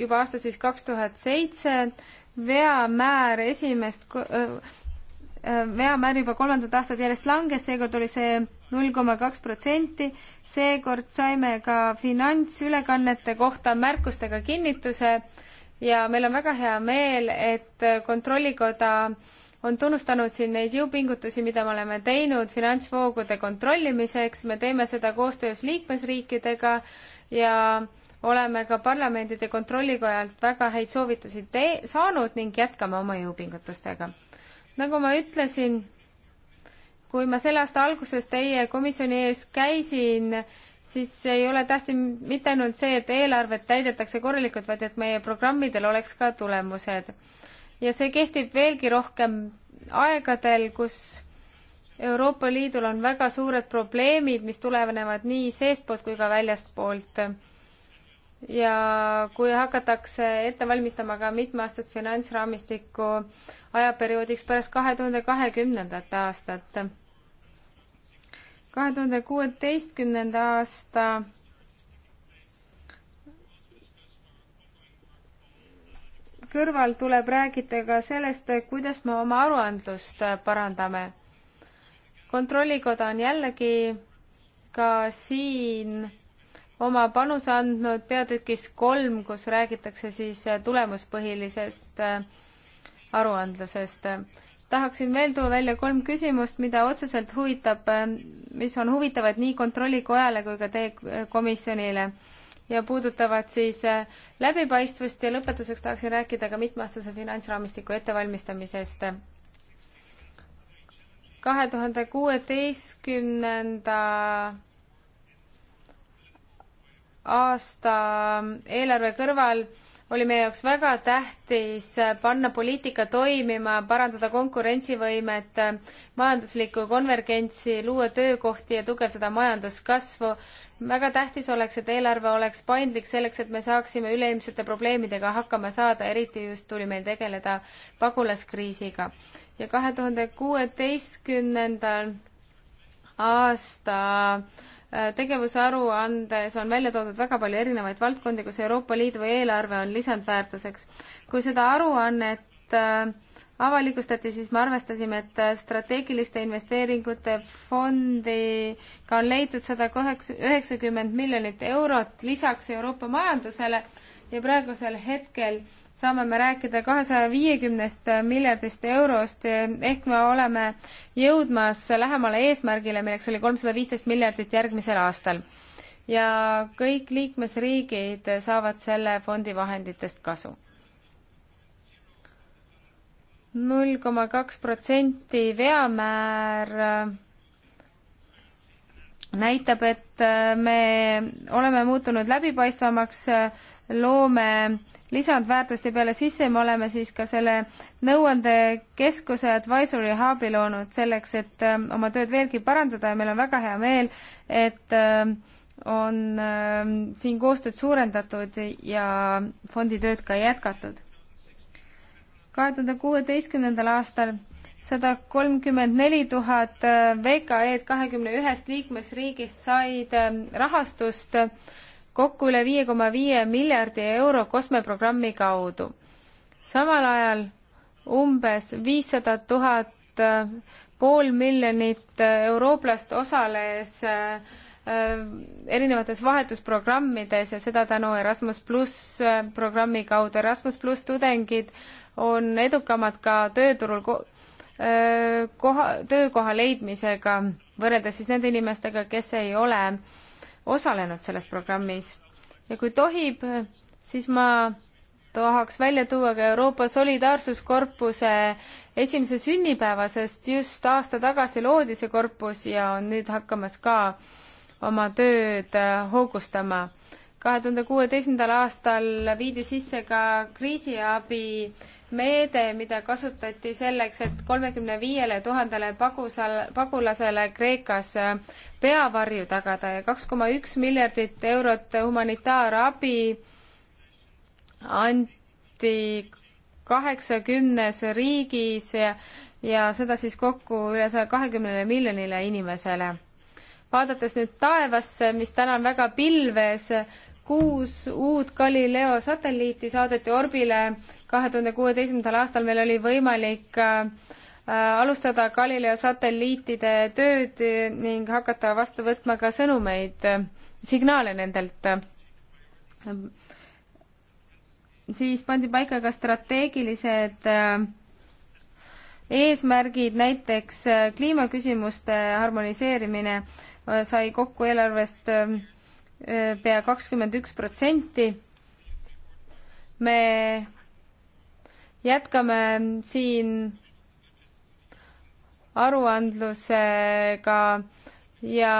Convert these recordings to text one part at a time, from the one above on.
juba aastast siis kaks tuhat seitse, veamäär esimest veamäär juba kolmandat aastat järjest langes, seekord oli see null koma kaks protsenti, seekord saime ka finantsülekannete kohta märkustega kinnituse ja meil on väga hea meel, et Kontrollikoda on tunnustanud siin neid jõupingutusi, mida me oleme teinud finantsvoogude kontrollimiseks, me teeme seda koostöös liikmesriikidega ja äh, oleme ka parlamendide kontrollikojalt väga häid soovitusi saanud ning jätkame oma jõupingutustega. nagu ma ütlesin, kui ma selle aasta alguses teie komisjoni ees käisin, siis ei ole tähtis mitte ainult see, et eelarvet täidetakse korralikult, vaid et meie programmidel oleks ka tulemused. ja see kehtib veelgi rohkem aegadel, kus Euroopa Liidul on väga suured probleemid, mis tulenevad nii seestpoolt kui ka väljastpoolt ja kui hakatakse ette valmistama ka mitmeaastast finantsraamistikku ajaperioodiks pärast kahe tuhande kahekümnendat aastat. kahe tuhande kuueteistkümnenda aasta kõrval tuleb rääkida ka sellest, kuidas me oma aruandlust parandame. kontrollikoda on jällegi ka siin oma panuse andnud peatükis kolm, kus räägitakse siis tulemuspõhilisest äh, aruandlusest. tahaksin veel tuua välja kolm küsimust, mida otseselt huvitab, äh, mis on huvitavad nii Kontrollikojale kui ka teie äh, komisjonile ja puudutavad siis läbipaistvust ja lõpetuseks tahaksin rääkida ka mitmeaastase finantsraamistiku ettevalmistamisest. kahe tuhande kuueteistkümnenda aasta eelarve kõrval oli meie jaoks väga tähtis panna poliitika toimima, parandada konkurentsivõimet, majanduslikku konvergentsi, luua töökohti ja tugevdada majanduskasvu. väga tähtis oleks, et eelarve oleks paindlik selleks, et me saaksime üleilmsete probleemidega hakkama saada, eriti just tuli meil tegeleda pagulaskriisiga. ja kahe tuhande kuueteistkümnendal aasta äh, Äh, tegevusaruandes on välja toodud väga palju erinevaid valdkondi, kus Euroopa Liidu eelarve on lisandväärtuseks. kui seda aruannet äh, avalikustati, siis me arvestasime, et äh, strateegiliste investeeringute fondiga on leitud sada kaheksa, üheksakümmend miljonit eurot lisaks Euroopa majandusele ja praegusel hetkel saame me rääkida kahesaja viiekümnest miljardist eurost ehk me oleme jõudmas lähemale eesmärgile, milleks oli kolmsada viisteist miljardit järgmisel aastal. ja kõik liikmesriigid saavad selle fondi vahenditest kasu. null koma kaks protsenti veamäär äh, näitab, et äh, me oleme muutunud läbipaistvamaks loome lisandväärtuste peale sisse, me oleme siis ka selle nõuandekeskuse Advisory Hubi loonud selleks, et ähm, oma tööd veelgi parandada ja meil on väga hea meel, et ähm, on ähm, siin koostööd suurendatud ja fondi tööd ka jätkatud. kahe tuhande kuueteistkümnendal aastal sada kolmkümmend neli tuhat äh, VKE-d kahekümne ühest liikmesriigist said rahastust kokku üle viie koma viie miljardi euro kosmeprogrammi kaudu. samal ajal umbes viissada tuhat, äh, pool miljonit äh, eurooplast osales äh, erinevates vahetusprogrammides ja seda tänu Erasmus pluss programmi kaudu. Erasmus pluss tudengid on edukamad ka tööturul ko koha, töökoha leidmisega, võrreldes siis nende inimestega, kes ei ole äh, osalenud selles programmis. ja kui tohib, siis ma tahaks välja tuua ka Euroopa Solidaarsuskorpuse esimese sünnipäeva, sest just aasta tagasi loodi see korpus ja on nüüd hakkamas ka oma tööd äh, hoogustama. kahe tuhande kuueteistkümnendal aastal viidi sisse ka kriisiabi äh, meede, mida kasutati selleks, et kolmekümne viiele tuhandele pagusal, pagulasele Kreekas äh, peavarju tagada ja kaks koma üks miljardit eurot humanitaarabi anti kaheksakümnes riigis ja, ja seda siis kokku üle saja kahekümnele miljonile inimesele. vaadates nüüd taevasse, mis täna on väga pilves, kuus uut Galileo satelliiti saadeti orbile kahe tuhande kuueteistkümnendal aastal, meil oli võimalik äh, äh, alustada Galileo satelliitide tööd ning hakata vastu võtma ka sõnumeid, signaale nendelt siis pandi paika ka strateegilised äh, eesmärgid, näiteks kliimaküsimuste harmoniseerimine sai kokku eelarvest pea kakskümmend üks protsenti. me jätkame siin aruandlusega ja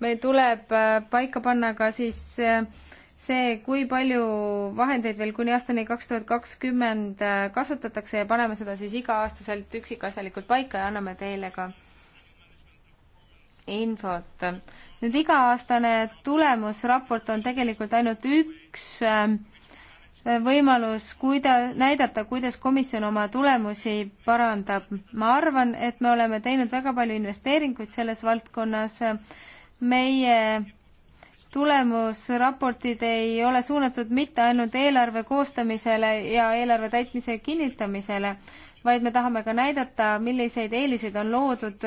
meil tuleb paika panna ka siis see, kui palju vahendeid veel kuni aastani kaks tuhat kakskümmend kasutatakse ja paneme seda siis iga-aastaselt üksikasjalikult paika ja anname teile ka infot. nüüd iga-aastane tulemusraport on tegelikult ainult üks ähm, võimalus, kuida-, näidata, kuidas komisjon oma tulemusi parandab. ma arvan, et me oleme teinud väga palju investeeringuid selles valdkonnas. meie tulemusraportid ei ole suunatud mitte ainult eelarve koostamisele ja eelarve täitmise kinnitamisele, vaid me tahame ka näidata, milliseid eeliseid on loodud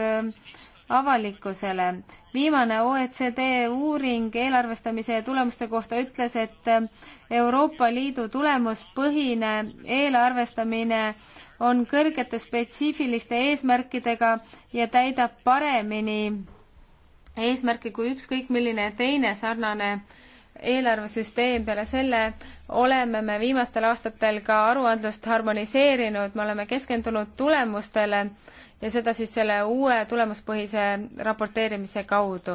avalikkusele. viimane OECD uuring eelarvestamise ja tulemuste kohta ütles, et eh, Euroopa Liidu tulemuspõhine eelarvestamine on kõrgete spetsiifiliste eesmärkidega ja täidab paremini eesmärke kui ükskõik milline teine sarnane eelarvesüsteem, peale selle oleme me viimastel aastatel ka aruandlust harmoniseerinud, me oleme keskendunud tulemustele ja seda siis selle uue tulemuspõhise raporteerimise kaudu.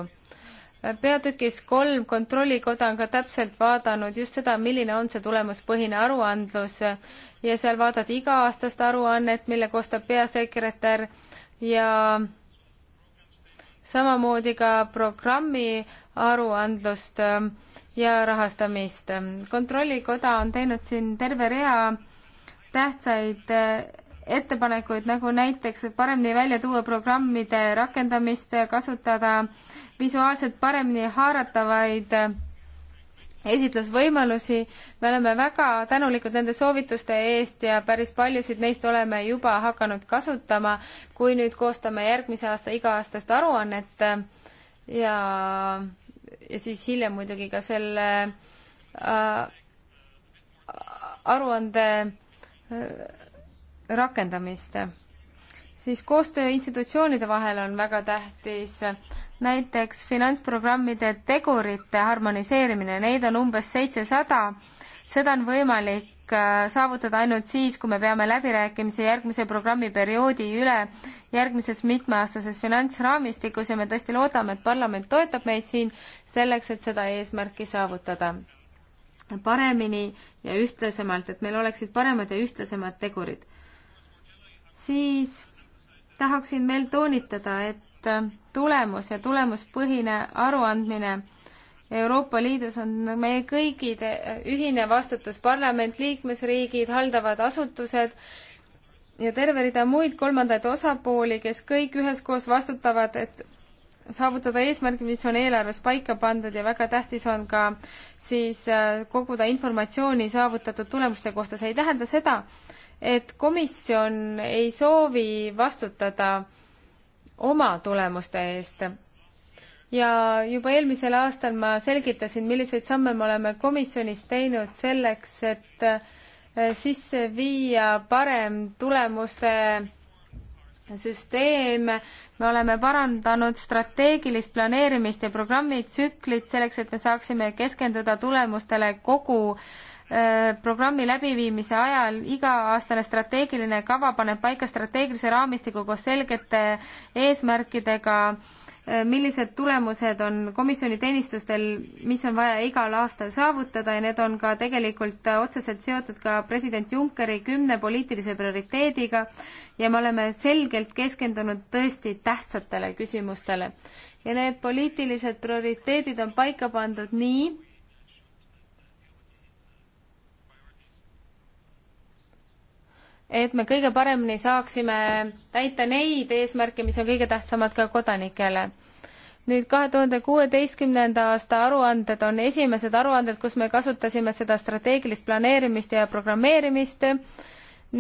peatükis kolm Kontrollikoda on ka täpselt vaadanud just seda, milline on see tulemuspõhine aruandlus ja seal vaadati iga-aastast aruannet, mille koostab peasekretär ja samamoodi ka programmi aruandlust ähm, ja rahastamist. kontrollikoda on teinud siin terve rea tähtsaid äh, ettepanekuid, nagu näiteks paremini välja tuua programmide rakendamist, kasutada visuaalselt paremini haaratavaid esitlusvõimalusi. me oleme väga tänulikud nende soovituste eest ja päris paljusid neist oleme juba hakanud kasutama, kui nüüd koostame järgmise aasta iga-aastast aruannet ja, ja siis hiljem muidugi ka selle äh, aruande äh, rakendamist, siis koostöö institutsioonide vahel on väga tähtis, näiteks finantsprogrammide tegurite harmoniseerimine, neid on umbes seitsesada, seda on võimalik äh, saavutada ainult siis, kui me peame läbirääkimisi järgmise programmiperioodi üle järgmises mitmeaastases finantsraamistikus ja me tõesti loodame, et parlament toetab meid siin selleks, et seda eesmärki saavutada paremini ja ühtlasemalt, et meil oleksid paremad ja ühtlasemad tegurid siis tahaksin veel toonitada, et tulemus ja tulemuspõhine aruandmine Euroopa Liidus on meie kõigi ühine vastutus, parlament, liikmesriigid, haldavad asutused ja terve rida muid kolmandaid osapooli, kes kõik üheskoos vastutavad, et saavutada eesmärk, mis on eelarves paika pandud ja väga tähtis on ka siis äh, koguda informatsiooni saavutatud tulemuste kohta. see ei tähenda seda, et komisjon ei soovi vastutada oma tulemuste eest. ja juba eelmisel aastal ma selgitasin, milliseid samme me oleme komisjonis teinud selleks, et äh, sisse viia parem tulemuste süsteem, me oleme parandanud strateegilist planeerimist ja programmitsüklit selleks, et me saaksime keskenduda tulemustele kogu äh, Äh, programmi läbiviimise ajal iga-aastane strateegiline kava paneb paika strateegilise raamistiku koos selgete eesmärkidega, äh, millised tulemused on komisjoni teenistustel, mis on vaja igal aastal saavutada ja need on ka tegelikult otseselt seotud ka president Junckeri kümne poliitilise prioriteediga ja me oleme selgelt keskendunud tõesti tähtsatele küsimustele. ja need poliitilised prioriteedid on paika pandud nii, et me kõige paremini saaksime täita neid eesmärke, mis on kõige tähtsamad ka kodanikele. nüüd kahe tuhande kuueteistkümnenda aasta aruanded on esimesed aruanded, kus me kasutasime seda strateegilist planeerimist ja programmeerimist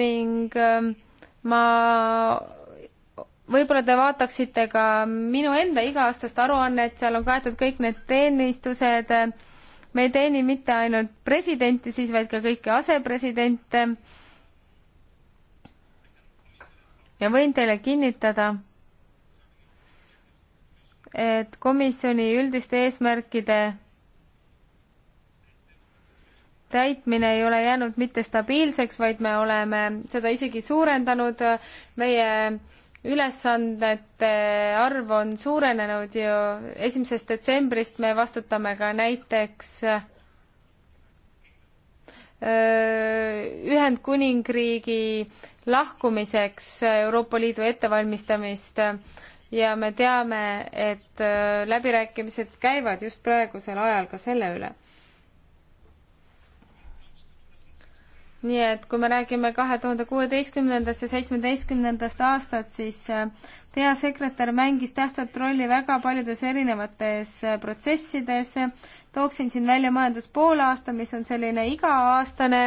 ning ähm, ma võib-olla te vaataksite ka minu enda iga-aastast aruannet, seal on kaetud kõik need teenistused, me ei teeni mitte ainult presidenti siis, vaid ka kõiki asepresidente ja võin teile kinnitada, et komisjoni üldiste eesmärkide täitmine ei ole jäänud mitte stabiilseks, vaid me oleme seda isegi suurendanud, meie ülesandmete arv on suurenenud ju, esimesest detsembrist me vastutame ka näiteks Ühendkuningriigi lahkumiseks Euroopa Liidu ettevalmistamist ja me teame, et äh, läbirääkimised käivad just praegusel ajal ka selle üle nii et kui me räägime kahe tuhande kuueteistkümnendast ja seitsmeteistkümnendast aastat, siis äh, peasekretär mängis tähtsat rolli väga paljudes erinevates äh, protsessides. tooksin siin välja majanduspoolaasta, mis on selline iga-aastane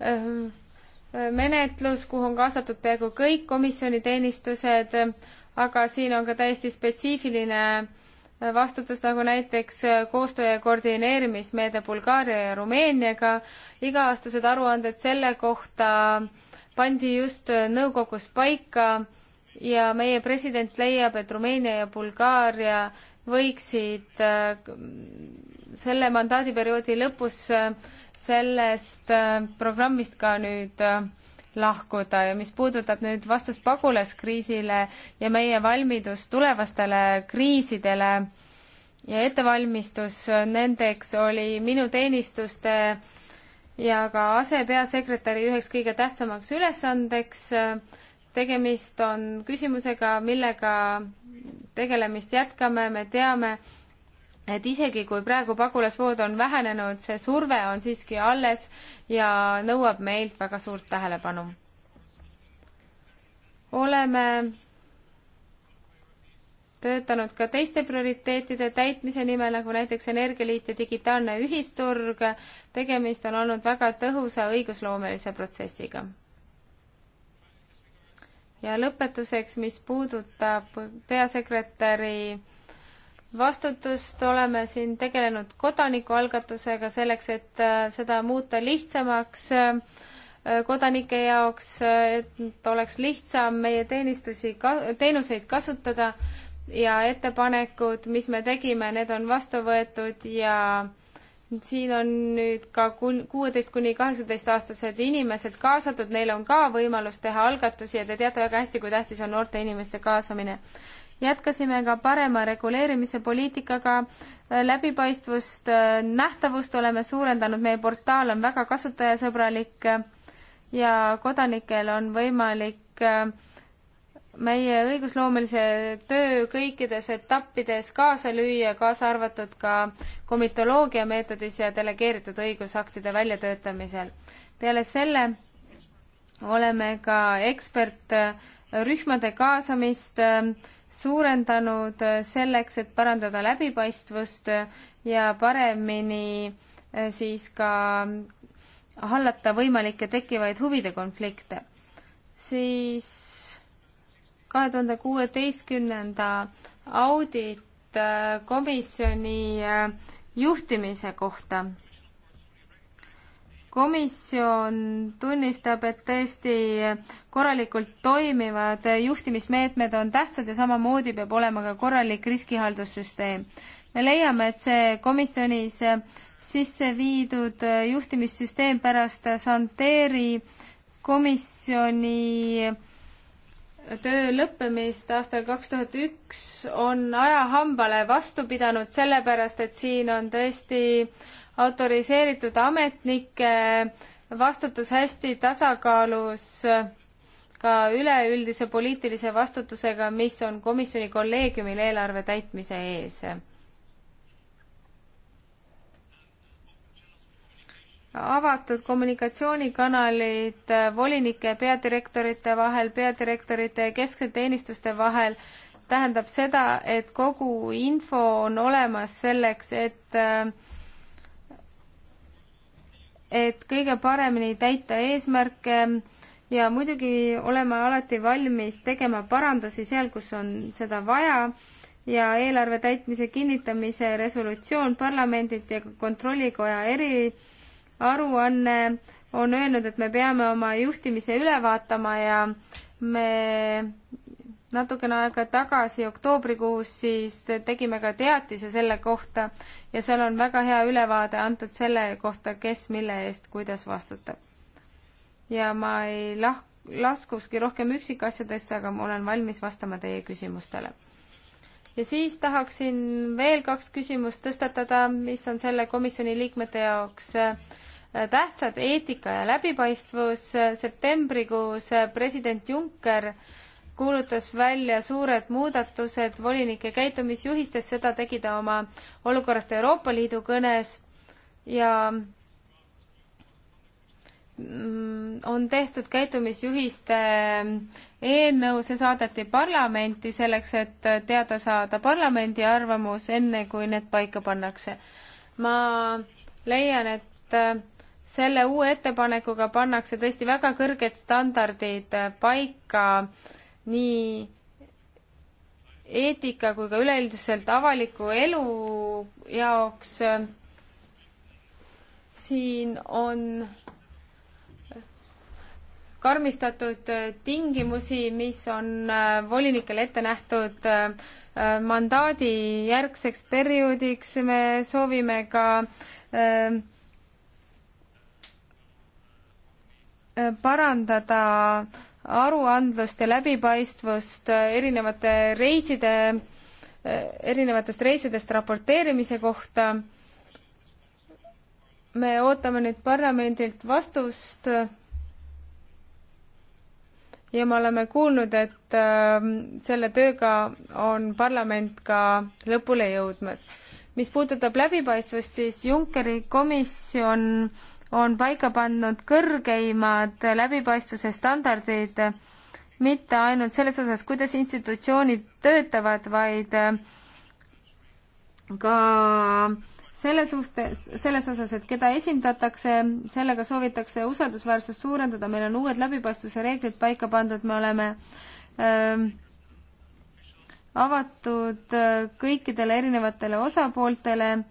Ehm, menetlus, kuhu on kaasatud peaaegu kõik komisjoni teenistused, aga siin on ka täiesti spetsiifiline eh, vastutus, nagu näiteks eh, koostöö ja koordineerimismeede Bulgaaria ja Rumeeniaga. iga-aastased aruanded selle kohta pandi just eh, nõukogus paika ja meie president leiab, et Rumeenia ja Bulgaaria võiksid selle mandaadiperioodi lõpus sellest äh, programmist ka nüüd äh, lahkuda ja mis puudutab nüüd vastust pagulaskriisile ja meie valmidust tulevastele kriisidele ja ettevalmistus äh, nendeks oli minu teenistuste ja ka asepeasekretäri üheks kõige tähtsamaks ülesandeks. tegemist on küsimusega, millega tegelemist jätkame, me teame, et isegi kui praegu pagulasvood on vähenenud, see surve on siiski alles ja nõuab meilt väga suurt tähelepanu. oleme töötanud ka teiste prioriteetide täitmise nimel, nagu näiteks Energialiit ja digitaalne ühisturg. tegemist on olnud väga tõhusa õigusloomelise protsessiga. ja lõpetuseks, mis puudutab peasekretäri vastutust, oleme siin tegelenud kodanikualgatusega selleks, et äh, seda muuta lihtsamaks äh, kodanike jaoks, äh, et oleks lihtsam meie teenistusi, teenuseid kasutada ja ettepanekud, mis me tegime, need on vastu võetud ja siin on nüüd ka kuueteist kuni kaheksateist aastased inimesed kaasatud, neil on ka võimalus teha algatusi ja te teate väga hästi, kui tähtis on noorte inimeste kaasamine jätkasime ka parema reguleerimise poliitikaga, äh, läbipaistvust, äh, nähtavust oleme suurendanud, meie portaal on väga kasutajasõbralik äh, ja kodanikel on võimalik meie õigusloomelise töö kõikides etappides kaasa lüüa, kaasa arvatud ka komitoloogia meetodis ja delegeeritud õigusaktide väljatöötamisel. peale selle oleme ka ekspertrühmade kaasamist äh, suurendanud äh, selleks, et parandada läbipaistvust äh, ja paremini äh, siis ka hallata võimalikke tekkivaid huvide konflikte, siis kahe tuhande kuueteistkümnenda audit komisjoni juhtimise kohta komisjon tunnistab, et tõesti korralikult toimivad juhtimismeetmed on tähtsad ja samamoodi peab olema ka korralik riskihaldussüsteem. me leiame, et see komisjonis sisse viidud juhtimissüsteem pärast Santeri komisjoni töö lõppemist aastal kaks tuhat üks on ajahambale vastu pidanud, sellepärast et siin on tõesti äh, autoriseeritud ametnike vastutus hästi tasakaalus ka üleüldise poliitilise vastutusega, mis on komisjoni kolleegiumil eelarve täitmise ees. avatud kommunikatsioonikanalid volinike, peadirektorite vahel, peadirektorite ja keskteenistuste vahel tähendab seda, et kogu info on olemas selleks, et äh, et kõige paremini täita eesmärke ja muidugi oleme alati valmis tegema parandusi seal, kus on seda vaja ja eelarve täitmise kinnitamise resolutsioon parlamendilt ja kontrollikoja eriaruanne on öelnud, et me peame oma juhtimise üle vaatama ja me natukene aega tagasi, oktoobrikuus, siis tegime ka teatise selle kohta ja seal on väga hea ülevaade antud selle kohta, kes mille eest kuidas vastutab. ja ma ei lah-, laskuski rohkem üksikasjadesse, aga ma olen valmis vastama teie küsimustele. ja siis tahaksin veel kaks küsimust tõstatada, mis on selle komisjoni liikmete jaoks äh, tähtsad, eetika ja läbipaistvus. septembrikuus äh, president Juncker äh, kuulutas välja suured muudatused volinike käitumisjuhistes, seda tegi ta oma olukorrast Euroopa Liidu kõnes ja mm, on tehtud käitumisjuhiste äh, eelnõu, see saadeti parlamenti selleks, et teada saada parlamendi arvamus, enne kui need paika pannakse. ma leian, et äh, selle uue ettepanekuga pannakse tõesti väga kõrged standardid paika äh, nii eetika kui ka üleüldiselt avaliku elu jaoks. siin on karmistatud tingimusi, mis on äh, volinikele ette nähtud äh, mandaadi järgseks perioodiks, me soovime ka äh, parandada äh, aruandlust ja läbipaistvust äh, erinevate reiside, äh, erinevatest reisidest raporteerimise kohta. me ootame nüüd parlamendilt vastust ja me oleme kuulnud, et äh, selle tööga on parlament ka lõpule jõudmas. mis puudutab läbipaistvust, siis Junckeri komisjon on paika pannud kõrgeimad läbipaistvuse standardid mitte ainult selles osas, kuidas institutsioonid töötavad, vaid ka selle suhtes, selles osas, et keda esindatakse, sellega soovitakse usaldusväärsust suurendada, meil on uued läbipaistvuse reeglid paika pandud, me oleme ähm, äh, avatud kõikidele erinevatele osapooltele äh,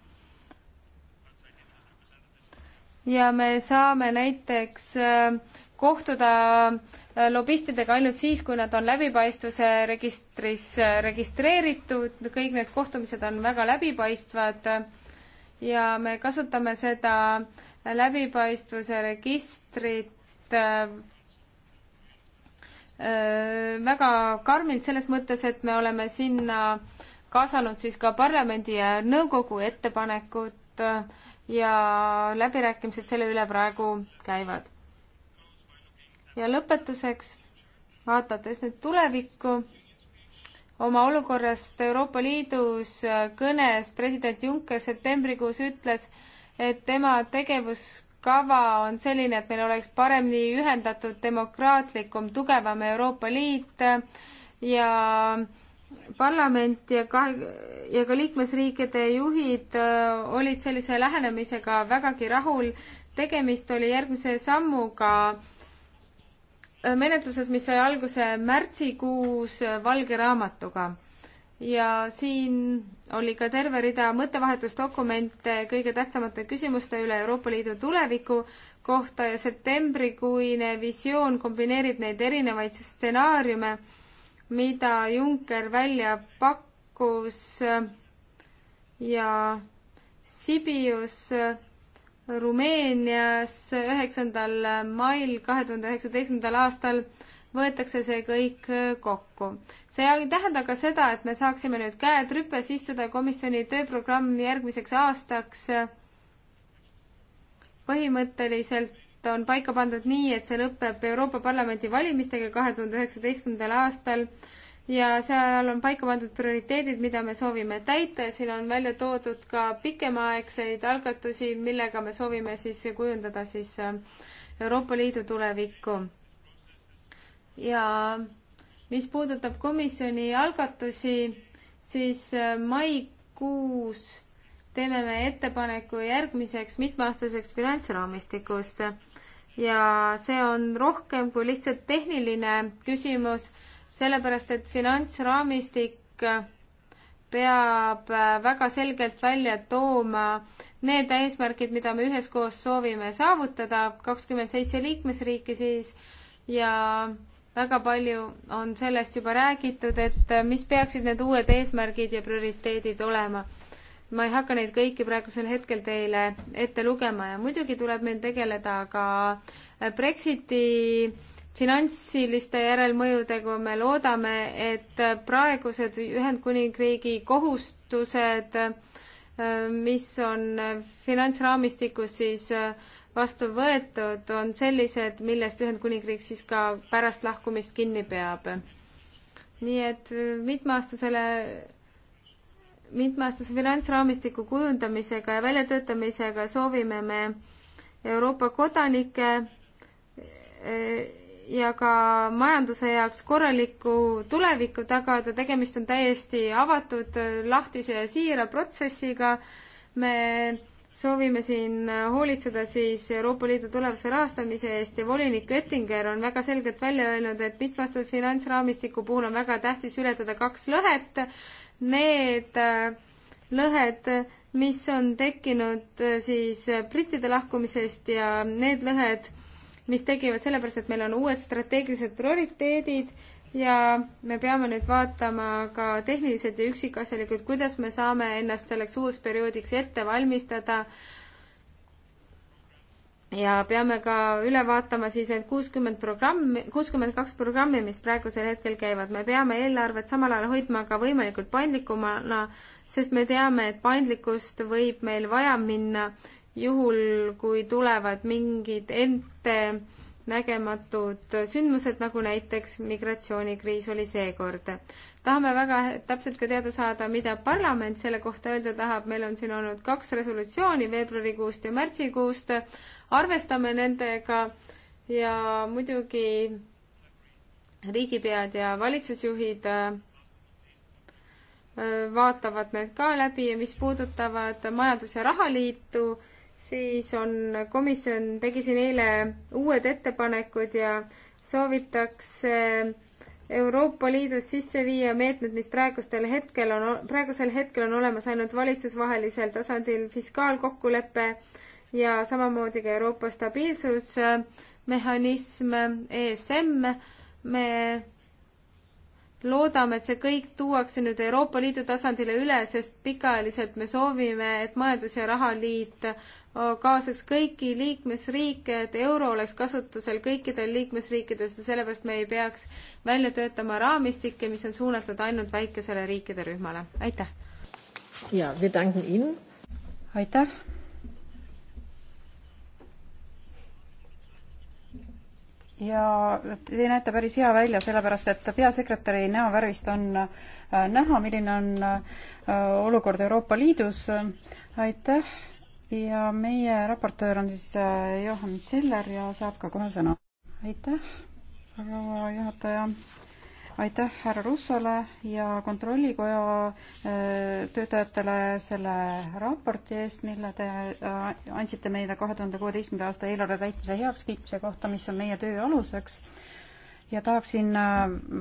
ja me saame näiteks äh, kohtuda äh, lobistidega ainult siis, kui nad on läbipaistvuse registris äh, registreeritud, kõik need kohtumised on väga läbipaistvad ja me kasutame seda läbipaistvuse registrit väga karmilt selles mõttes, et me oleme sinna kaasanud siis ka parlamendi ja nõukogu ettepanekud äh, ja läbirääkimised selle üle praegu käivad. ja lõpetuseks, vaadates nüüd tulevikku, oma olukorrast Euroopa Liidus kõnes president Juncker septembrikuus ütles, et tema tegevuskava on selline, et meil oleks paremini ühendatud, demokraatlikum, tugevam Euroopa Liit ja parlament ja ka, ja ka liikmesriikide juhid äh, olid sellise lähenemisega vägagi rahul. tegemist oli järgmise sammuga äh, menetluses, mis sai alguse märtsikuus äh, valge raamatuga. ja siin oli ka terve rida mõttevahetusdokumente kõige tähtsamate küsimuste üle Euroopa Liidu tuleviku kohta ja septembrikuine visioon kombineerib neid erinevaid stsenaariume mida Juncker välja pakkus ja Sibius Rumeenias üheksandal mail kahe tuhande üheksateistkümnendal aastal võetakse see kõik kokku. see ei tähenda ka seda, et me saaksime nüüd käed rüpes istuda komisjoni tööprogramm järgmiseks aastaks põhimõtteliselt on paika pandud nii, et see lõpeb Euroopa Parlamendi valimistega kahe tuhande üheksateistkümnendal aastal ja seal on paika pandud prioriteedid, mida me soovime täita ja siin on välja toodud ka pikemaaegseid algatusi, millega me soovime siis kujundada siis äh, Euroopa Liidu tulevikku. ja mis puudutab komisjoni algatusi, siis äh, maikuus teeme me ettepaneku järgmiseks mitmeaastaseks finantsraamistikust ja see on rohkem kui lihtsalt tehniline küsimus, sellepärast et finantsraamistik peab väga selgelt välja tooma need eesmärgid, mida me üheskoos soovime saavutada, kakskümmend seitse liikmesriiki siis, ja väga palju on sellest juba räägitud, et mis peaksid need uued eesmärgid ja prioriteedid olema ma ei hakka neid kõiki praegusel hetkel teile ette lugema ja muidugi tuleb meil tegeleda ka Brexiti finantsiliste järelmõjudega me loodame, et praegused Ühendkuningriigi kohustused, mis on finantsraamistikus siis vastu võetud, on sellised, millest Ühendkuningriik siis ka pärast lahkumist kinni peab. nii et mitmeaastasele mitmeaastase finantsraamistiku kujundamisega ja väljatöötamisega soovime me Euroopa kodanike e, ja ka majanduse jaoks korralikku tulevikku tagada, tegemist on täiesti avatud, lahtise ja siira protsessiga. me soovime siin hoolitseda siis Euroopa Liidu tulevase rahastamise eest ja volinik Oettinger on väga selgelt välja öelnud, et mitmestel finantsraamistiku puhul on väga tähtis ületada kaks lõhet, need äh, lõhed, mis on tekkinud äh, siis äh, brittide lahkumisest ja need lõhed, mis tekivad sellepärast, et meil on uued strateegilised prioriteedid ja me peame nüüd vaatama ka tehniliselt ja üksikasjalikult, kuidas me saame ennast selleks uueks perioodiks ette valmistada äh, ja peame ka üle vaatama siis need kuuskümmend programmi, kuuskümmend kaks programmi, mis praegusel hetkel käivad. me peame eelarvet samal ajal hoidma ka võimalikult paindlikumana, sest me teame, et paindlikkust võib meil vaja minna juhul, kui tulevad mingid ette nägematud sündmused, nagu näiteks migratsioonikriis oli seekord. tahame väga täpselt ka teada saada, mida parlament selle kohta öelda tahab, meil on siin olnud kaks resolutsiooni veebruarikuust ja märtsikuust, arvestame nendega ja muidugi riigipead ja valitsusjuhid äh, vaatavad need ka läbi ja mis puudutavad Majandus- ja Rahaliitu, siis on, komisjon tegi siin eile uued ettepanekud ja soovitakse Euroopa Liidus sisse viia meetmed, mis praegustel hetkel on, praegusel hetkel on olemas ainult valitsusvahelisel tasandil fiskaalkokkulepe ja samamoodi ka Euroopa stabiilsusmehhanism, ESM. me loodame, et see kõik tuuakse nüüd Euroopa Liidu tasandile üle, sest pikaajaliselt me soovime, et Majandus- ja Rahaliit kaasaks kõiki liikmesriike, et euro oleks kasutusel kõikidel liikmesriikides ja sellepärast me ei peaks välja töötama raamistikke, mis on suunatud ainult väikesele riikide rühmale. aitäh! ja, me täname Ihnen! aitäh! ja te näete päris hea välja, sellepärast et peasekretäri näovärvist on äh, näha, milline on äh, olukord Euroopa Liidus. aitäh ja meie raportöör on siis äh, Johan Siller ja saab ka kohe sõna. aitäh, proua juhataja. aitäh härra Russole ja Kontrollikoja äh, töötajatele selle raporti eest, mille te äh, andsite meile kahe tuhande kuueteistkümnenda aasta eelarve täitmise heakskiitmise kohta, mis on meie töö aluseks ja tahaksin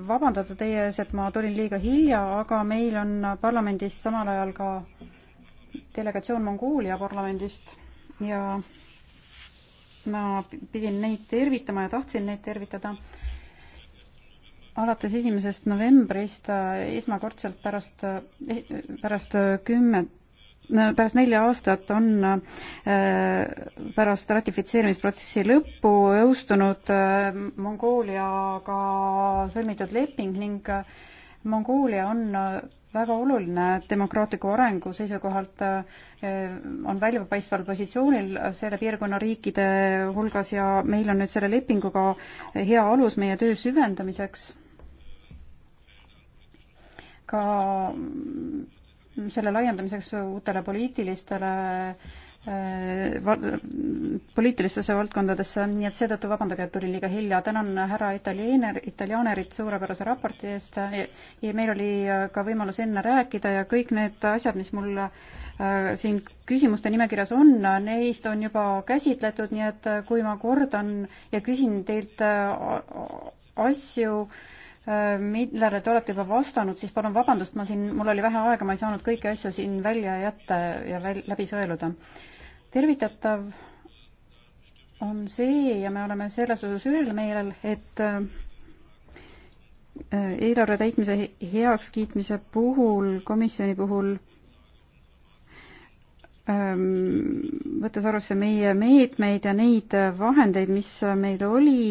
vabandada teie ees, et ma tulin liiga hilja, aga meil on parlamendis samal ajal ka delegatsioon Mongoolia parlamendist ja ma pidin neid tervitama ja tahtsin neid tervitada. alates esimesest novembrist äh, esmakordselt pärast, äh, eh, pärast äh, kümme, pärast nelja aastat on pärast ratifitseerimisprotsessi lõppu jõustunud Mongooliaga sõlmitud leping ning Mongoolia on väga oluline demokraatliku arengu seisukohalt eh, on väljapaistval positsioonil selle piirkonna riikide hulgas ja meil on nüüd selle lepinguga hea alus meie töö süvendamiseks. ka selle laiendamiseks uutele poliitilistele Äh, poliitilistesse valdkondadesse, nii et seetõttu vabandage, et tulin liiga hilja. tänan härra Italiener, Italianerit suurepärase raporti eest ja meil oli äh, ka võimalus enne rääkida ja kõik need asjad, mis mul äh, siin küsimuste nimekirjas on, neist on juba käsitletud, nii et kui ma kordan ja küsin teilt asju, millele te olete juba vastanud, siis palun vabandust, ma siin, mul oli vähe aega, ma ei saanud kõiki asju siin välja jätta ja väl-, läbi sõeluda tervitatav on see ja me oleme selles osas ühel meelel, et äh, eelarve täitmise heakskiitmise puhul, komisjoni puhul, ähm, võttes arvesse meie meetmeid ja neid vahendeid, mis meil oli,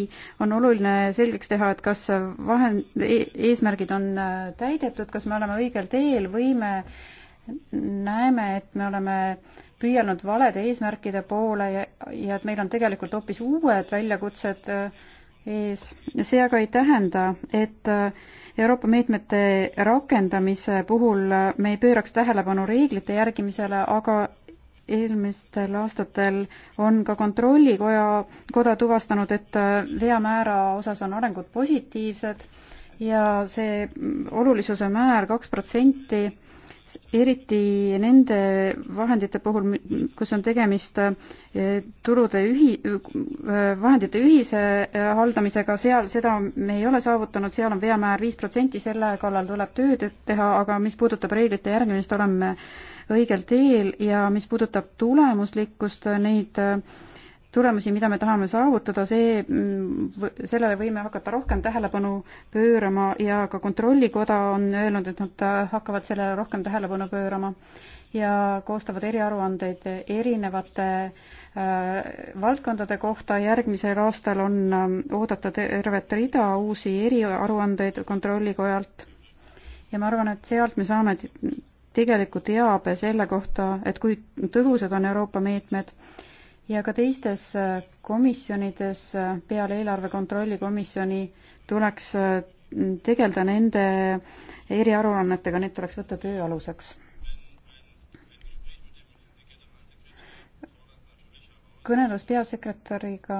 on oluline selgeks teha, et kas vahend, e-, eesmärgid on äh, täidetud, kas me oleme õigel teel või me näeme, et me oleme äh, püüelnud valede eesmärkide poole ja, ja et meil on tegelikult hoopis uued väljakutsed äh, ees. see aga ei tähenda, et äh, Euroopa meetmete rakendamise puhul äh, me ei pööraks tähelepanu reeglite järgimisele, aga eelmistel aastatel on ka Kontrollikoja, koda tuvastanud, et veamäära osas on arengud positiivsed ja see mm, olulisuse määr kaks protsenti eriti nende vahendite puhul, kus on tegemist eh, turude ühi-, eh, vahendite ühise eh, haldamisega, seal seda me ei ole saavutanud, seal on veamäär viis protsenti, selle kallal tuleb tööd teha, aga mis puudutab reeglite järgimist, oleme õigel teel ja mis puudutab tulemuslikkust, neid äh, tulemusi, mida me tahame saavutada, see, mm, sellele võime hakata rohkem tähelepanu pöörama ja ka Kontrollikoda on öelnud, et nad äh, hakkavad sellele rohkem tähelepanu pöörama ja koostavad eriaruandeid erinevate äh, valdkondade kohta, järgmisel aastal on ähm, oodata tervet rida uusi eriaruandeid Kontrollikojalt ja ma arvan, et sealt me saame tegeliku teabe selle kohta, et kui tõhusad on Euroopa meetmed ja ka teistes äh, komisjonides äh, peale eelarve kontrolli komisjoni tuleks äh, tegeleda nende eriaruannetega, need tuleks võtta töö aluseks. kõnelus peasekretäriga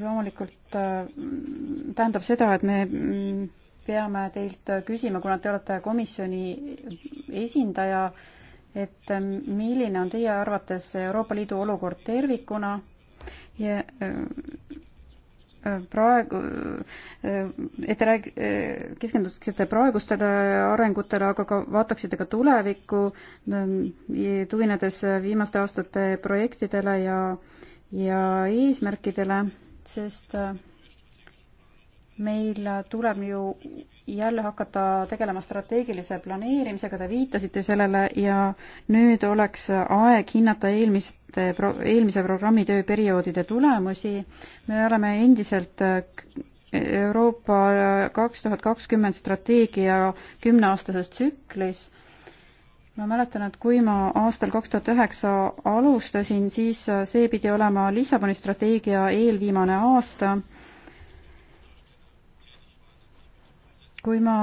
loomulikult tähendab seda, et me mm, peame teilt küsima, kuna te olete komisjoni esindaja, et ähm, milline on teie arvates Euroopa Liidu olukord tervikuna ja äh, äh, praegu, äh, et te rääg-, keskenduksite praegustele arengutele, aga ka vaataksite ka tulevikku, ähm, tuginedes viimaste aastate projektidele ja, ja eesmärkidele, sest meil tuleb ju jälle hakata tegelema strateegilise planeerimisega, te viitasite sellele ja nüüd oleks aeg hinnata eelmiste, eelmise programmi tööperioodide tulemusi. me oleme endiselt Euroopa kaks tuhat kakskümmend strateegia kümneaastases tsüklis ma mäletan, et kui ma aastal kaks tuhat üheksa alustasin, siis see pidi olema Lissaboni strateegia eelviimane aasta kui ma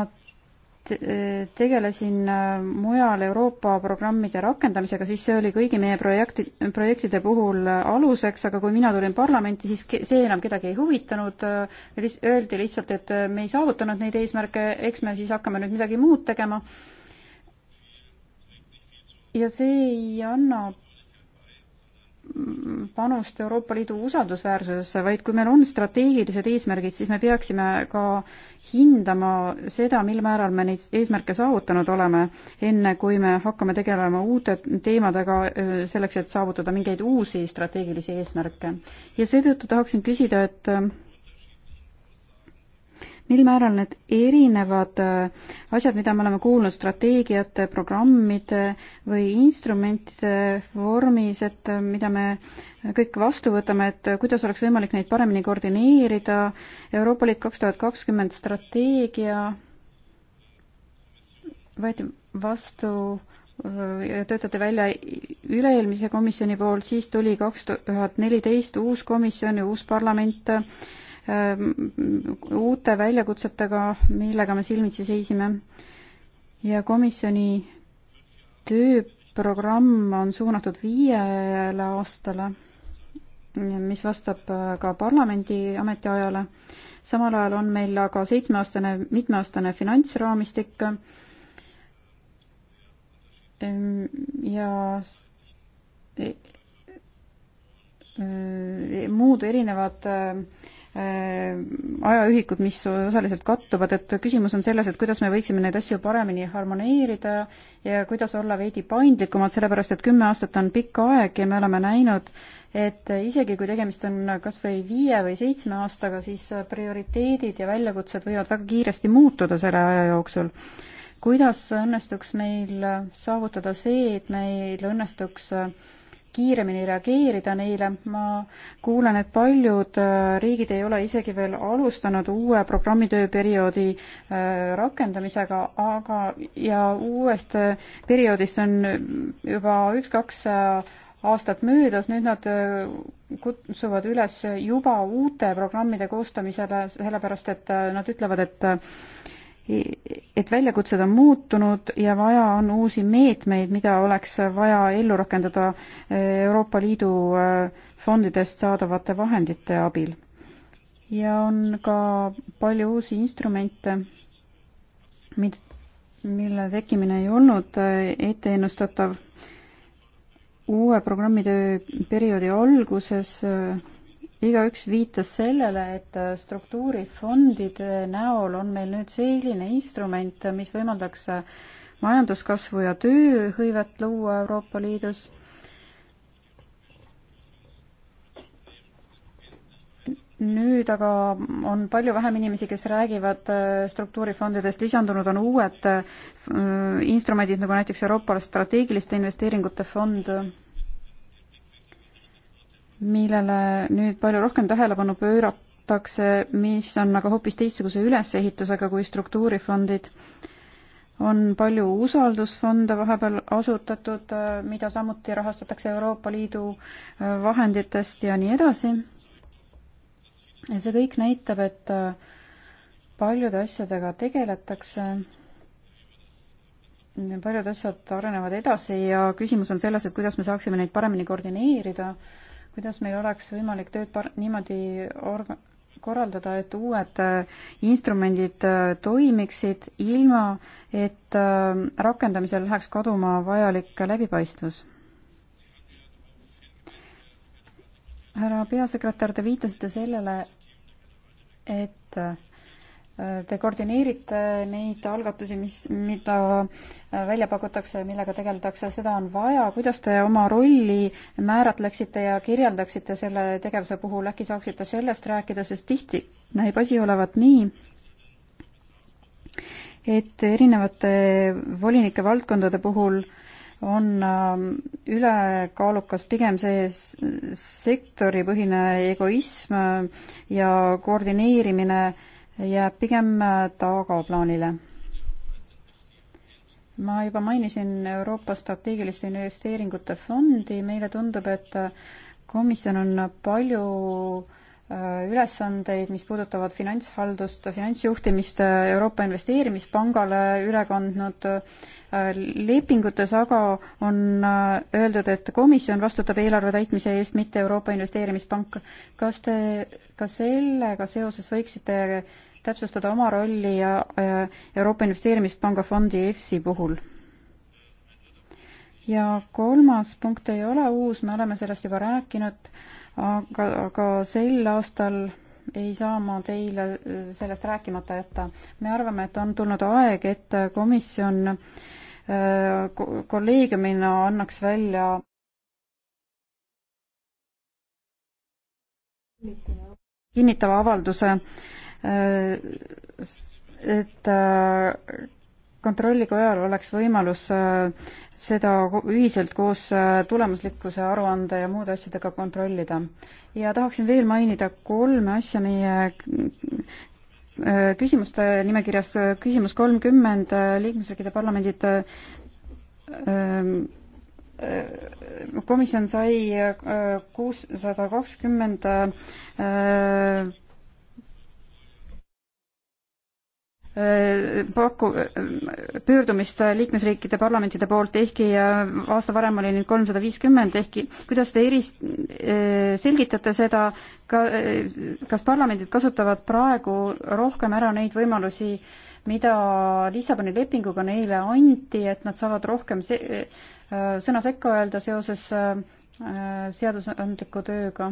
tegelesin äh, mujal Euroopa programmide rakendamisega, siis see oli kõigi meie projekti, projektide puhul aluseks, aga kui mina tulin parlamenti, siis see enam kedagi ei huvitanud, öeldi lihtsalt, et äh, me ei saavutanud neid eesmärke, eks me siis hakkame nüüd midagi muud tegema. ja see ei anna panust Euroopa Liidu usaldusväärsusesse, vaid kui meil on strateegilised eesmärgid, siis me peaksime ka hindama seda, mil määral me neid eesmärke saavutanud oleme, enne kui me hakkame tegelema uute teemadega äh, selleks, et saavutada mingeid uusi strateegilisi eesmärke. ja seetõttu tahaksin küsida, et mil määral need erinevad äh, asjad, mida me oleme kuulnud strateegiate, programmide või instrumentide vormis, et äh, mida me kõik vastu võtame, et äh, kuidas oleks võimalik neid paremini koordineerida, Euroopa Liit kaks tuhat kakskümmend strateegia võeti vastu töötati välja üle-eelmise komisjoni poolt, siis tuli kaks tuhat neliteist uus komisjon ja uus parlament Ehm, uute väljakutsetega, millega me silmitsi seisime ja komisjoni tööprogramm on suunatud viiele aastale, mis vastab äh, ka parlamendi ametiajale. samal ajal on meil aga seitsmeaastane, mitmeaastane finantsraamistik ehm, ja e- e- e- muud erinevad äh, Äh, ajaühikud, mis osaliselt kattuvad, et küsimus on selles, et kuidas me võiksime neid asju paremini harmoneerida ja kuidas olla veidi paindlikumad, sellepärast et kümme aastat on pikk aeg ja me oleme näinud, et isegi kui tegemist on kas või viie või seitsme aastaga, siis prioriteedid ja väljakutsed võivad väga kiiresti muutuda selle aja jooksul. kuidas õnnestuks meil saavutada see, et meil õnnestuks äh, kiiremini reageerida neile. ma kuulen, et paljud äh, riigid ei ole isegi veel alustanud uue programmitöö perioodi äh, rakendamisega, aga ja uuest äh, perioodist on juba üks-kaks aastat möödas, nüüd nad kutsuvad üles juba uute programmide koostamisele, sellepärast et nad ütlevad, et et väljakutsed on muutunud ja vaja on uusi meetmeid, mida oleks vaja ellu rakendada eh, Euroopa Liidu eh, fondidest saadavate vahendite abil. ja on ka palju uusi instrumente, mid-, mille tekkimine ei olnud eh, etteennustatav uue programmitöö perioodi alguses äh, igaüks viitas sellele, et äh, struktuurifondide näol on meil nüüd selline instrument, äh, mis võimaldaks äh, majanduskasvu ja tööhõivet luua Euroopa Liidus. nüüd aga on palju vähem inimesi, kes räägivad struktuurifondidest, lisandunud on uued instrumendid, nagu näiteks Euroopa strateegiliste investeeringute fond millele nüüd palju rohkem tähelepanu pööratakse, mis on aga hoopis teistsuguse ülesehitusega kui struktuurifondid. on palju usaldusfonde vahepeal asutatud, mida samuti rahastatakse Euroopa Liidu äh, vahenditest ja nii edasi. ja see kõik näitab, et äh, paljude asjadega tegeletakse paljud asjad arenevad edasi ja küsimus on selles, et kuidas me saaksime neid paremini koordineerida äh, kuidas meil oleks võimalik tööd par-, niimoodi org-, korraldada, et uued äh, instrumendid äh, toimiksid, ilma et äh, rakendamisel läheks kaduma vajalik läbipaistvus? härra peasekretär, te viitasite sellele, et Te koordineerite neid algatusi, mis, mida äh, välja pakutakse ja millega tegeldakse, seda on vaja, kuidas te oma rolli määratleksite ja kirjeldaksite selle tegevuse puhul, äkki saaksite sellest rääkida, sest tihti näib asi olevat nii, et erinevate volinike valdkondade puhul on ähm, ülekaalukas pigem see sektoripõhine egoism äh, ja koordineerimine äh, jääb pigem tagaplaanile. Äh, ma juba mainisin Euroopa strateegiliste investeeringute fondi, meile tundub, et äh, komisjon on palju äh, ülesandeid, mis puudutavad finantshaldust, finantsjuhtimist Euroopa Investeerimispangale üle kandnud lepingutes, aga on öeldud, et komisjon vastutab eelarve täitmise eest, mitte Euroopa Investeerimispank. kas te ka sellega seoses võiksite täpsustada oma rolli ja Euroopa Investeerimispanga fondi EFSI puhul. ja kolmas punkt ei ole uus, me oleme sellest juba rääkinud, aga, aga sel aastal ei saa ma teile sellest rääkimata jätta. me arvame, et on tulnud aeg, et komisjon äh, kolleegiumina annaks välja kinnitava avalduse Äh, et äh, kontrollikojal oleks võimalus äh, seda ühiselt koos tulemuslikkuse aruande ja muude asjadega kontrollida. ja tahaksin veel mainida kolme asja meie küsimuste nimekirjas, küsimus kolmkümmend, liikmesriikide parlamendid ähm, komisjon sai kuussada kakskümmend paku-, pöördumist liikmesriikide parlamentide poolt, ehkki aasta varem oli neid kolmsada viiskümmend, ehkki kuidas te eris-, selgitate seda, ka, kas parlamendid kasutavad praegu rohkem ära neid võimalusi, mida Lissaboni lepinguga neile anti, et nad saavad rohkem se-, sõna sekka öelda seoses äh, seadusandliku tööga?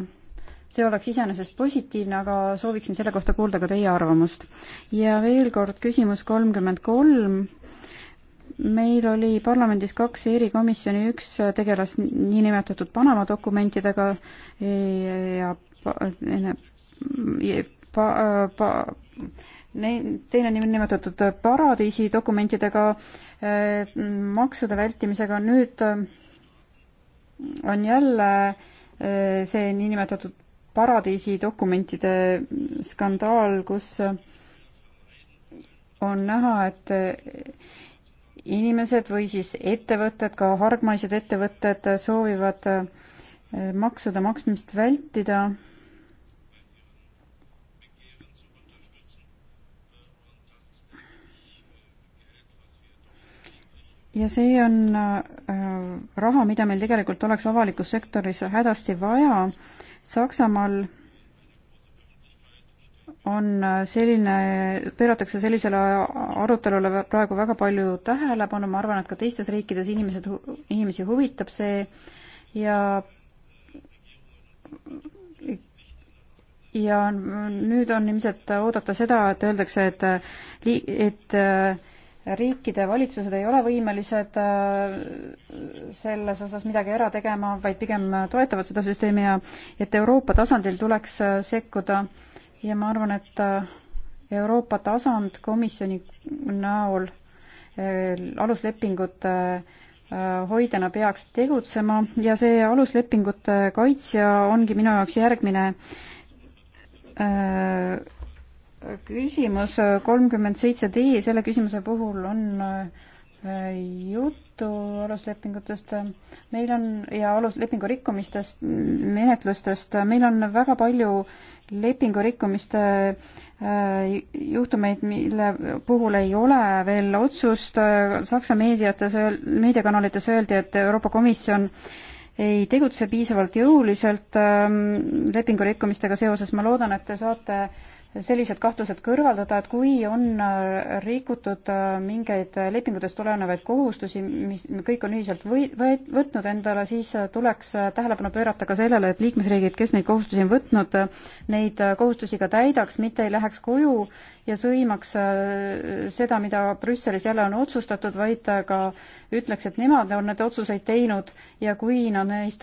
see oleks iseenesest positiivne, aga sooviksin selle kohta kuulda ka teie arvamust. ja veel kord küsimus kolmkümmend kolm. meil oli parlamendis kaks erikomisjoni, üks tegeles niinimetatud Panama dokumentidega e, ja pa, e, e, pa, teine niinimetatud paradiisi dokumentidega, maksude vältimisega, nüüd on jälle see niinimetatud paradiisi dokumentide skandaal, kus on näha, et inimesed või siis ettevõtted, ka hargmaised ettevõtted soovivad eh, maksude maksmist vältida. ja see on eh, raha, mida meil tegelikult oleks avalikus sektoris hädasti vaja Saksamaal on äh, selline, pööratakse sellisele arutelule praegu väga palju tähelepanu, ma arvan, et ka teistes riikides inimesed, inimesi huvitab see ja ja nüüd on ilmselt oodata seda, et öeldakse, et, et äh, äh, riikide valitsused ei ole võimelised äh, selles osas midagi ära tegema, vaid pigem toetavad seda süsteemi ja et Euroopa tasandil tuleks äh, sekkuda ja ma arvan, et äh, Euroopa tasand komisjoni näol aluslepingute hoidjana peaks tegutsema ja see aluslepingute kaitsja ongi minu jaoks järgmine küsimus kolmkümmend seitse D, selle küsimuse puhul on äh, juttu aluslepingutest, meil on ja aluslepingu rikkumistest, menetlustest, meil on väga palju lepingu rikkumiste äh, juhtumeid, mille puhul ei ole veel otsust, Saksa meediates, meediakanalites öeldi, et Euroopa Komisjon ei tegutse piisavalt jõuliselt ähm, lepingu rikkumistega seoses, ma loodan, et te saate äh, sellised kahtlused kõrvaldada, et kui on äh, rikutud äh, mingeid lepingutest tulenevaid kohustusi, mis kõik on ühiselt või-, või, võtnud endale, siis äh, tuleks tähelepanu pöörata ka sellele, et liikmesriigid, kes neid kohustusi on võtnud, neid kohustusi ka täidaks, mitte ei läheks koju ja sõimaks seda, mida Brüsselis jälle on otsustatud, vaid ka ütleks, et nemad on need otsuseid teinud ja kui nad neist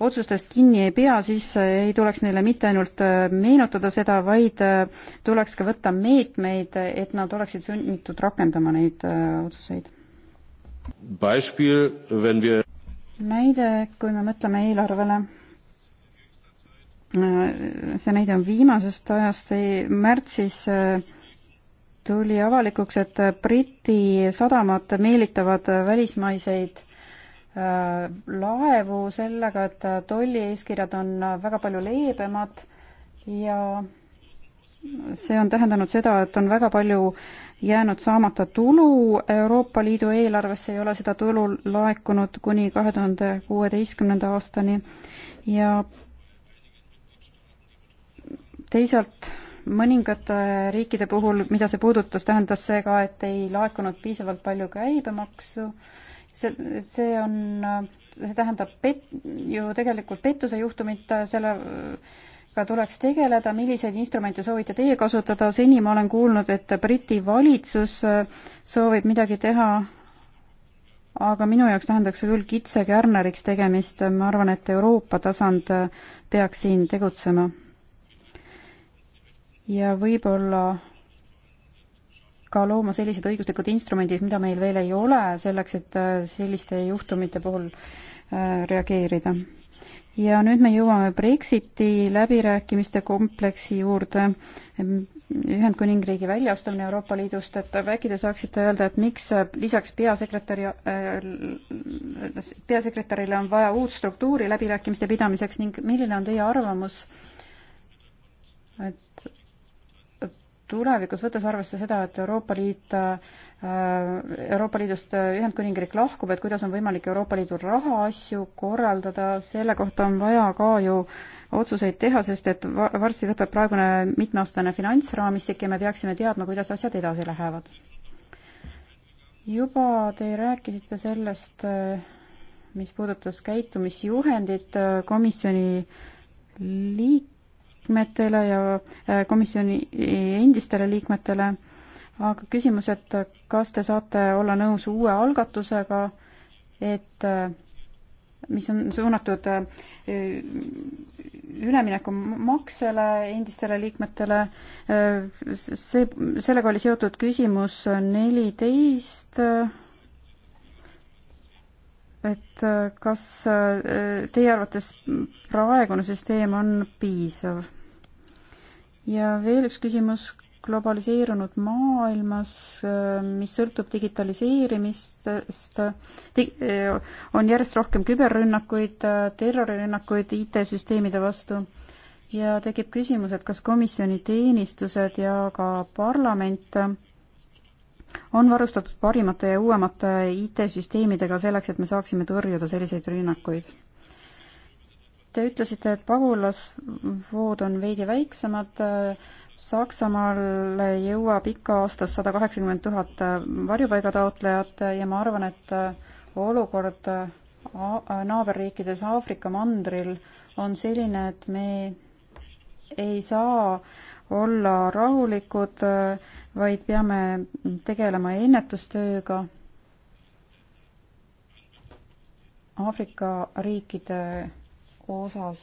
otsustest kinni ei pea, siis ei tuleks neile mitte ainult äh, meenutada seda, vaid äh, tuleks ka võtta meetmeid, et nad oleksid sunnitud rakendama neid äh, otsuseid. näide, kui me mõtleme eelarvele, see näide on viimasest ajast, märtsis tuli avalikuks, et Briti sadamad meelitavad välismaiseid Äh, laevu sellega, et tollieeskirjad on väga palju leebemad ja see on tähendanud seda, et on väga palju jäänud saamata tulu, Euroopa Liidu eelarvesse ei ole seda tulu laekunud kuni kahe tuhande kuueteistkümnenda aastani ja teisalt mõningate riikide puhul, mida see puudutas, tähendas see ka, et ei laekunud piisavalt palju käibemaksu äh, see, see on, see tähendab pet-, ju tegelikult pettuse juhtumit, selle ka tuleks tegeleda, milliseid instrumente soovite teie kasutada, seni ma olen kuulnud, et Briti valitsus äh, soovib midagi teha, aga minu jaoks tähendaks see küll kitsekärneriks tegemist, ma arvan, et Euroopa tasand äh, peaks siin tegutsema. ja võib-olla ka looma sellised õiguslikud instrumendid, mida meil veel ei ole, selleks et äh, selliste juhtumite puhul äh, reageerida. ja nüüd me jõuame Brexiti läbirääkimiste kompleksi juurde, Ühendkuningriigi väljaastumine Euroopa Liidust, et äkki te saaksite öelda, et miks lisaks peasekretäri, äh, peasekretärile on vaja uut struktuuri läbirääkimiste pidamiseks ning milline on teie arvamus, et tulevikus, võttes arvesse seda, et Euroopa Liit, äh, Euroopa Liidust Ühendkuningriik lahkub, et kuidas on võimalik Euroopa Liidu rahaasju korraldada, selle kohta on vaja ka ju otsuseid teha, sest et varsti lõpeb praegune mitmeaastane finantsraamistik ja me peaksime teadma, kuidas asjad edasi lähevad. juba te rääkisite sellest, mis puudutas käitumisjuhendit äh, komisjoni liik-, liikmetele ja äh, komisjoni endistele liikmetele, aga küsimus, et kas te saate olla nõus uue algatusega, et äh, mis on suunatud äh, üleminekumaksele endistele liikmetele, see, sellega oli seotud küsimus neliteist 14 et äh, kas äh, teie arvates praegune süsteem on piisav? ja veel üks küsimus, globaliseerunud maailmas, äh, mis sõltub digitaliseerimistest, on järjest rohkem küberrünnakuid, terrorirünnakuid IT-süsteemide vastu ja tekib küsimus, et kas komisjoni teenistused ja ka parlament on varustatud parimate ja uuemate IT-süsteemidega selleks, et me saaksime tõrjuda selliseid rünnakuid. Te ütlesite, et pagulasvood on veidi väiksemad, Saksamaale jõuab ikka aastas sada kaheksakümmend tuhat varjupaigataotlejat ja ma arvan, et olukord naaberriikides Aafrika mandril on selline, et me ei saa olla rahulikud äh, vaid peame tegelema ennetustööga Aafrika riikide osas,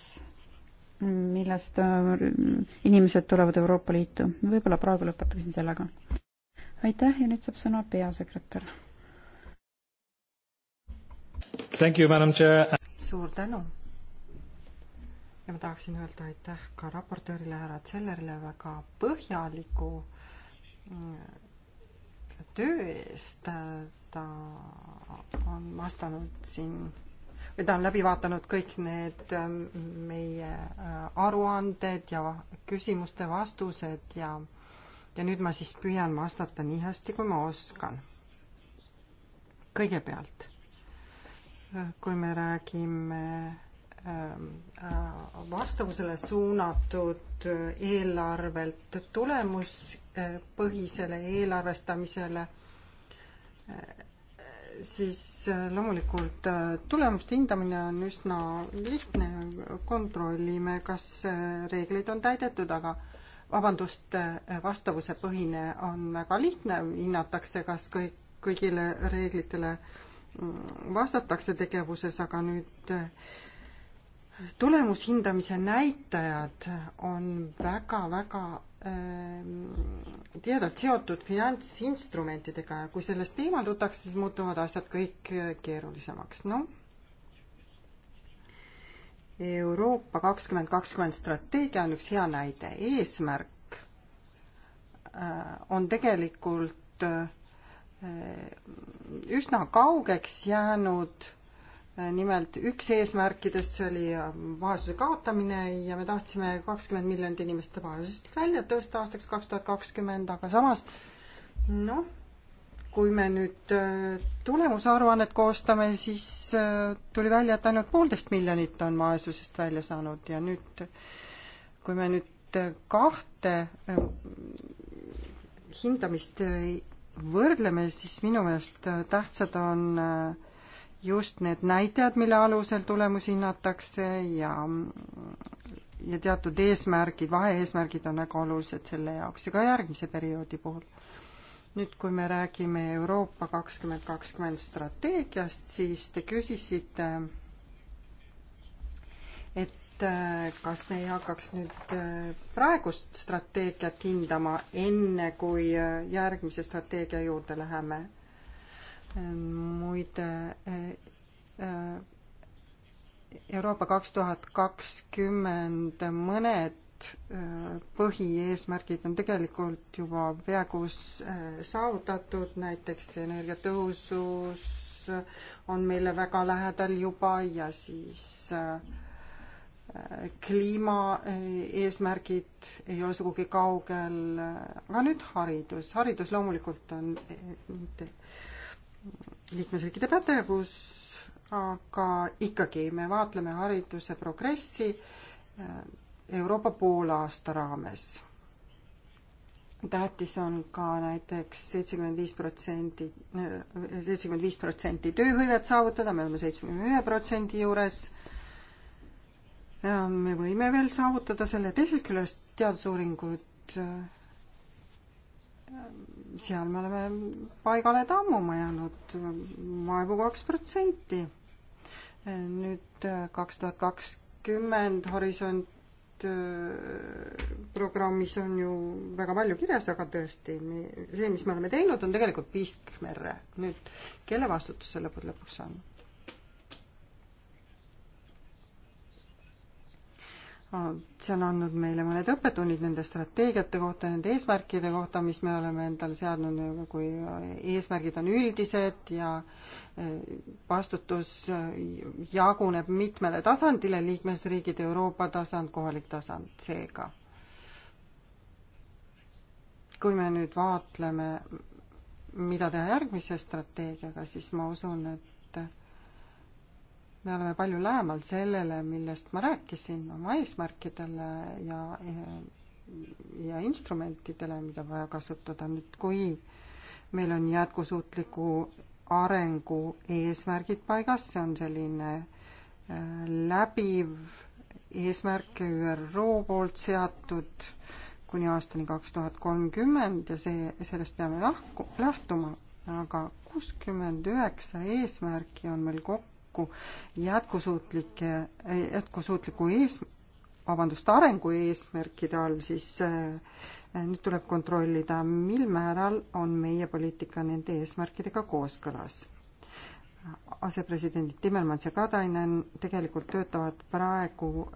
millest äh, inimesed tulevad Euroopa Liitu. võib-olla praegu lõpetaksin sellega. aitäh ja nüüd saab sõna peasekretär. suur tänu ja ma tahaksin öelda aitäh ka raportöörile härra Zellerile väga põhjaliku töö eest, ta on vastanud siin või ta on läbi vaadanud kõik need ähm, meie äh, aruanded ja küsimuste-vastused ja ja nüüd ma siis püüan vastata nii hästi, kui ma oskan. kõigepealt, äh, kui me räägime ähm, äh, vastavusele suunatud eelarvelt tulemus põhisele eelarvestamisele, siis äh, loomulikult äh, tulemuste hindamine on üsna lihtne, kontrollime, kas äh, reegleid on täidetud, aga vabandust, vastavuse põhine on väga lihtne, hinnatakse, kas kõik, kõigile reeglitele mm, vastatakse tegevuses, aga nüüd tulemushindamise näitajad on väga-väga Ehm, tihedalt seotud finantsinstrumentidega ja kui sellest eemaldutakse, siis muutuvad asjad kõik eh, keerulisemaks, noh. Euroopa kakskümmend kakskümmend strateegia on üks hea näide, eesmärk eh, on tegelikult eh, üsna kaugeks jäänud nimelt üks eesmärkidest, see oli vaesuse kaotamine ja me tahtsime kakskümmend miljonit inimest vaesusest välja tõsta aastaks kaks tuhat kakskümmend, aga samas noh, kui me nüüd äh, tulemusaruannet koostame, siis äh, tuli välja, et ainult poolteist miljonit on vaesusest välja saanud ja nüüd, kui me nüüd äh, kahte hindamist võrdleme, siis minu meelest tähtsad on äh, just need näitajad, mille alusel tulemusi hinnatakse ja ja teatud eesmärgid, vahe-eesmärgid on väga olulised selle jaoks ja ka järgmise perioodi puhul. nüüd, kui me räägime Euroopa kakskümmend kakskümmend strateegiast, siis te küsisite, et äh, kas me ei hakkaks nüüd äh, praegust strateegiat hindama, enne kui äh, järgmise strateegia juurde läheme muide eh, eh, Euroopa kaks tuhat kakskümmend mõned eh, põhieesmärgid on tegelikult juba peaaegu saavutatud, näiteks energiatõhusus on meile väga lähedal juba ja siis kliimaeesmärgid ei ole sugugi kaugel, aga nüüd haridus, haridus loomulikult on liikmesriikide pädevus, aga ikkagi me vaatleme hariduse progressi äh, Euroopa poolaasta raames. tähtis on ka näiteks seitsekümmend viis protsendi, äh, seitsekümmend viis protsenti tööhõivet saavutada, me oleme seitsmekümne ühe protsendi juures ja me võime veel saavutada selle, teisest küljest teadusuuringud äh, seal me oleme paigale tammuma jäänud, vaevu kaks protsenti. nüüd äh, kaks tuhat kakskümmend Horisont äh, programmis on ju väga palju kirjas, aga tõesti, see, mis me oleme teinud, on tegelikult piisk merre. nüüd, kelle vastutus see lõppude lõpuks on? see on andnud meile mõned õppetunnid nende strateegiate kohta, nende eesmärkide kohta, mis me oleme endale seadnud, nagu kui eesmärgid on üldised ja eh, vastutus eh, jaguneb mitmele tasandile, liikmesriigid, Euroopa tasand, kohalik tasand seega. kui me nüüd vaatleme, mida teha järgmise strateegiaga, siis ma usun, et me oleme palju lähemal sellele, millest ma rääkisin, oma eesmärkidele ja, ja instrumentidele, mida vaja kasutada. nüüd, kui meil on jätkusuutliku arengu eesmärgid paigas, see on selline äh, läbiv eesmärk ÜRO poolt seatud kuni aastani kaks tuhat kolmkümmend ja see, sellest peame lahku, lähtuma, aga kuuskümmend üheksa eesmärki on meil kokku kokku jätkusuutlike, jätkusuutliku ees-, vabandust, arengu eesmärkide all, siis eh, nüüd tuleb kontrollida, mil määral on meie poliitika nende eesmärkidega kooskõlas. asepresidendid Timmermans ja Katainen tegelikult töötavad praegu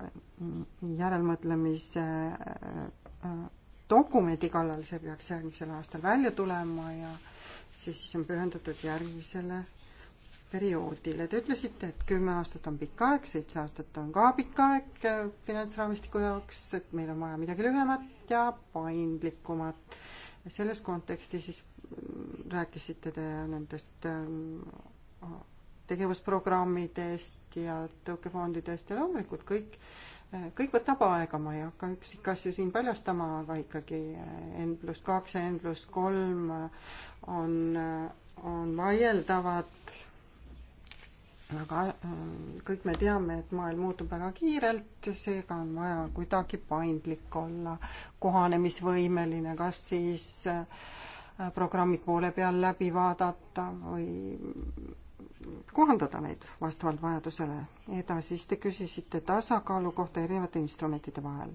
järelmõtlemise eh, dokumendi kallal, see peaks järgmisel aastal välja tulema ja see siis on pühendatud järgmisele perioodile. Te ütlesite, et kümme aastat on pikk aeg, seitse aastat on ka pikk aeg äh, finantsraamistiku jaoks, et meil on vaja midagi lühemat ja paindlikumat. selles kontekstis siis mm, rääkisite te nendest ähm, tegevusprogrammidest ja tõukefondidest ja loomulikult kõik, äh, kõik võtab aega, ma ei hakka üksikasju siin paljastama, aga ikkagi äh, N pluss kaks ja N pluss kolm on, on vaieldavad aga äh, kõik me teame, et maailm muutub väga kiirelt, seega on vaja kuidagi paindlik olla, kohanemisvõimeline, kas siis äh, programmid poole peal läbi vaadata või kohandada neid vastavalt vajadusele. edasi, siis te küsisite tasakaalu kohta erinevate instrumentide vahel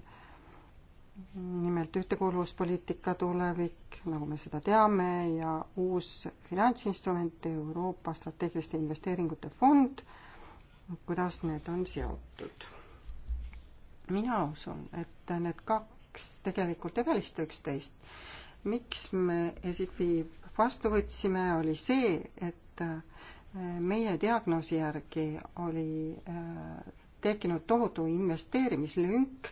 nimelt ühtekuuluvuspoliitika tulevik, nagu me seda teame, ja uus finantsinstrument Euroopa strateegiliste investeeringute fond, kuidas need on seotud? mina usun, et need kaks tegelikult ei välista üksteist. miks me Esifi vastu võtsime, oli see, et äh, meie diagnoosi järgi oli äh, tekkinud tohutu investeerimislünk,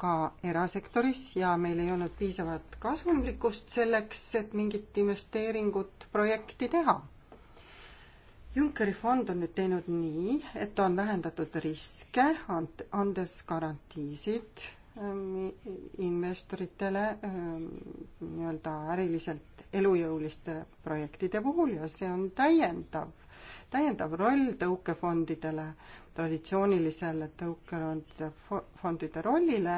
ka erasektoris ja meil ei olnud piisavat kasumlikkust selleks, et mingit investeeringut projekti teha. Junckeri fond on nüüd teinud nii, et on vähendatud riske, andes garantiisid ähm, investoritele ähm, nii-öelda äriliselt elujõuliste projektide puhul ja see on täiendav, täiendav roll tõukefondidele, traditsioonilisele tõukefondide fondide rollile,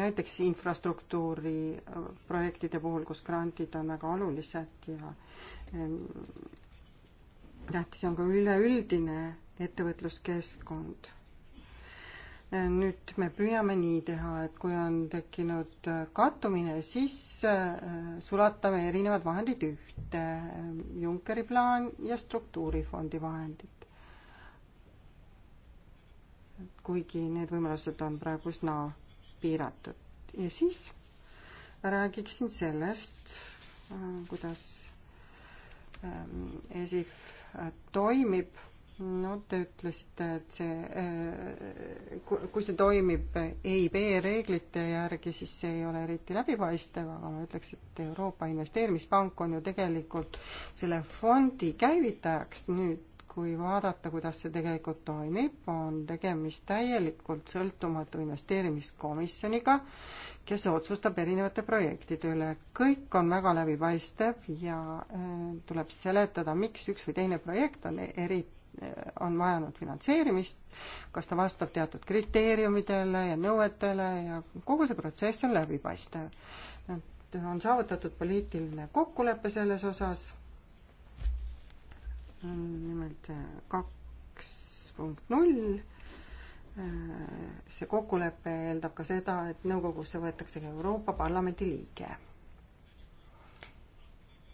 näiteks infrastruktuuri äh, projektide puhul, kus grandid on väga olulised ja ähm, tähtis on ka üleüldine ettevõtluskeskkond nüüd me püüame nii teha, et kui on tekkinud kattumine, siis äh, sulatame erinevad vahendid ühte, äh, Junckeri plaan ja struktuurifondi vahendid. kuigi need võimalused on praegu üsna piiratud ja siis räägiksin sellest, äh, kuidas ähm, ESIF toimib no te ütlesite, et see, äh, kui see toimib EIB reeglite järgi, siis see ei ole eriti läbipaistev, aga ma ütleks, et Euroopa Investeerimispank on ju tegelikult selle fondi käivitajaks nüüd, kui vaadata, kuidas see tegelikult toimib, on tegemist täielikult sõltumatu investeerimiskomisjoniga, kes otsustab erinevate projektide üle. kõik on väga läbipaistev ja äh, tuleb seletada, miks üks või teine projekt on eriti on vajanud finantseerimist, kas ta vastab teatud kriteeriumidele ja nõuetele ja kogu see protsess on läbipaistev. et on saavutatud poliitiline kokkulepe selles osas, nimelt äh, kaks punkt null, äh, see kokkulepe eeldab ka seda, et nõukogusse võetakse ka Euroopa Parlamendi liige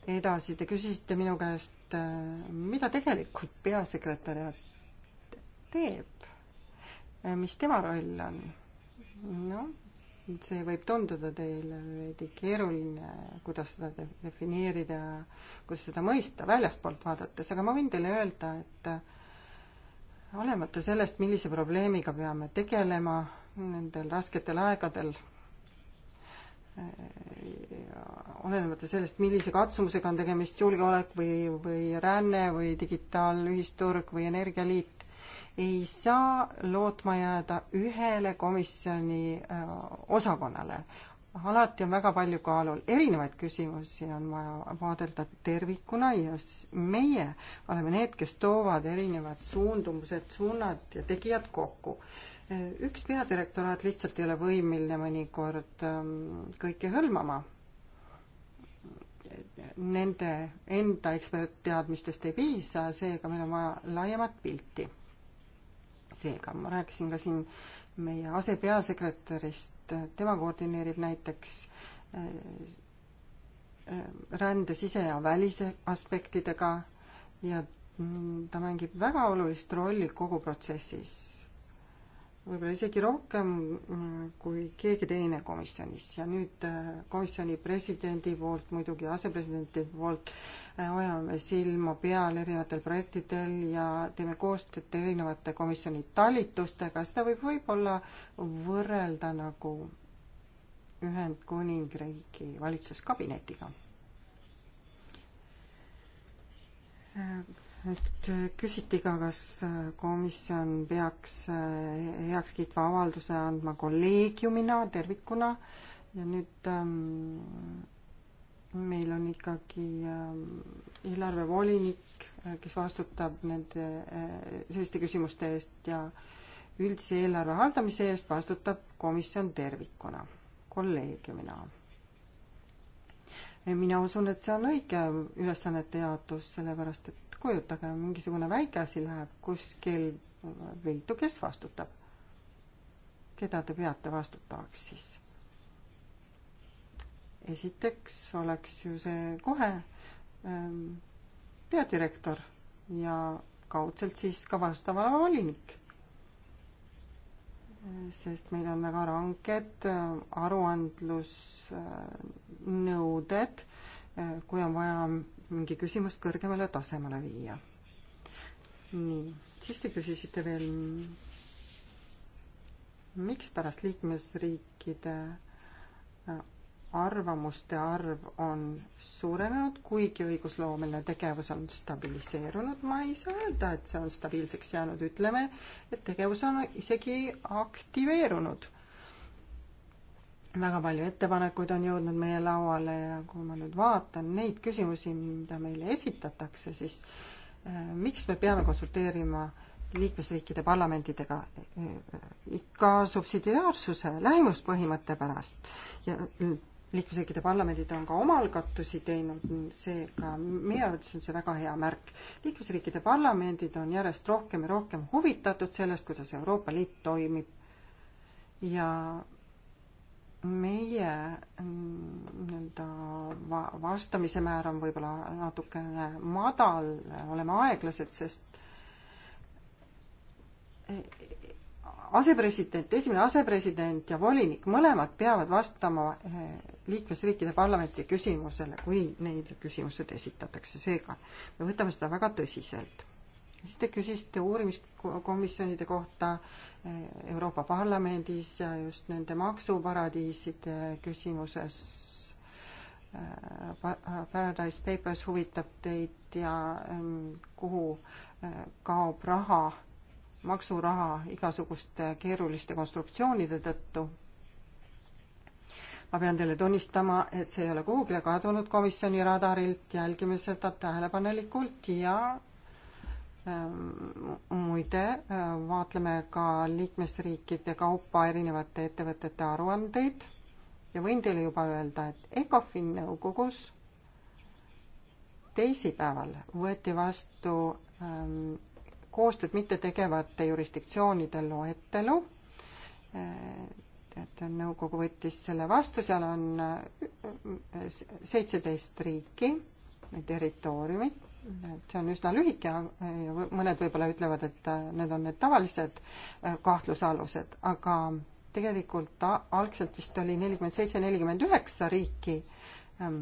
nii edasi, te küsisite minu käest, äh, mida tegelikult peasekretäriat teeb, äh, mis tema roll on. noh, see võib tunduda teile veidi keeruline, kuidas seda defineerida, kuidas seda mõista väljastpoolt vaadates, aga ma võin teile öelda, et äh, olemata sellest, millise probleemiga peame tegelema nendel rasketel aegadel, olenemata sellest, millise katsumusega on tegemist, julgeolek või, või ränne või digitaalühisturg või energialiit, ei saa lootma jääda ühele komisjoni äh, osakonnale. alati on väga palju kaalul, erinevaid küsimusi on vaja vaadelda tervikuna ja meie oleme need, kes toovad erinevad suundumused, suunad ja tegijad kokku äh, üks peadirektoraat lihtsalt ei ole võimeline mõnikord ähm, kõike hõlmama nende enda ekspertteadmistest ei piisa, seega meil on vaja laiemat pilti. seega ma rääkisin ka siin meie asepeasekretärist, tema koordineerib näiteks äh, äh, rände sise- ja välise aspektidega ja ta mängib väga olulist rolli kogu protsessis võib-olla isegi rohkem mm, kui keegi teine komisjonis ja nüüd äh, komisjoni presidendi poolt, muidugi asepresidendi poolt äh, hoiame silma peal erinevatel projektidel ja teeme koostööd erinevate komisjoni talitustega, seda võib võib-olla võrrelda nagu Ühendkuningriigi valitsuskabinetiga äh, et äh, küsiti ka, kas äh, komisjon peaks äh, heakskiitva avalduse andma kolleegiumina tervikuna ja nüüd ähm, meil on ikkagi ähm, äh, eelarvevolinik, kes vastutab nende äh, selliste küsimuste eest ja üldise eelarve haldamise eest vastutab komisjon tervikuna, kolleegiumina mina usun, et see on õige ülesannete jaotus, sellepärast et kujutage, mingisugune väike asi läheb kuskil viltu, kes vastutab? keda te peate vastutavaks siis? esiteks oleks ju see kohe ähm, peadirektor ja kaudselt siis ka vastav volinik. sest meil on väga ranged äh, aruandlusnõuded, äh, kui on vaja mingi küsimus kõrgemale tasemele viia. nii, siis te küsisite veel, mikspärast liikmesriikide äh, arvamuste arv on suurenenud, kuigi õigusloomeline tegevus on stabiliseerunud, ma ei saa öelda, et see on stabiilseks jäänud, ütleme, et tegevus on isegi aktiveerunud väga palju ettepanekuid on jõudnud meie lauale ja kui ma nüüd vaatan neid küsimusi, mida meile esitatakse, siis äh, miks me peame konsulteerima liikmesriikide parlamentidega äh, ikka subsidiaarsuse lähimuspõhimõtte pärast ja äh, liikmesriikide parlamendid on ka omalgatusi teinud, seega meie arvates on see väga hea märk. liikmesriikide parlamendid on järjest rohkem ja rohkem huvitatud sellest, kuidas Euroopa Liit toimib ja meie mm, nii-öelda va-, vastamise määr on võib-olla natukene madal, oleme aeglased, sest e, e, asepresident, esimene asepresident ja volinik, mõlemad peavad vastama e, liikmesriikide parlamenti küsimusele, kui neile küsimused esitatakse, seega me võtame seda väga tõsiselt siis te küsisite uurimiskomisjonide kohta eh, Euroopa Parlamendis ja just nende maksuparadiiside küsimuses. Eh, Paradise Papers huvitab teid ja kuhu eh, kaob raha, maksuraha igasuguste keeruliste konstruktsioonide tõttu ma pean teile tunnistama, et see ei ole kuhugile kadunud komisjoni radarilt, jälgime seda tähelepanelikult ja Ehm, muide, ehm, vaatleme ka liikmesriikide kaupa erinevate ettevõtete aruandeid ja võin teile juba öelda, et ECOFIN nõukogus teisipäeval võeti vastu ähm, koostööd mittetegevate jurisdiktsioonide loetelu äh, et nõukogu võttis selle vastu, seal on seitseteist riiki, territooriumit et see on üsna lühike ja mõned võib-olla ütlevad, et äh, need on need tavalised äh, kahtlusalused, aga tegelikult algselt vist oli nelikümmend seitse, nelikümmend üheksa riiki, ähm,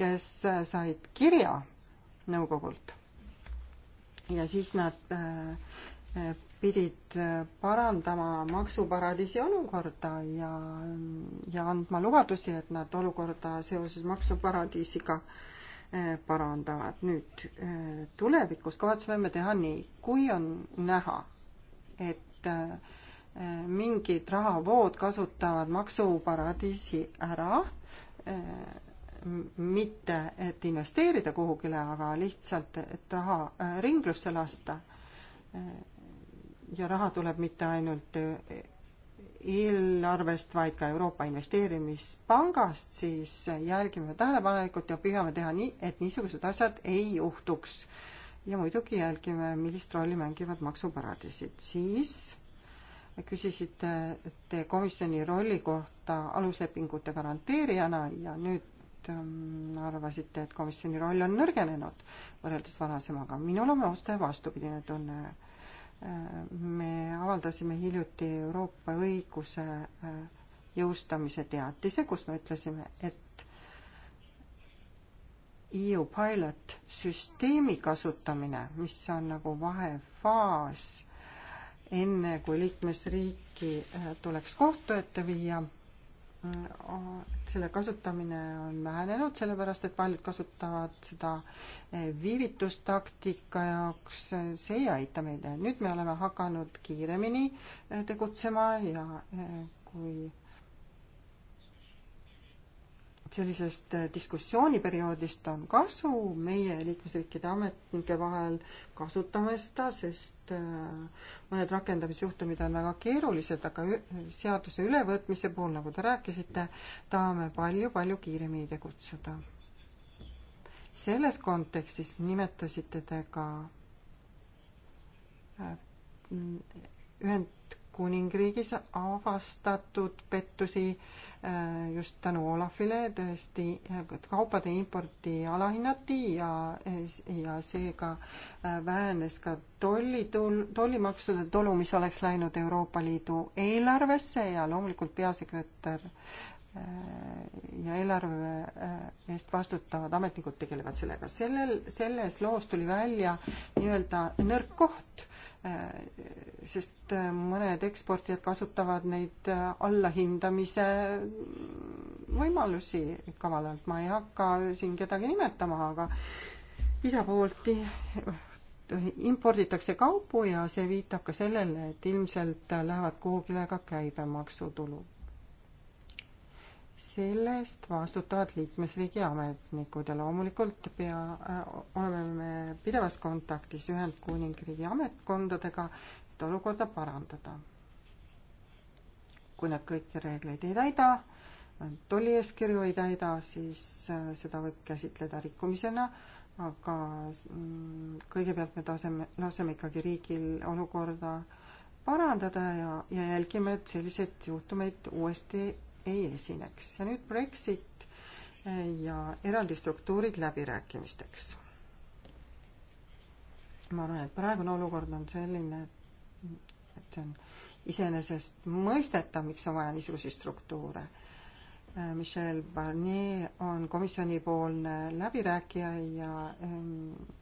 kes äh, said kirja nõukogult. ja siis nad pidid parandama maksuparadiisi olukorda ja, ja andma lubadusi, et nad olukorda seoses maksuparadiisiga äh, Eh, parandavad. nüüd eh, tulevikus kavatseme me teha nii, kui on näha, et eh, mingid rahavood kasutavad maksuparadiisi ära, mitte et investeerida kuhugile, aga lihtsalt, et raha ringlusse lasta. ja raha tuleb mitte ainult eelarvest, vaid ka Euroopa Investeerimispangast, siis jälgime tähelepanelikult ja püüame teha nii, et niisugused asjad ei juhtuks. ja muidugi jälgime, millist rolli mängivad maksuparadiisid. siis küsisite te komisjoni rolli kohta aluslepingute garanteerijana ja nüüd ähm, arvasite, et komisjoni roll on nõrgenenud võrreldes varasemaga. minul on lausa vastupidine tunne me avaldasime hiljuti Euroopa õiguse äh, jõustamise teatise, kus me ütlesime, et EU pilot süsteemi kasutamine, mis on nagu vahefaas, enne kui liikmesriiki äh, tuleks kohtu ette viia Äh, selle kasutamine on vähenenud, sellepärast et paljud kasutavad seda äh, viivitustaktika jaoks, see ei aita meid. nüüd me oleme hakanud kiiremini äh, tegutsema ja kui sellisest äh, diskussiooniperioodist on kasu meie liikmesriikide ametnike vahel, kasutame seda, sest äh, mõned rakendamisjuhtumid on väga keerulised, aga seaduse ülevõtmise puhul, nagu te rääkisite, tahame palju-palju kiiremini tegutseda. selles kontekstis nimetasite te ka äh, ühend Kuningriigis avastatud pettusi äh, just tänu Olafile, tõesti kaupade importi alahinnati ja, ja seega äh, vähenes ka tolli, tollimaksude tulu, mis oleks läinud Euroopa Liidu eelarvesse ja loomulikult peasekretär äh, ja eelarve eest vastutavad ametnikud tegelevad sellega. sellel, selles loos tuli välja nii-öelda nõrk koht Äh, sest äh, mõned eksportijad kasutavad neid äh, allahindamise mm, võimalusi kavalalt. ma ei hakka siin kedagi nimetama, aga ida poolt imporditakse kaupu ja see viitab ka sellele, et ilmselt lähevad kuhugile ka käibemaksutulud sellest vastutavad liikmesriigi ametnikud ja loomulikult pea, äh, oleme me pidevas kontaktis Ühendkuningriigi ametkondadega, et olukorda parandada. kui nad kõiki reegleid ei täida, tollieeskirju ei täida, siis äh, seda võib käsitleda rikkumisena, aga mm, kõigepealt me taseme, laseme ikkagi riigil olukorda parandada ja, ja jälgime, et selliseid juhtumeid uuesti ei esineks. ja nüüd Brexit eh, ja eraldi struktuurid läbirääkimisteks. ma arvan, et praegune olukord on selline, et see on iseenesestmõistetav, miks on vaja niisuguseid struktuure eh, Michel Barnier on komisjonipoolne läbirääkija ja ehm,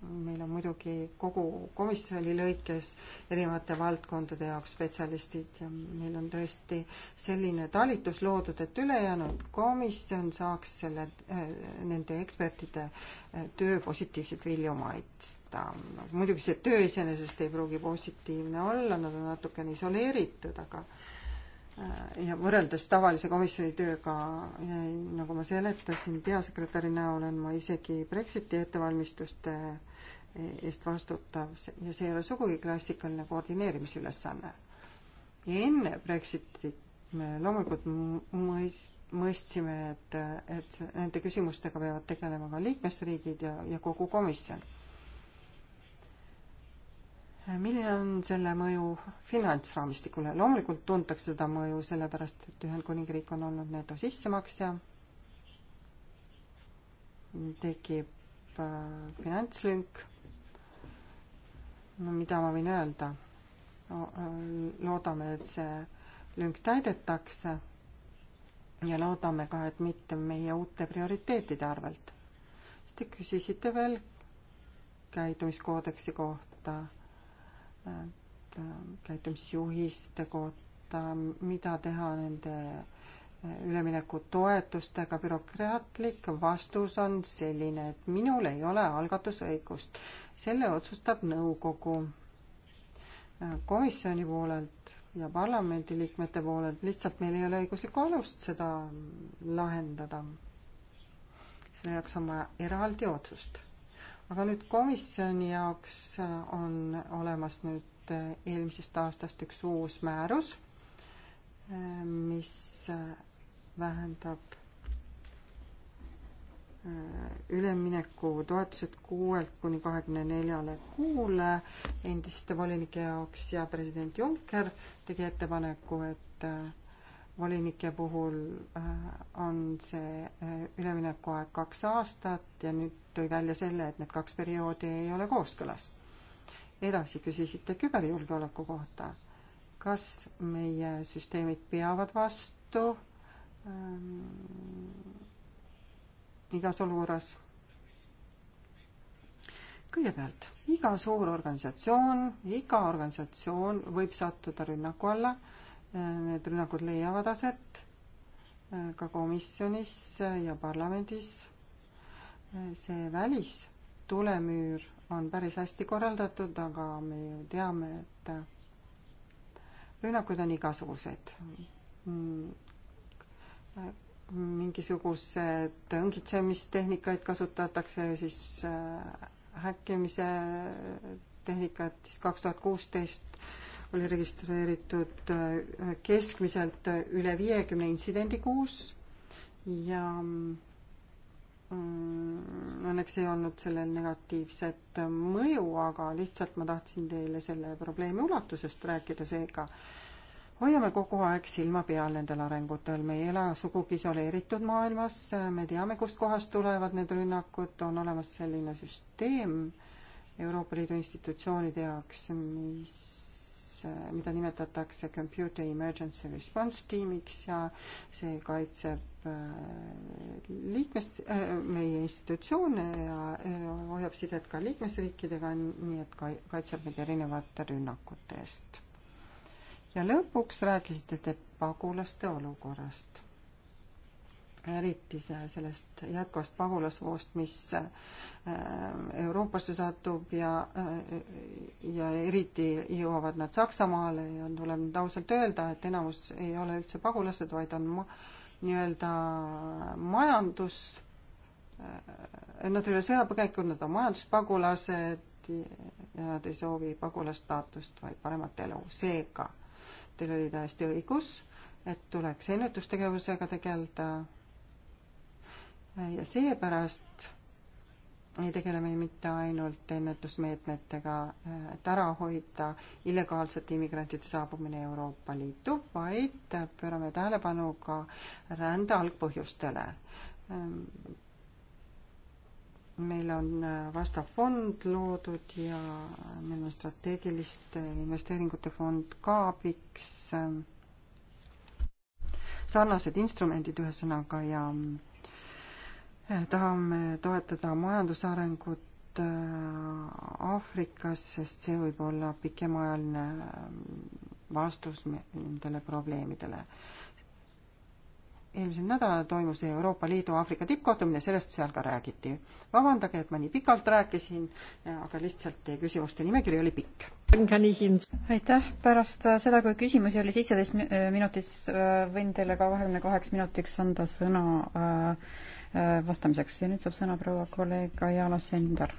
meil on muidugi kogu komisjoni lõikes erinevate valdkondade jaoks spetsialistid ja meil on tõesti selline talitus loodud, et ülejäänud komisjon saaks selle, äh, nende ekspertide äh, töö positiivset vilju maitsta. muidugi see töö iseenesest ei pruugi positiivne olla, nad on natukene isoleeritud, aga Äh, ja võrreldes tavalise komisjoni tööga, nagu ma seletasin, peasekretäri näol olen ma isegi Brexiti ettevalmistuste eest vastutav ja see ei ole sugugi klassikaline koordineerimisülesanne. ja enne Brexitit me loomulikult mõist-, mõistsime, et, et nende küsimustega peavad tegelema ka liikmesriigid ja, ja kogu komisjon milline on selle mõju finantsraamistikule? loomulikult tuntakse seda mõju sellepärast, et Ühendkuningriik on olnud neto sissemaksja, tekib äh, finantslünk, no mida ma võin öelda no,, äh, loodame, et see lünk täidetakse ja loodame ka, et mitte meie uute prioriteetide arvelt. siis te küsisite veel käitumiskoodeksi kohta Äh, käitumisjuhiste kohta, mida teha nende äh, üleminekutoetustega, bürokraatlik vastus on selline, et minul ei ole algatusõigust. selle otsustab nõukogu. Äh, komisjoni poolelt ja parlamendiliikmete poolelt lihtsalt meil ei ole õiguslikku alust seda lahendada. selle jaoks on vaja eraldi otsust aga nüüd komisjoni jaoks äh, on olemas nüüd äh, eelmisest aastast üks uus määrus, äh, mis vähendab ülemineku toetused kuuelt kuni kahekümne neljale kuule endiste volinike jaoks ja president Juncker tegi ettepaneku, et volinike puhul äh, on see äh, üleminekuaeg kaks aastat ja nüüd tõi välja selle, et need kaks perioodi ei ole kooskõlas. edasi küsisite küberjulgeoleku kohta. kas meie süsteemid peavad vastu ähm, igas olukorras? kõigepealt, iga suur organisatsioon, iga organisatsioon võib sattuda rünnaku alla äh, need rünnakud leiavad aset äh, ka komisjonis äh, ja parlamendis. Äh, see välistulemüür on päris hästi korraldatud, aga me ju teame, et rünnakud on igasugused. Mm, mingisugused õngitsemistehnikaid kasutatakse, siis häkkimise tehnikat, siis kaks tuhat kuusteist oli registreeritud äh, keskmiselt äh, üle viiekümne intsidendi kuus ja mm, õnneks ei olnud sellel negatiivset mõju, aga lihtsalt ma tahtsin teile selle probleemi ulatusest rääkida, seega hoiame kogu aeg silma peal nendel arengutel, me ei ela sugugi isoleeritud maailmas, me teame, kustkohast tulevad need rünnakud, on olemas selline süsteem Euroopa Liidu institutsioonide jaoks, mis Äh, mida nimetatakse Computer Emergency Response tiimiks ja see kaitseb äh, liikmes, äh, meie institutsioone ja hoiab sidet ka liikmesriikidega, nii et kaitseb meid erinevate rünnakute eest. ja lõpuks rääkisite te pagulaste olukorrast eriti see, sellest jätkuvast pagulasvoost, mis äh, Euroopasse satub ja, äh, ja eriti jõuavad nad Saksamaale ja tuleb nüüd ausalt öelda, et enamus ei ole üldse pagulased, vaid on ma, nii-öelda majandus, äh, nad ei ole sõjapõgenikud, nad on majanduspagulased ja nad ei soovi pagulasstaatust, vaid paremat elu. seega, teil oli täiesti õigus, et tuleks ennetustegevusega tegeleda ja seepärast ei tegele me mitte ainult ennetusmeetmetega, et ära hoida illegaalsete immigrantide saabumine Euroopa Liitu, vaid pöörame tähelepanu ka rände algpõhjustele. meil on vastav fond loodud ja meil on strateegiliste investeeringute fond ka abiks, sarnased instrumendid ühesõnaga ja tahame toetada majandusarengut äh, Aafrikas, sest see võib olla pikemaajaline äh, vastus nendele probleemidele. eelmisel nädalal toimus Euroopa Liidu Aafrika tippkohtumine, sellest seal ka räägiti. vabandage, et ma nii pikalt rääkisin, aga lihtsalt teie küsimuste nimekiri oli pikk. aitäh, pärast seda, kui küsimusi oli seitseteist minutit, võin teile ka kahekümne kaheks minutiks anda sõna äh, Äh, vastamiseks ja nüüd saab sõna proua kolleeg Ajala Sender.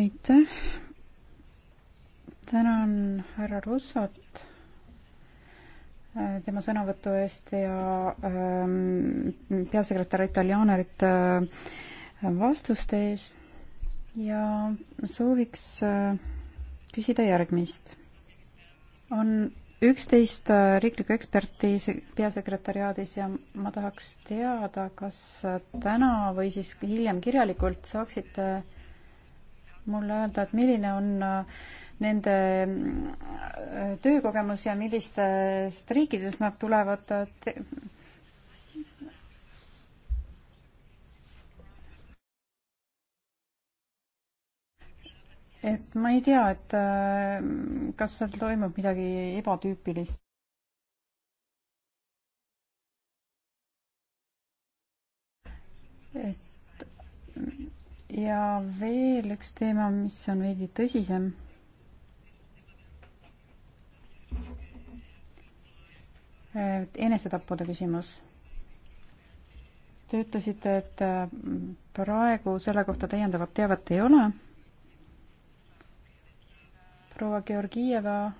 aitäh. tänan härra Russot äh, tema sõnavõtu eest ja ähm, peasekretär Italianerit äh, vastuste eest ja sooviks äh, küsida järgmist. on üksteist äh, riiklikku eksperti peasekretäriaadis ja ma tahaks teada, kas äh, täna või siis hiljem kirjalikult saaksite mulle öelda, et milline on äh, nende töökogemus ja millistest riikidest nad tulevad. et ma ei tea, et äh, kas seal toimub midagi ebatüüpilist. et ja veel üks teema, mis on veidi tõsisem enesetappude küsimus. Te ütlesite, et äh, praegu selle kohta täiendavat teavet ei ole proua Georgieva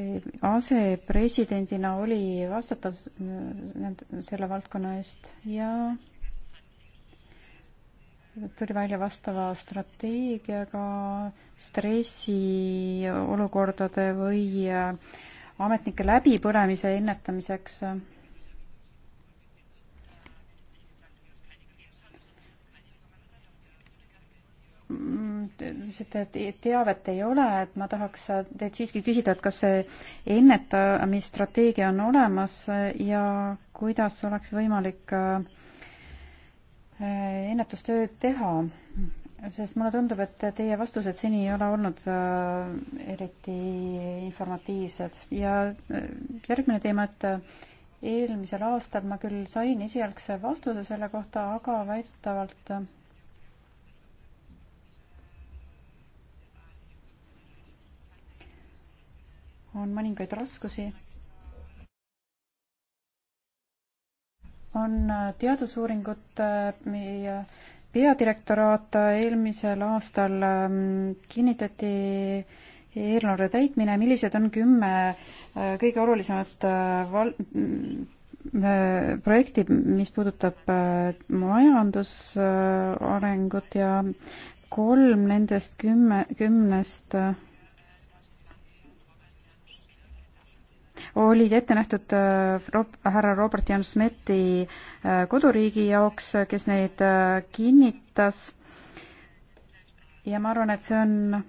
eh, asepresidendina oli vastutav eh, selle valdkonna eest ja tuli välja vastava strateegiaga stressiolukordade või eh, ametnike läbipõlemise ennetamiseks ütlesite, et teavet ei ole, et ma tahaks teilt siiski küsida, et kas see ennetamisstrateegia on olemas ja kuidas oleks võimalik äh, ennetustööd teha? sest mulle tundub, et teie vastused seni ei ole olnud äh, eriti informatiivsed ja äh, järgmine teema, et eelmisel aastal ma küll sain esialgse vastuse selle kohta, aga väidetavalt on mõningaid raskusi. on äh, teadusuuringute äh, meie peadirektoraat äh, eelmisel aastal ähm, kinnitati eelarve täitmine, millised on kümme kõige olulisemat val-, mm, projekti, mis puudutab majandusarengut ja kolm nendest kümme, kümnest olid ette nähtud äh, härra Robert Jan Smeti äh, koduriigi jaoks, äh, kes neid kinnitas. ja ma arvan, et see on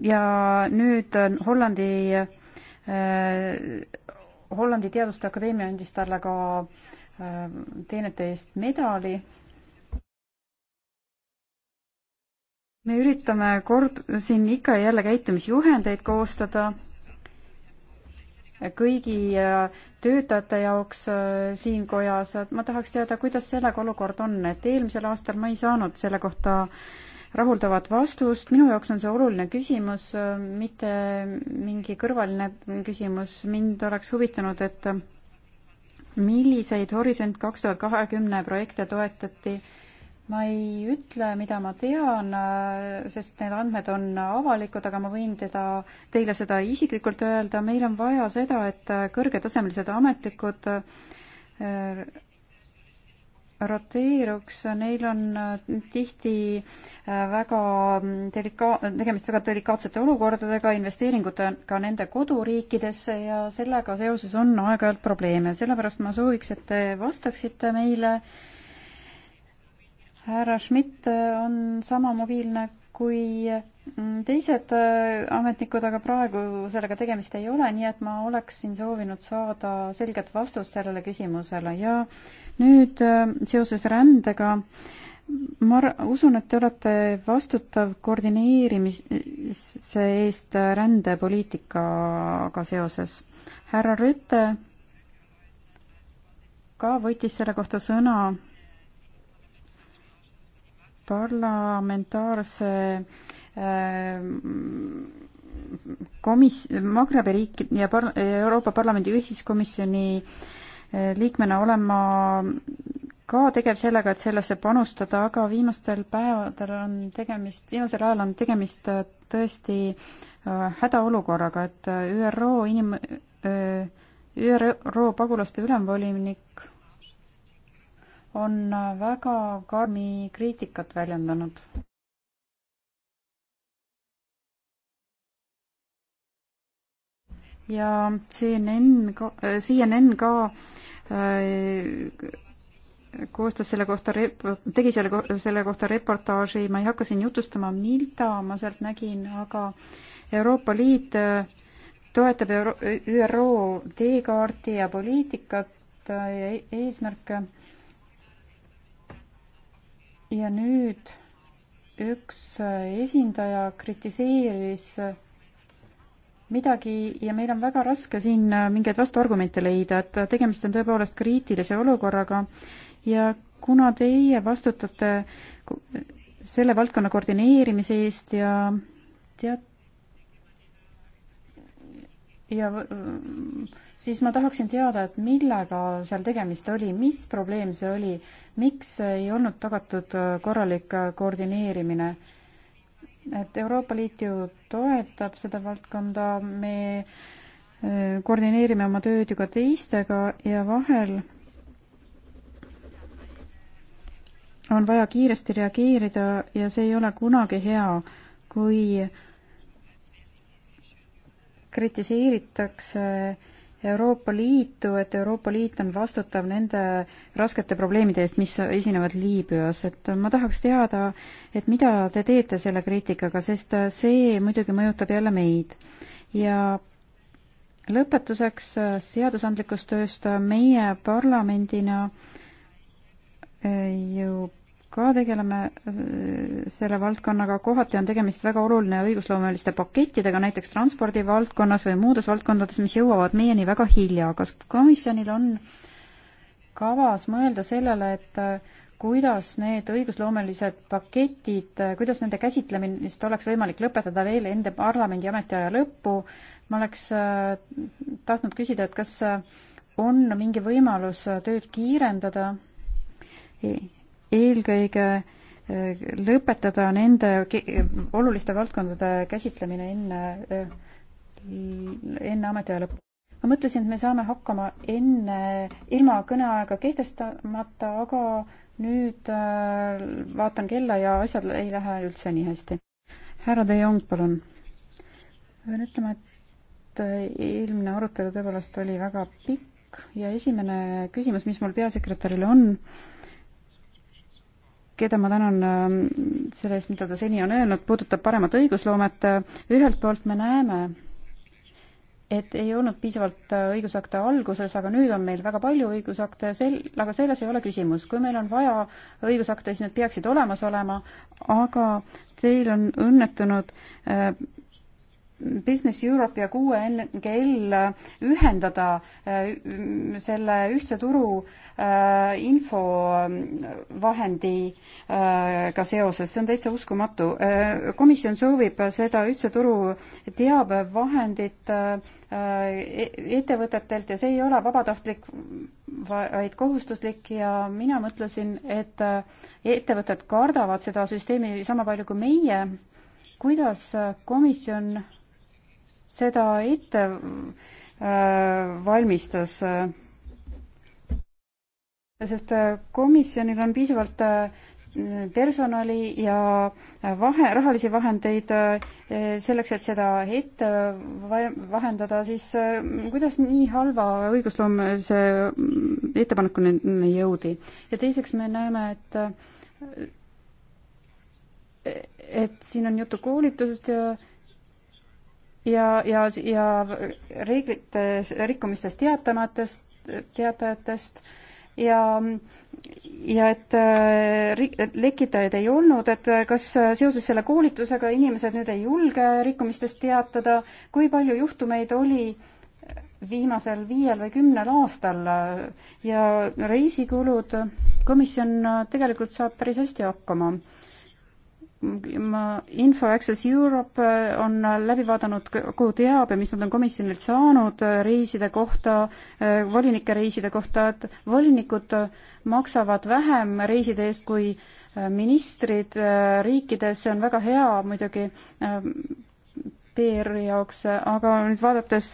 ja nüüd Hollandi, Hollandi Teaduste Akadeemia andis talle ka teenete eest medali me üritame kord siin ikka ja jälle käitumisjuhendeid koostada kõigi äh, töötajate jaoks äh, siin kojas, et ma tahaks teada, kuidas sellega olukord on, et eelmisel aastal ma ei saanud selle kohta rahuldavat vastust, minu jaoks on see oluline küsimus, äh, mitte mingi kõrvaline küsimus, mind oleks huvitanud, et milliseid Horisont kaks tuhat kahekümne projekte toetati ma ei ütle, mida ma tean, äh, sest need andmed on avalikud, aga ma võin teda, teile seda isiklikult öelda, meil on vaja seda, et äh, kõrgetasemelised ametnikud äh, roteeruks, neil on tihti väga mm, delika-, tegemist väga delikaatsete olukordadega, investeeringutega nende koduriikidesse ja sellega seoses on aeg-ajalt probleeme, sellepärast ma sooviks, et te vastaksite meile äh, härra Schmidt äh, on sama mobiilne kui mm, teised äh, ametnikud, aga praegu sellega tegemist ei ole, nii et ma oleksin soovinud saada selget vastust sellele küsimusele ja nüüd äh, seoses rändega ma usun, et te olete vastutav koordineerimise eest rändepoliitikaga seoses. härra Rüte ka võttis selle kohta sõna parlamentaarse äh, komis-, Magrebi riik- ja par-, Euroopa Parlamendi ühiskomisjoni äh, liikmena olen ma ka tegev sellega, et sellesse panustada, aga viimastel päevadel on tegemist, viimasel ajal on tegemist äh, tõesti hädaolukorraga, et ÜRO inim-, ÜRO pagulaste ülemvolinik on väga karmi kriitikat väljendanud. ja CNN ka, CNN ka äh, koostas selle kohta rep-, tegi selle, selle kohta reportaaži, ma ei hakka siin jutustama, mida ma sealt nägin, aga Euroopa Liit äh, toetab Euro-, ÜRO teekaarti ja poliitikat äh, ja e-, eesmärke ja nüüd üks esindaja kritiseeris midagi ja meil on väga raske siin mingeid vastuargumente leida, et tegemist on tõepoolest kriitilise olukorraga ja kuna teie vastutate selle valdkonna koordineerimise eest ja tead- ja siis ma tahaksin teada, et millega seal tegemist oli, mis probleem see oli, miks ei olnud tagatud äh, korralik äh, koordineerimine? et Euroopa Liit ju toetab seda valdkonda, me äh, koordineerime oma tööd ju ka teistega ja vahel on vaja kiiresti reageerida ja see ei ole kunagi hea, kui kritiseeritakse äh, Euroopa Liitu, et Euroopa Liit on vastutav nende raskete probleemide eest, mis esinevad Liibüas, et ma tahaks teada, et mida te teete selle kriitikaga, sest see muidugi mõjutab jälle meid. ja lõpetuseks seadusandlikust tööst meie parlamendina eh, ju ka tegeleme äh, selle valdkonnaga, kohati on tegemist väga oluline õigusloomeliste pakettidega, näiteks transpordi valdkonnas või muudes valdkondades, mis jõuavad meieni väga hilja. kas komisjonil on kavas mõelda sellele, et äh, kuidas need õigusloomelised paketid, äh, kuidas nende käsitlemist oleks võimalik lõpetada veel enne parlamendi ametiaja lõppu? ma oleks tahtnud küsida, et kas on mingi võimalus tööd kiirendada? eelkõige äh, lõpetada nende oluliste valdkondade käsitlemine enne, äh, enne ametiaja lõppu. ma mõtlesin, et me saame hakkama enne, ilma kõneaega kehtestamata, aga nüüd äh, vaatan kella ja asjad ei lähe üldse nii hästi. härra De Jong, palun. pean ütlema, et eelmine arutelu tõepoolest oli väga pikk ja esimene küsimus, mis mul peasekretärile on, keda ma tänan ähm, selle eest, mida ta seni on öelnud, puudutab paremat õigusloomet. ühelt poolt me näeme, et ei olnud piisavalt äh, õigusakte alguses, aga nüüd on meil väga palju õigusakte, sel-, aga selles ei ole küsimus. kui meil on vaja õigusakte, siis need peaksid olemas olema, aga teil on õnnetunud äh, Business Europe ja kuue NGL ühendada äh, selle ühtse turu äh, infovahendiga äh, seoses, see on täitsa uskumatu. komisjon soovib seda ühtse turu teabevahendit e-, ettevõtetelt ja see ei ole vabatahtlik, vaid kohustuslik ja mina mõtlesin, et ettevõtted kardavad seda süsteemi sama palju kui meie. kuidas komisjon seda ette äh, valmistas. Äh, sest äh, komisjonil on piisavalt personali ja vahe, rahalisi vahendeid selleks, et seda ette vahendada, siis kuidas nii halva õigusloomelise mm, ettepanekuni jõudi? ja teiseks me näeme, et et siin on juttu koolitusest ja ja, ja, ja reeglite rikkumistest teatamatest, teatajatest ja, ja äh, et lekitajaid ei olnud, et äh, kas äh, seoses selle koolitusega inimesed nüüd ei julge rikkumistest teatada, kui palju juhtumeid oli viimasel viiel või kümnel aastal ja reisikulud, komisjon tegelikult saab päris hästi hakkama ma, Info Access Europe äh, on äh, läbi vaadanud kogu teabe, mis nad on komisjonilt saanud äh, reiside kohta, volinike reiside kohta, et volinikud maksavad vähem reiside eest kui ministrid riikides, see on väga hea muidugi ähm, PR-i jaoks, aga nüüd vaadates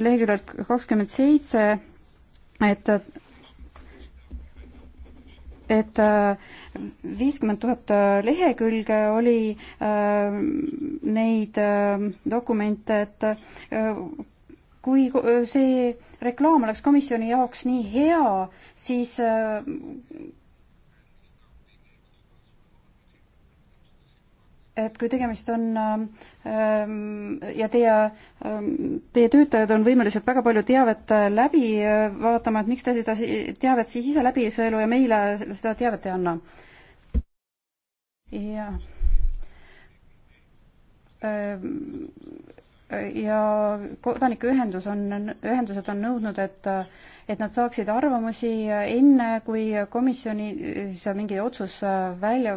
leheküljelt kakskümmend seitse, et et äh, viiskümmend tuhat äh, lehekülge oli äh, neid dokumente, et kui see reklaam oleks komisjoni jaoks nii hea, siis et kui tegemist on ähm, ja teie, ähm, teie töötajad on võimelised väga palju teavet äh, läbi äh, vaatama, et miks te seda teavet siis ise läbi ei sõelu ja meile seda teavet ei anna? jah ähm, ja kodanikuühendus on, ühendused on nõudnud, et, et nad saaksid arvamusi enne, kui komisjonis mingi otsus äh, välja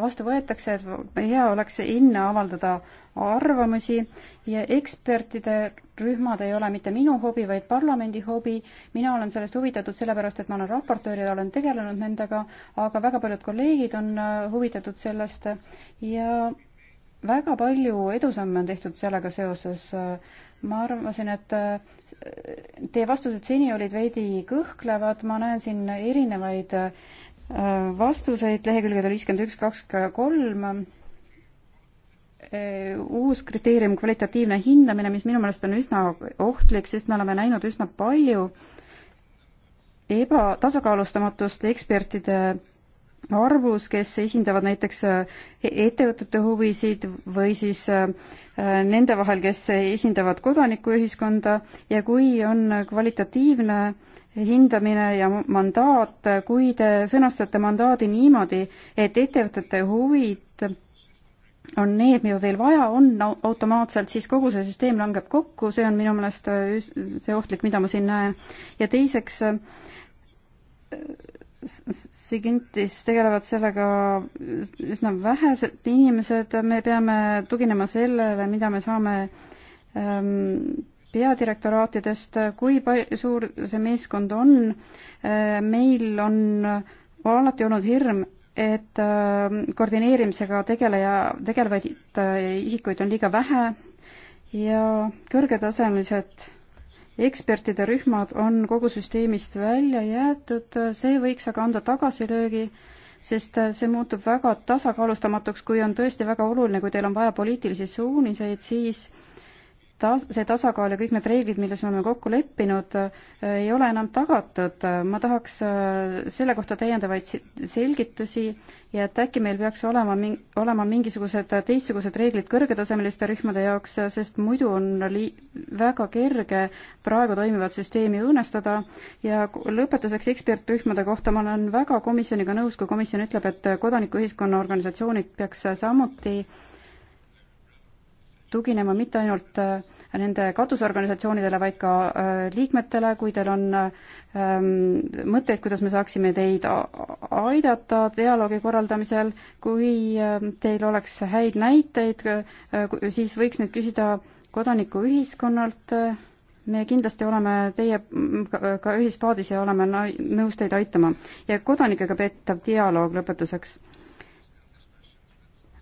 vastu võetakse, et hea oleks enne avaldada arvamusi ja ekspertide rühmad ei ole mitte minu hobi, vaid parlamendi hobi. mina olen sellest huvitatud sellepärast, et ma olen raportöör ja olen tegelenud nendega, aga väga paljud kolleegid on äh, huvitatud sellest ja väga palju edusamme on tehtud sellega seoses. ma arvasin, et äh, teie vastused seni olid veidi kõhklevad, ma näen siin erinevaid äh, vastuseid lehekülgedel viiskümmend üks, kaks, kolm. Äh, uus kriteerium, kvalitatiivne hindamine, mis minu meelest on üsna ohtlik, sest me oleme näinud üsna palju ebatasakaalustamatust ekspertide arvus, kes esindavad näiteks äh, ettevõtete huvisid või siis äh, nende vahel, kes esindavad kodanikuühiskonda ja kui on kvalitatiivne hindamine ja mandaat, kui te sõnastate mandaadi niimoodi, et ettevõtete huvid on need, mida teil vaja on automaatselt, siis kogu see süsteem langeb kokku, see on minu meelest see ohtlik, mida ma siin näen. ja teiseks, Sigintis tegelevad sellega üsna vähesed inimesed, me peame tuginema sellele, mida me saame ähm, peadirektoraatidest, kui suur see meeskond on. Äh, meil on alati olnud hirm, et äh, koordineerimisega tegeleja, tegelevaid äh, isikuid on liiga vähe ja kõrgetasemelised ekspertide rühmad on kogu süsteemist välja jäetud, see võiks aga anda tagasilöögi sest see muutub väga tasakaalustamatuks, kui on tõesti väga oluline, kui teil on vaja poliitilisi suuniseid, siis tas-, see tasakaal ja kõik need reeglid, milles me oleme kokku leppinud, äh, ei ole enam tagatud. ma tahaks äh, selle kohta täiendavaid selgitusi ja et äkki meil peaks olema min-, olema mingisugused teistsugused reeglid kõrgetasemeliste rühmade jaoks, sest muidu on li-, väga kerge praegu toimivat süsteemi õõnestada ja lõpetuseks ekspertrühmade kohta ma olen väga komisjoniga nõus, kui komisjon ütleb, et kodanikuühiskonna organisatsioonid peaks samuti äh, tuginema mitte ainult äh, nende katusorganisatsioonidele, vaid ka äh, liikmetele, kui teil on ähm, mõtteid, kuidas me saaksime teid aidata dialoogi korraldamisel, kui ähm, teil oleks häid näiteid, äh, siis võiks neid küsida kodanikuühiskonnalt, me kindlasti oleme teie mm, ka ühispaadis ja oleme nõus teid aitama. ja kodanikega peetav dialoog lõpetuseks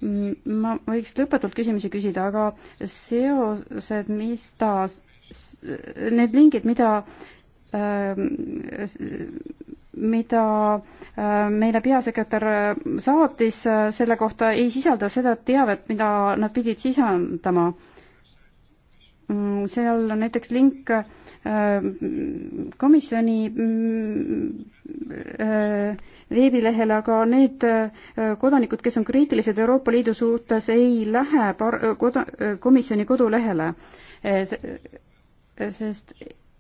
ma võiks lõputult küsimusi küsida, aga seosed, mis ta, need lingid, mida ähm, mida äh, meile peasekretär äh, saatis äh, selle kohta, ei sisalda seda teavet, mida nad pidid sisaldama. Mm, seal on näiteks link komisjoni mm, veebilehele, aga need äh, kodanikud, kes on kriitilised Euroopa Liidu suhtes, ei lähe par-, äh, koda-, äh, komisjoni kodulehele, sest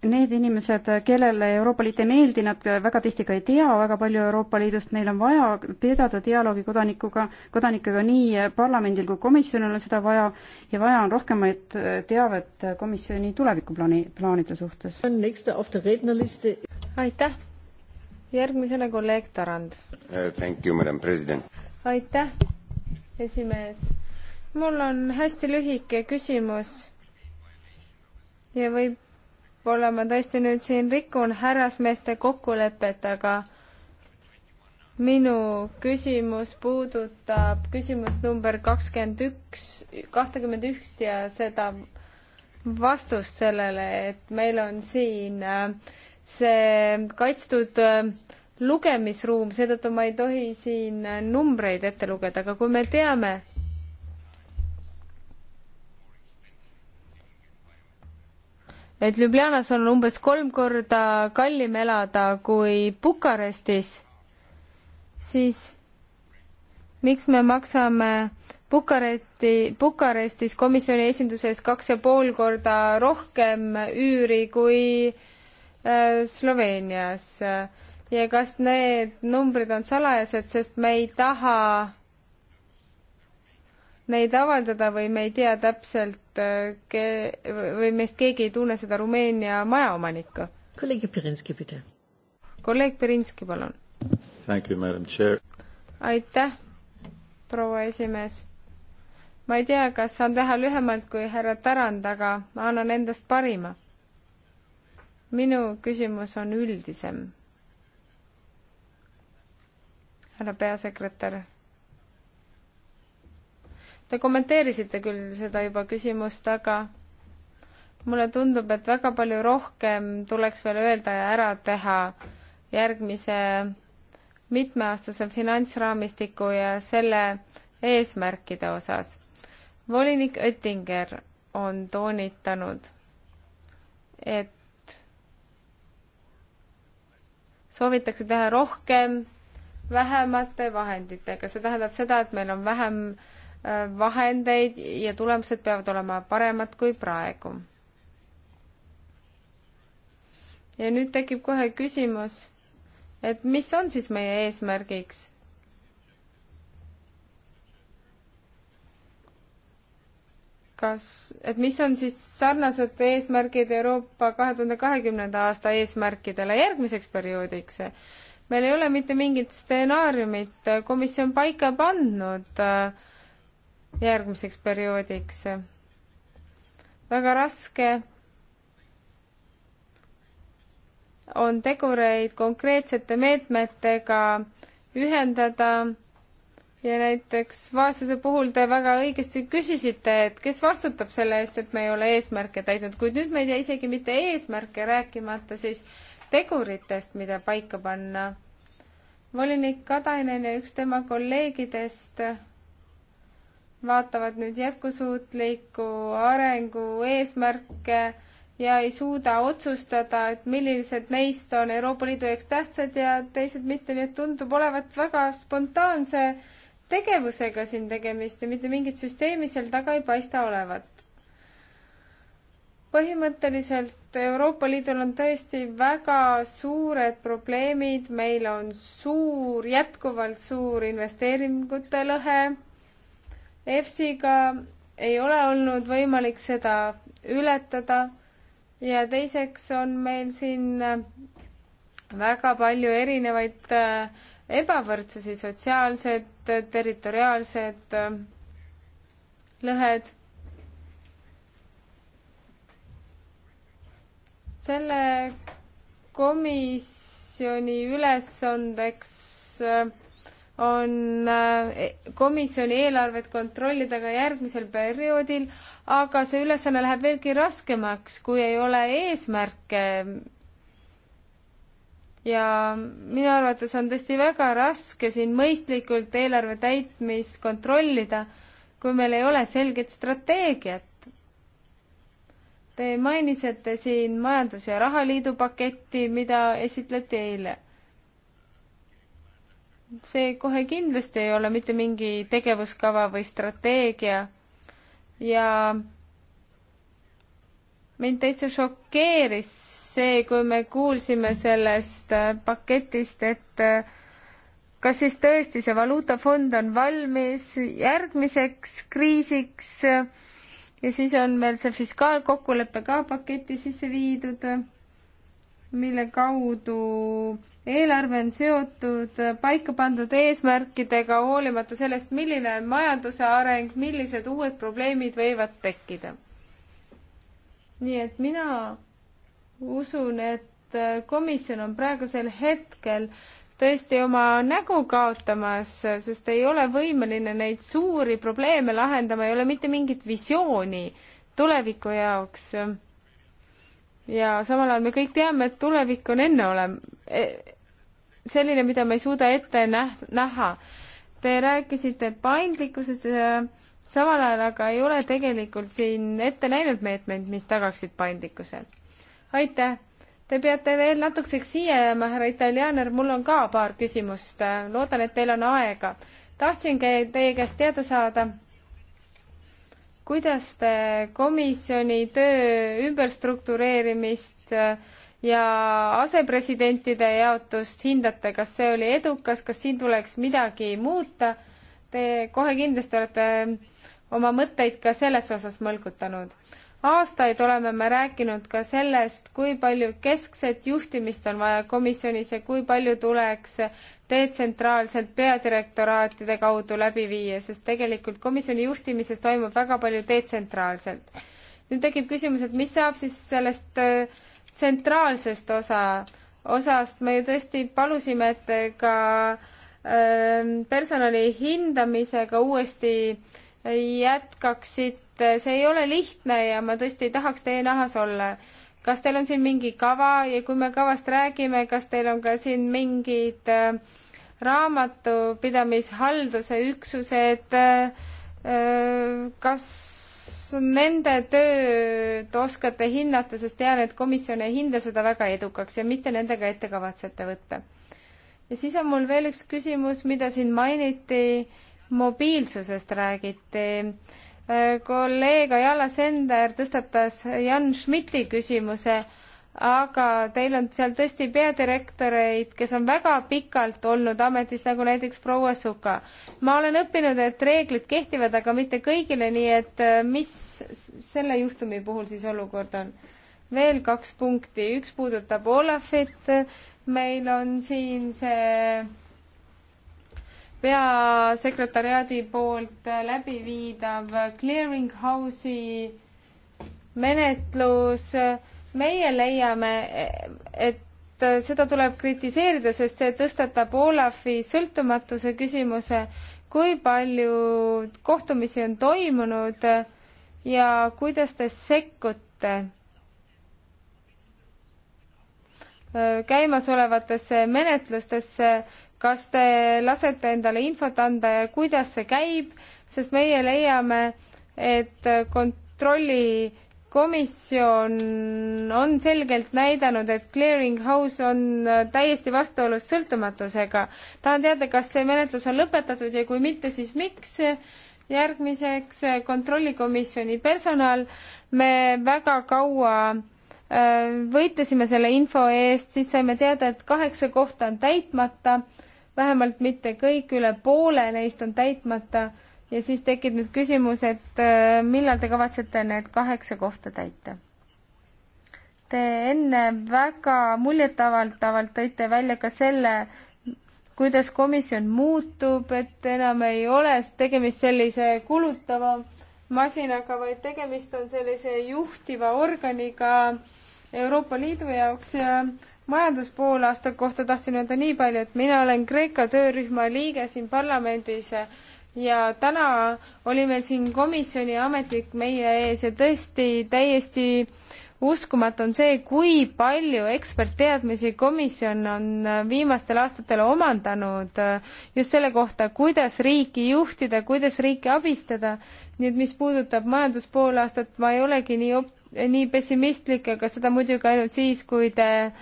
need inimesed, kellele Euroopa Liit ei meeldi, nad väga tihti ka ei tea väga palju Euroopa Liidust, meil on vaja pidada dialoogi kodanikuga, kodanikega nii parlamendil kui komisjonil on seda vaja ja vaja on rohkemaid teavet komisjoni tulevikuplaani, plaanide suhtes. aitäh, järgmisena kolleeg Tarand uh,. Thank you, madam president. aitäh, esimees. mul on hästi lühike küsimus ja võib-olla ma tõesti nüüd siin rikun härrasmeeste kokkulepet, aga minu küsimus puudutab küsimust number kakskümmend üks, kahtekümmend üht ja seda vastust sellele, et meil on siin äh, see kaitstud äh, lugemisruum, seetõttu ma ei tohi siin äh, numbreid ette lugeda, aga kui me teame, et Ljubljanas on umbes kolm korda kallim elada kui Bukarestis, siis miks me maksame Bukareti, Bukarestis komisjoni esinduse eest kaks ja pool korda rohkem üüri kui äh, Äh, Sloveenias äh, ja kas need numbrid on salajased, sest me ei taha neid avaldada või me ei tea täpselt äh, ke-, või meist keegi ei tunne seda Rumeenia majaomanikku. kolleeg Pirinski, pidi. kolleeg Pirinski, palun. aitäh, proua esimees. ma ei tea, kas saan teha lühemalt kui härra Tarand, aga annan endast parima minu küsimus on üldisem. härra peasekretär. Te kommenteerisite küll seda juba küsimust, aga mulle tundub, et väga palju rohkem tuleks veel öelda ja ära teha järgmise mitmeaastase finantsraamistiku ja selle eesmärkide osas. volinik Oettinger on toonitanud, et soovitakse teha rohkem vähemate vahenditega, see tähendab seda, et meil on vähem äh, vahendeid ja tulemused peavad olema paremad kui praegu. ja nüüd tekib kohe küsimus, et mis on siis meie eesmärgiks kas, et mis on siis sarnased eesmärgid Euroopa kahe tuhande kahekümnenda aasta eesmärkidele järgmiseks perioodiks? meil ei ole mitte mingit stsenaariumit komisjon paika pannud äh, järgmiseks perioodiks. väga raske on tegureid konkreetsete meetmetega ühendada ja näiteks vaesuse puhul te väga õigesti küsisite, et kes vastutab selle eest, et me ei ole eesmärke täitnud, kuid nüüd me ei tea isegi mitte eesmärke, rääkimata siis teguritest, mida paika panna. volinik Katainen ja üks tema kolleegidest vaatavad nüüd jätkusuutliku arengu eesmärke ja ei suuda otsustada, et millised neist on Euroopa Liidu jaoks tähtsad ja teised mitte, nii et tundub olevat väga spontaanse tegevusega siin tegemist ja mitte mingit süsteemi seal taga ei paista olevat. põhimõtteliselt Euroopa Liidul on tõesti väga suured probleemid, meil on suur, jätkuvalt suur investeeringute lõhe. EFSiga ei ole olnud võimalik seda ületada ja teiseks on meil siin väga palju erinevaid äh, ebavõrdsusi, sotsiaalsed territoriaalsed äh, lõhed. selle komisjoni ülesandeks äh, on äh, e-, komisjoni eelarvet kontrollida ka järgmisel perioodil, aga see ülesanne läheb veelgi raskemaks, kui ei ole eesmärke, ja minu arvates on tõesti väga raske siin mõistlikult eelarve täitmist kontrollida, kui meil ei ole selget strateegiat. Te mainisite siin Majandus- ja Rahaliidu paketti, mida esitleti eile. see kohe kindlasti ei ole mitte mingi tegevuskava või strateegia ja mind täitsa šokeeris see, kui me kuulsime sellest äh, paketist, et äh, kas siis tõesti see valuutafond on valmis järgmiseks kriisiks äh, ja siis on meil see fiskaalkokkulepe ka paketti sisse viidud, mille kaudu eelarve on seotud paika pandud eesmärkidega, hoolimata sellest, milline on majanduse areng, millised uued probleemid võivad tekkida. nii et mina usun, et äh, komisjon on praegusel hetkel tõesti oma nägu kaotamas, sest ei ole võimeline neid suuri probleeme lahendama, ei ole mitte mingit visiooni tuleviku jaoks. ja samal ajal me kõik teame, et tulevik on enneolem-, e, selline, mida me ei suuda ette näh-, näha. Te rääkisite paindlikkusest ja samal ajal aga ei ole tegelikult siin ette näinud meetmeid, mis tagaksid paindlikkuse aitäh! Te peate veel natukeseks siia jääma, härra Italianer, mul on ka paar küsimust. loodan, et teil on aega. tahtsingi teie käest teada saada, kuidas te komisjoni töö ümberstruktureerimist äh, ja asepresidentide jaotust hindate, kas see oli edukas, kas siin tuleks midagi muuta? Te kohe kindlasti olete oma mõtteid ka selles osas mõlgutanud aastaid oleme me rääkinud ka sellest, kui palju keskset juhtimist on vaja komisjonis ja kui palju tuleks detsentraalselt peadirektoraatide kaudu läbi viia, sest tegelikult komisjoni juhtimises toimub väga palju detsentraalselt. nüüd tekib küsimus, et mis saab siis sellest äh, tsentraalsest osa, osast, me ju tõesti palusime, et ka ähm, personali hindamisega uuesti äh, jätkaksite, see ei ole lihtne ja ma tõesti ei tahaks teie nahas olla. kas teil on siin mingi kava ja kui me kavast räägime, kas teil on ka siin mingid äh, raamatupidamishalduse üksused, äh, äh, kas nende tööd oskate hinnata, sest tean, et komisjon ei hinda seda väga edukaks ja mis te nendega ette kavatsete võtta? ja siis on mul veel üks küsimus, mida siin mainiti äh, mobiilsusest räägiti. Äh, kolleeg Ajala Sender tõstatas Jan Schmidti küsimuse, aga teil on seal tõesti peadirektoreid, kes on väga pikalt olnud ametis, nagu näiteks proua Suka. ma olen õppinud, et reeglid kehtivad, aga mitte kõigile, nii et äh, mis selle juhtumi puhul siis olukord on? veel kaks punkti, üks puudutab Olafit, meil on siin see peasekretäriaadi poolt läbiviidav clearing house'i menetlus. meie leiame, et seda tuleb kritiseerida, sest see tõstatab Olafi sõltumatuse küsimuse, kui palju kohtumisi on toimunud ja kuidas te sekkute käimasolevatesse menetlustesse kas te lasete endale infot anda ja kuidas see käib, sest meie leiame, et kontrollikomisjon on selgelt näidanud, et clearing house on täiesti vastuolus sõltumatusega. tahan teada, kas see menetlus on lõpetatud ja kui mitte, siis miks? järgmiseks kontrollikomisjoni personal, me väga kaua äh, võitlesime selle info eest, siis saime teada, et kaheksa kohta on täitmata vähemalt mitte kõik, üle poole neist on täitmata ja siis tekib nüüd küsimus, et äh, millal te kavatsete need kaheksa kohta täita? Te enne väga muljetavaldavalt tõite välja ka selle, kuidas komisjon muutub, et enam ei ole tegemist sellise kulutava masinaga, vaid tegemist on sellise juhtiva organiga Euroopa Liidu jaoks ja majanduspoolaasta kohta tahtsin öelda nii palju, et mina olen Kreeka töörühma liige siin parlamendis ja täna oli meil siin komisjoni ametnik meie ees ja tõesti täiesti uskumatu on see, kui palju ekspertteadmisi komisjon on viimastel aastatel omandanud just selle kohta, kuidas riiki juhtida, kuidas riiki abistada. nii et mis puudutab majanduspoolaastat, ma ei olegi nii op-, nii pessimistlik, aga seda muidugi ainult siis, kui te äh,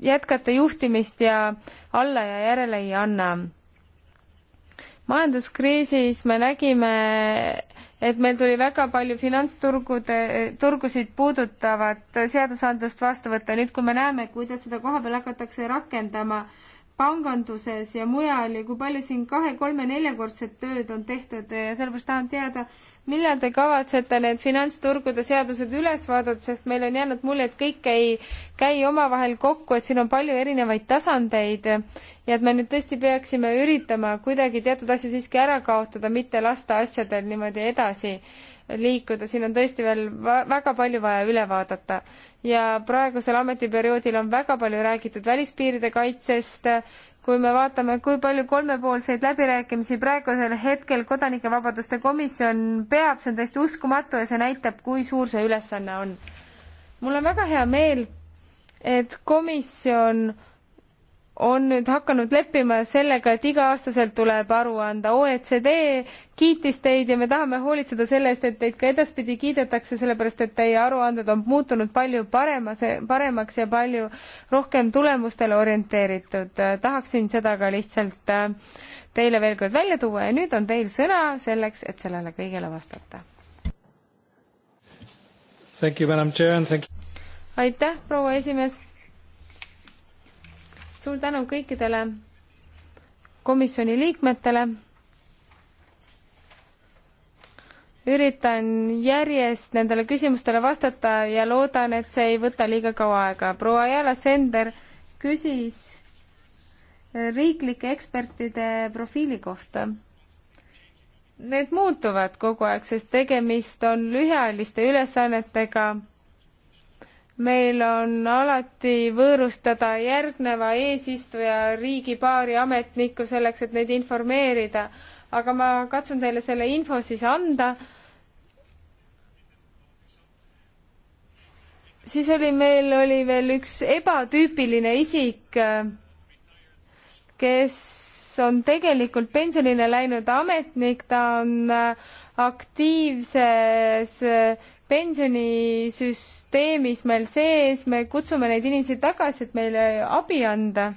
jätkata juhtimist ja alla ja järele ei anna. majanduskriisis me nägime, et meil tuli väga palju finantsturgude, turgusid puudutavat seadusandlust vastu võtta, nüüd kui me näeme, kuidas seda koha peal hakatakse rakendama, panganduses ja mujal ja kui palju siin kahe, kolme, neljakordset tööd on tehtud ja sellepärast tahan teada, millal te kavatsete need finantsturgude seadused üles vaadata, sest meil on jäänud mulje, et kõik ei käi omavahel kokku, et siin on palju erinevaid tasandeid ja et me nüüd tõesti peaksime üritama kuidagi teatud asju siiski ära kaotada, mitte lasta asjadel niimoodi edasi liikuda, siin on tõesti veel väga palju vaja üle vaadata. ja praegusel ametiperioodil on väga palju räägitud välispiiride kaitsest, kui me vaatame, kui palju kolmepoolseid läbirääkimisi praegusel hetkel Kodanikevabaduste komisjon peab, see on täiesti uskumatu ja see näitab, kui suur see ülesanne on. mul on väga hea meel, et komisjon on nüüd hakanud leppima sellega, et iga-aastaselt tuleb aru anda. OECD kiitis teid ja me tahame hoolitseda selle eest, et teid ka edaspidi kiidetakse, sellepärast et teie aruanded on muutunud palju paremas, paremaks ja palju rohkem tulemustele orienteeritud. tahaksin seda ka lihtsalt äh, teile veel kord välja tuua ja nüüd on teil sõna selleks, et sellele kõigele vastata. aitäh, proua esimees suur tänu kõikidele komisjoni liikmetele. üritan järjest nendele küsimustele vastata ja loodan, et see ei võta liiga kaua aega. proua Jala Sender küsis riiklike ekspertide profiili kohta. Need muutuvad kogu aeg, sest tegemist on lühiajaliste ülesannetega meil on alati võõrustada järgneva eesistuja riigi paari ametnikku selleks, et neid informeerida. aga ma katsun teile selle info siis anda. siis oli, meil oli veel üks ebatüüpiline isik, kes on tegelikult pensionile läinud ametnik, ta on äh, aktiivses äh, pensionisüsteemis meil sees, me kutsume neid inimesi tagasi, et meile abi anda.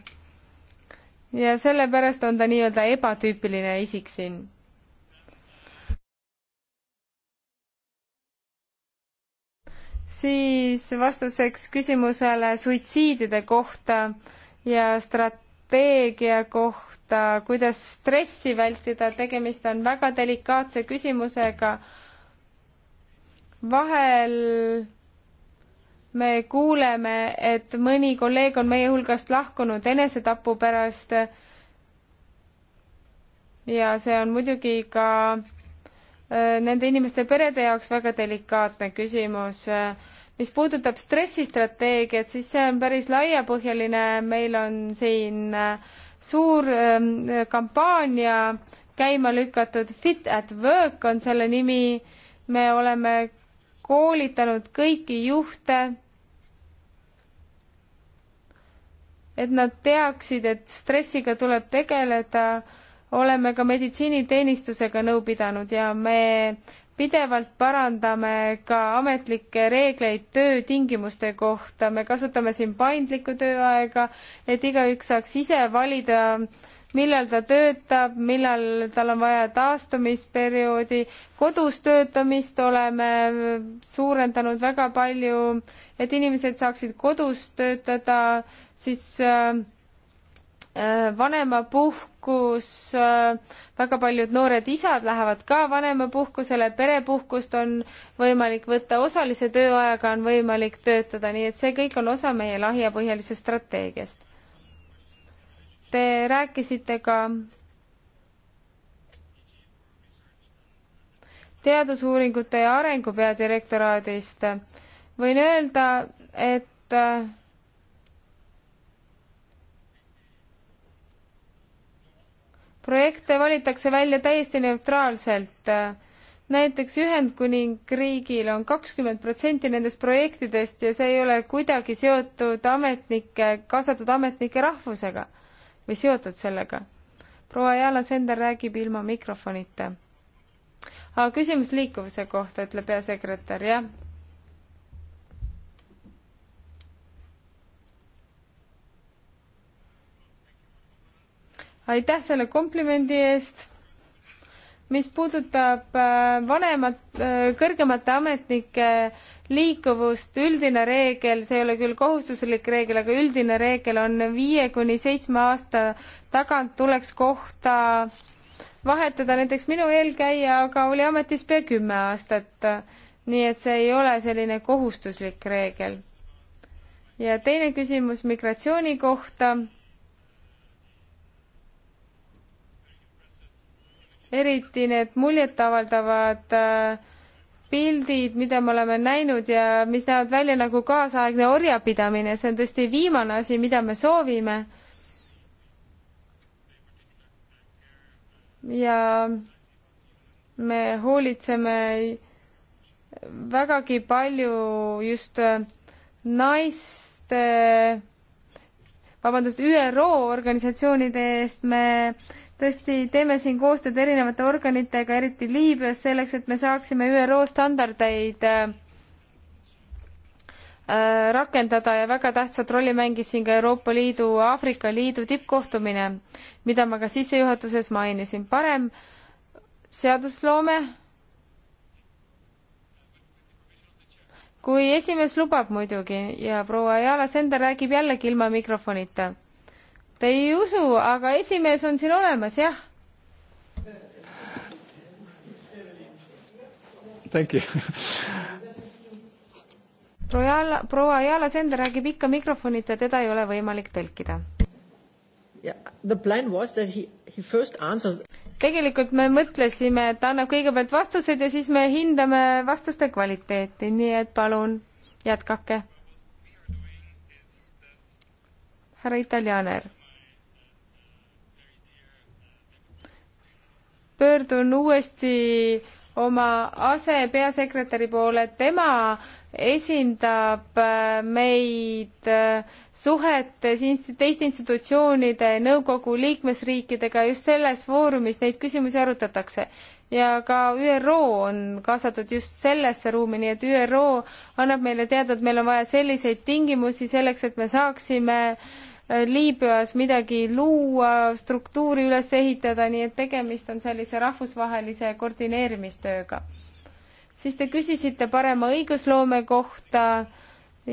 ja sellepärast on ta nii-öelda ebatüüpiline isik siin siis vastuseks küsimusele suitsiidide kohta ja strat-, strateegia kohta, kuidas stressi vältida, tegemist on väga delikaatse küsimusega. vahel me kuuleme, et mõni kolleeg on meie hulgast lahkunud enesetapu pärast. ja see on muidugi ka äh, nende inimeste perede jaoks väga delikaatne küsimus mis puudutab stressistrateegiat, siis see on päris laiapõhjaline, meil on siin äh, suur ähm, kampaania käima lükatud, Fit at Work on selle nimi, me oleme koolitanud kõiki juhte, et nad teaksid, et stressiga tuleb tegeleda, oleme ka meditsiiniteenistusega nõu pidanud ja me pidevalt parandame ka ametlikke reegleid töötingimuste kohta, me kasutame siin paindlikku tööaega, et igaüks saaks ise valida, millal ta töötab, millal tal on vaja taastumisperioodi, kodus töötamist oleme suurendanud väga palju, et inimesed saaksid kodus töötada, siis äh, Äh, vanemapuhkus, äh, väga paljud noored isad lähevad ka vanemapuhkusele, perepuhkust on võimalik võtta, osalise tööajaga on võimalik töötada, nii et see kõik on osa meie lahjapõhjalisest strateegiast. Te rääkisite ka teadusuuringute ja arengu peadirektoraadist. võin öelda, et äh, projekte valitakse välja täiesti neutraalselt. näiteks Ühendkuningriigil on kakskümmend protsenti nendest projektidest ja see ei ole kuidagi seotud ametnike, kaasatud ametnike rahvusega või seotud sellega. proua Jala Sender räägib ilma mikrofonita. aga küsimus liikuvuse kohta, ütleb peasekretär, jah aitäh selle komplimendi eest. mis puudutab äh, vanemat, äh, kõrgemate ametnike liikuvust, üldine reegel, see ei ole küll kohustuslik reegel, aga üldine reegel on viie kuni seitsme aasta tagant tuleks kohta vahetada, näiteks minu eelkäija aga oli ametis pea kümme aastat, nii et see ei ole selline kohustuslik reegel. ja teine küsimus migratsiooni kohta eriti need muljetavaldavad äh, pildid, mida me oleme näinud ja mis näevad välja nagu kaasaegne orjapidamine, see on tõesti viimane asi, mida me soovime. ja me hoolitseme vägagi palju just äh, naiste, vabandust, ÜRO organisatsioonide eest, me tõesti teeme siin koostööd erinevate organitega, eriti Liibüas, selleks et me saaksime ÜRO standardeid äh, äh, rakendada ja väga tähtsat rolli mängis siin ka Euroopa Liidu, Aafrika Liidu tippkohtumine, mida ma ka sissejuhatuses mainisin. parem seadusloome, kui esimees lubab muidugi ja proua Jaala Sender räägib jällegi ilma mikrofonita Te ei usu, aga esimees on siin olemas, jah. Thank you. proua, proua Jala Sender räägib ikka mikrofonita, teda ei ole võimalik tõlkida yeah,. tegelikult me mõtlesime, et ta annab kõigepealt vastused ja siis me hindame vastuste kvaliteeti, nii et palun jätkake. härra Italianer pöördun uuesti oma asepeasekretäri poole, tema esindab äh, meid äh, suhetes teiste institutsioonide, nõukogu liikmesriikidega, just selles foorumis neid küsimusi arutatakse. ja ka ÜRO on kaasatud just sellesse ruumi, nii et ÜRO annab meile teada, et meil on vaja selliseid tingimusi selleks, et me saaksime äh, Liibüas midagi luua, struktuuri üles ehitada, nii et tegemist on sellise rahvusvahelise koordineerimistööga. siis te küsisite parema õigusloome kohta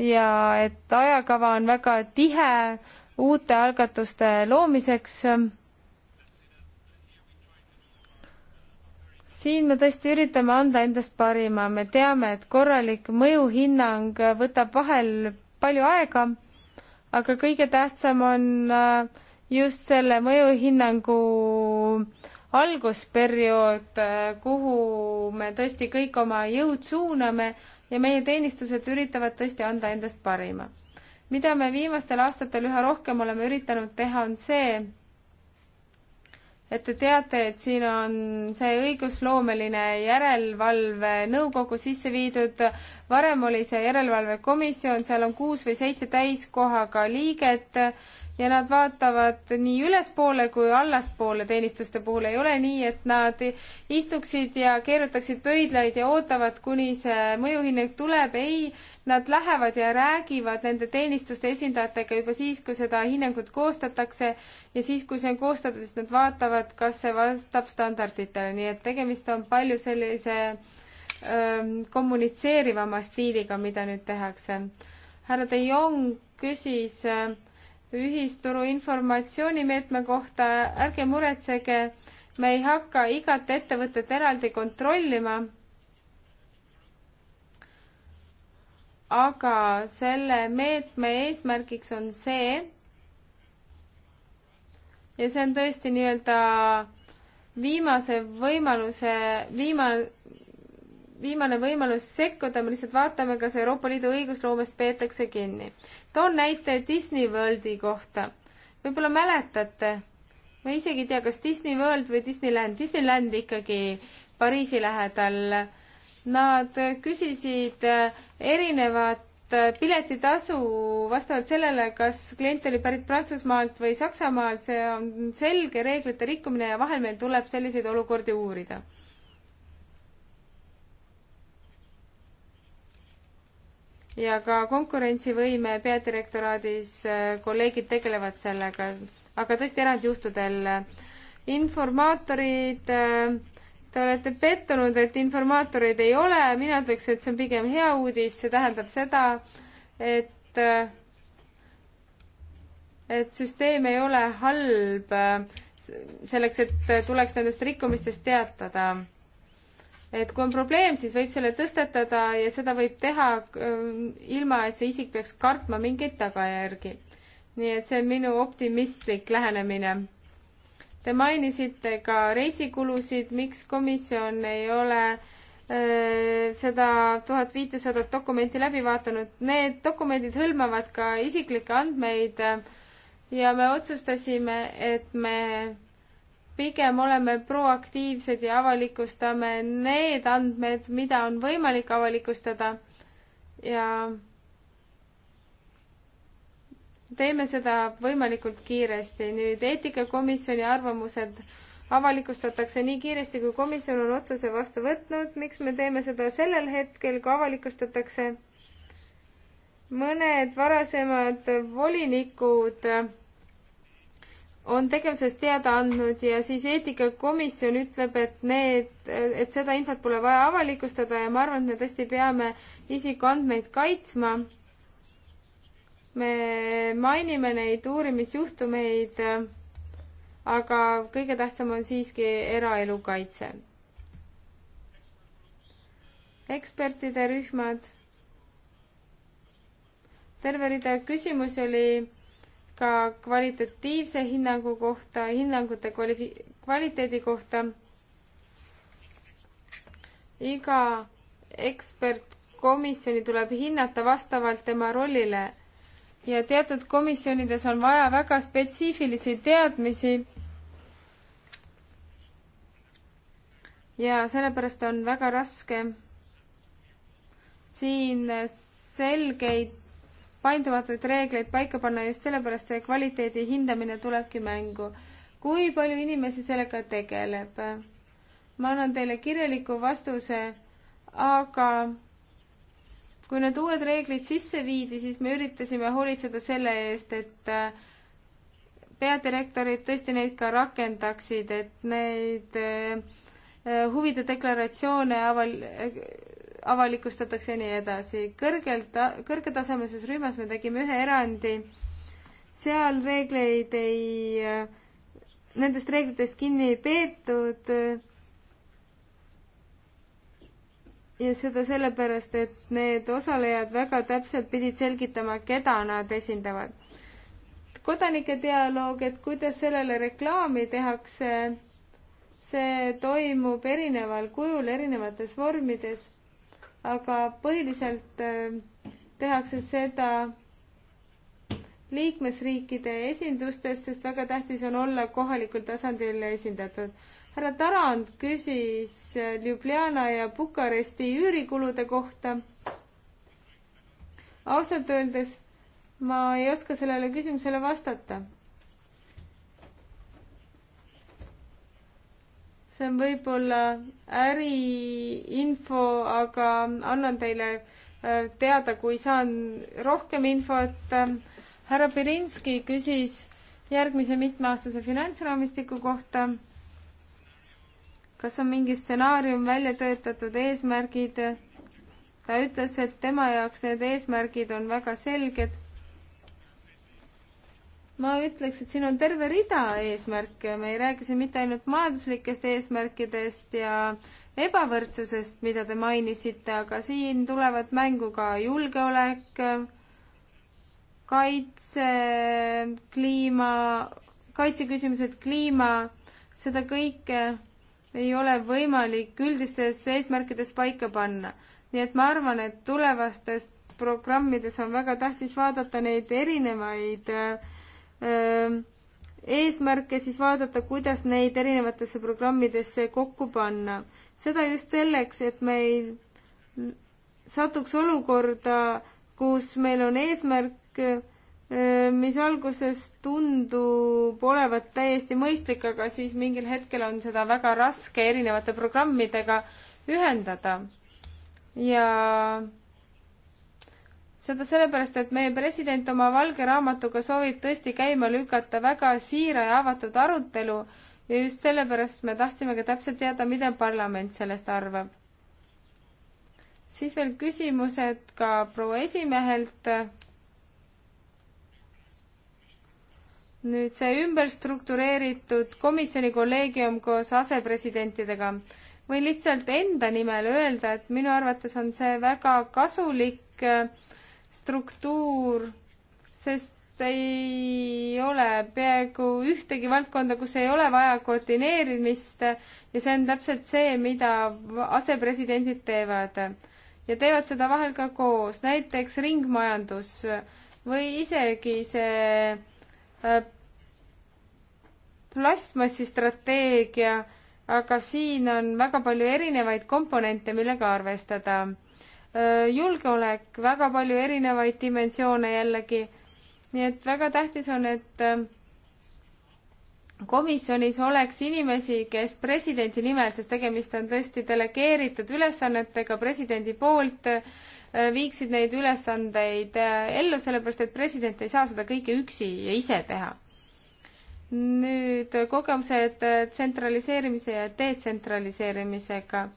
ja et ajakava on väga tihe uute algatuste loomiseks. siin me tõesti üritame anda endast parima, me teame, et korralik mõjuhinnang võtab vahel palju aega aga kõige tähtsam on äh, just selle mõjuhinnangu algusperiood, äh, kuhu me tõesti kõik oma jõud suuname ja meie teenistused üritavad tõesti anda endast parima. mida me viimastel aastatel üha rohkem oleme üritanud teha, on see, et te teate, et siin on see õigusloomeline järelevalve nõukogu sisse viidud, varem oli see järelevalvekomisjon, seal on kuus või seitse täiskohaga liiget ja nad vaatavad nii ülespoole kui allaspoole teenistuste puhul. ei ole nii, et nad istuksid ja keerutaksid pöidlaid ja ootavad, kuni see mõjuhinnang tuleb. ei, nad lähevad ja räägivad nende teenistuste esindajatega juba siis, kui seda hinnangut koostatakse ja siis, kui see on koostatud, siis nad vaatavad, kas see vastab standarditele, nii et tegemist on palju sellise öö, ähm, kommunitseerivama stiiliga, mida nüüd tehakse. härra De Jong küsis äh, ühisturu informatsioonimeetme kohta, ärge muretsege, me ei hakka igat ettevõtet eraldi kontrollima. aga selle meetme eesmärgiks on see, ja see on tõesti nii-öelda viimase võimaluse, viima-, viimane võimalus sekkuda, me lihtsalt vaatame, kas Euroopa Liidu õigusloomest peetakse kinni. toon näite Disney Worldi kohta. võib-olla mäletate, ma isegi ei tea, kas Disney World või Disneyland, Disneyland ikkagi Pariisi lähedal. Nad küsisid äh, erinevat äh, piletitasu vastavalt sellele, kas klient oli pärit Prantsusmaalt või Saksamaalt, see on selge reeglite rikkumine ja vahel meil tuleb selliseid olukordi uurida ja ka konkurentsivõime peadirektoraadis äh, kolleegid tegelevad sellega, aga tõesti erandjuhtudel. Äh, informaatorid, äh, te olete pettunud, et informaatoreid ei ole, mina ütleks, et see on pigem hea uudis, see tähendab seda, et et süsteem ei ole halb selleks, et tuleks nendest rikkumistest teatada et kui on probleem, siis võib selle tõstatada ja seda võib teha ähm, ilma, et see isik peaks kartma mingeid tagajärgi. nii et see on minu optimistlik lähenemine. Te mainisite ka reisikulusid, miks komisjon ei ole äh, seda tuhat viitesadat dokumenti läbi vaadanud. Need dokumendid hõlmavad ka isiklikke andmeid ja me otsustasime, et me pigem oleme proaktiivsed ja avalikustame need andmed, mida on võimalik avalikustada ja teeme seda võimalikult kiiresti. nüüd eetikakomisjoni arvamused avalikustatakse nii kiiresti, kui komisjon on otsuse vastu võtnud. miks me teeme seda sellel hetkel, kui avalikustatakse? mõned varasemad volinikud on tegevusest teada andnud ja siis eetikakomisjon ütleb, et need, et seda infot pole vaja avalikustada ja ma arvan, et me tõesti peame isikuandmeid kaitsma. me mainime neid uurimisjuhtumeid, aga kõige tähtsam on siiski eraelu kaitse. ekspertide rühmad. terve rida küsimusi oli ka kvalitatiivse hinnangu kohta, hinnangute kvalifi-, kvaliteedi kohta. iga ekspertkomisjoni tuleb hinnata vastavalt tema rollile ja teatud komisjonides on vaja väga spetsiifilisi teadmisi ja sellepärast on väga raske siin selgeid paindumatuid reegleid paika panna, just sellepärast see kvaliteedi hindamine tulebki mängu. kui palju inimesi sellega tegeleb? ma annan teile kirjaliku vastuse, aga kui need uued reeglid sisse viidi, siis me üritasime hoolitseda selle eest, et äh, peadirektorid tõesti neid ka rakendaksid, et neid äh, äh, huvide deklaratsioone aval-, avalikustatakse ja nii edasi. kõrgelt, kõrgetasemelises rühmas me tegime ühe erandi, seal reegleid ei, nendest reeglitest kinni ei peetud ja seda sellepärast, et need osalejad väga täpselt pidid selgitama, keda nad esindavad. kodanike dialoog, et kuidas sellele reklaami tehakse, see toimub erineval kujul, erinevates vormides aga põhiliselt äh, tehakse seda liikmesriikide esindustes, sest väga tähtis on olla kohalikul tasandil esindatud. härra Tarand küsis äh, Ljubljana ja Bukaresti üürikulude kohta. ausalt öeldes ma ei oska sellele küsimusele vastata see on võib-olla äriinfo, aga annan teile äh, teada, kui saan rohkem infot. härra Pirinski küsis järgmise mitmeaastase finantsraamistiku kohta. kas on mingi stsenaarium välja töötatud, eesmärgid? ta ütles, et tema jaoks need eesmärgid on väga selged ma ütleks, et siin on terve rida eesmärke, me ei räägi siin mitte ainult majanduslikest eesmärkidest ja ebavõrdsusest, mida te mainisite, aga siin tulevad mängu ka julgeolek, kaitse, kliima, kaitseküsimused, kliima, seda kõike ei ole võimalik üldistes eesmärkides paika panna. nii et ma arvan, et tulevastes programmides on väga tähtis vaadata neid erinevaid äh, eesmärke, siis vaadata, kuidas neid erinevatesse programmidesse kokku panna. seda just selleks, et me ei satuks olukorda, kus meil on eesmärk, mis alguses tundub olevat täiesti mõistlik, aga siis mingil hetkel on seda väga raske erinevate programmidega ühendada. ja seda sellepärast, et meie president oma valge raamatuga soovib tõesti käima lükata väga siira ja avatud arutelu ja just sellepärast me tahtsimegi täpselt teada, mida parlament sellest arvab. siis veel küsimused ka proua esimehelt. nüüd see ümberstruktureeritud komisjoni kolleegium koos asepresidentidega. võin lihtsalt enda nimel öelda, et minu arvates on see väga kasulik äh, struktuur, sest ei ole peaaegu ühtegi valdkonda, kus ei ole vaja koordineerimist ja see on täpselt see, mida asepresidendid teevad. ja teevad seda vahel ka koos, näiteks ringmajandus või isegi see äh, plastmassi strateegia, aga siin on väga palju erinevaid komponente, millega arvestada julgeolek, väga palju erinevaid dimensioone jällegi. nii et väga tähtis on, et komisjonis oleks inimesi, kes presidendi nimel, sest tegemist on tõesti delegeeritud ülesannetega presidendi poolt, viiksid neid ülesandeid ellu, sellepärast et president ei saa seda kõike üksi ja ise teha nüüd kogemused tsentraliseerimise ja detsentraliseerimisega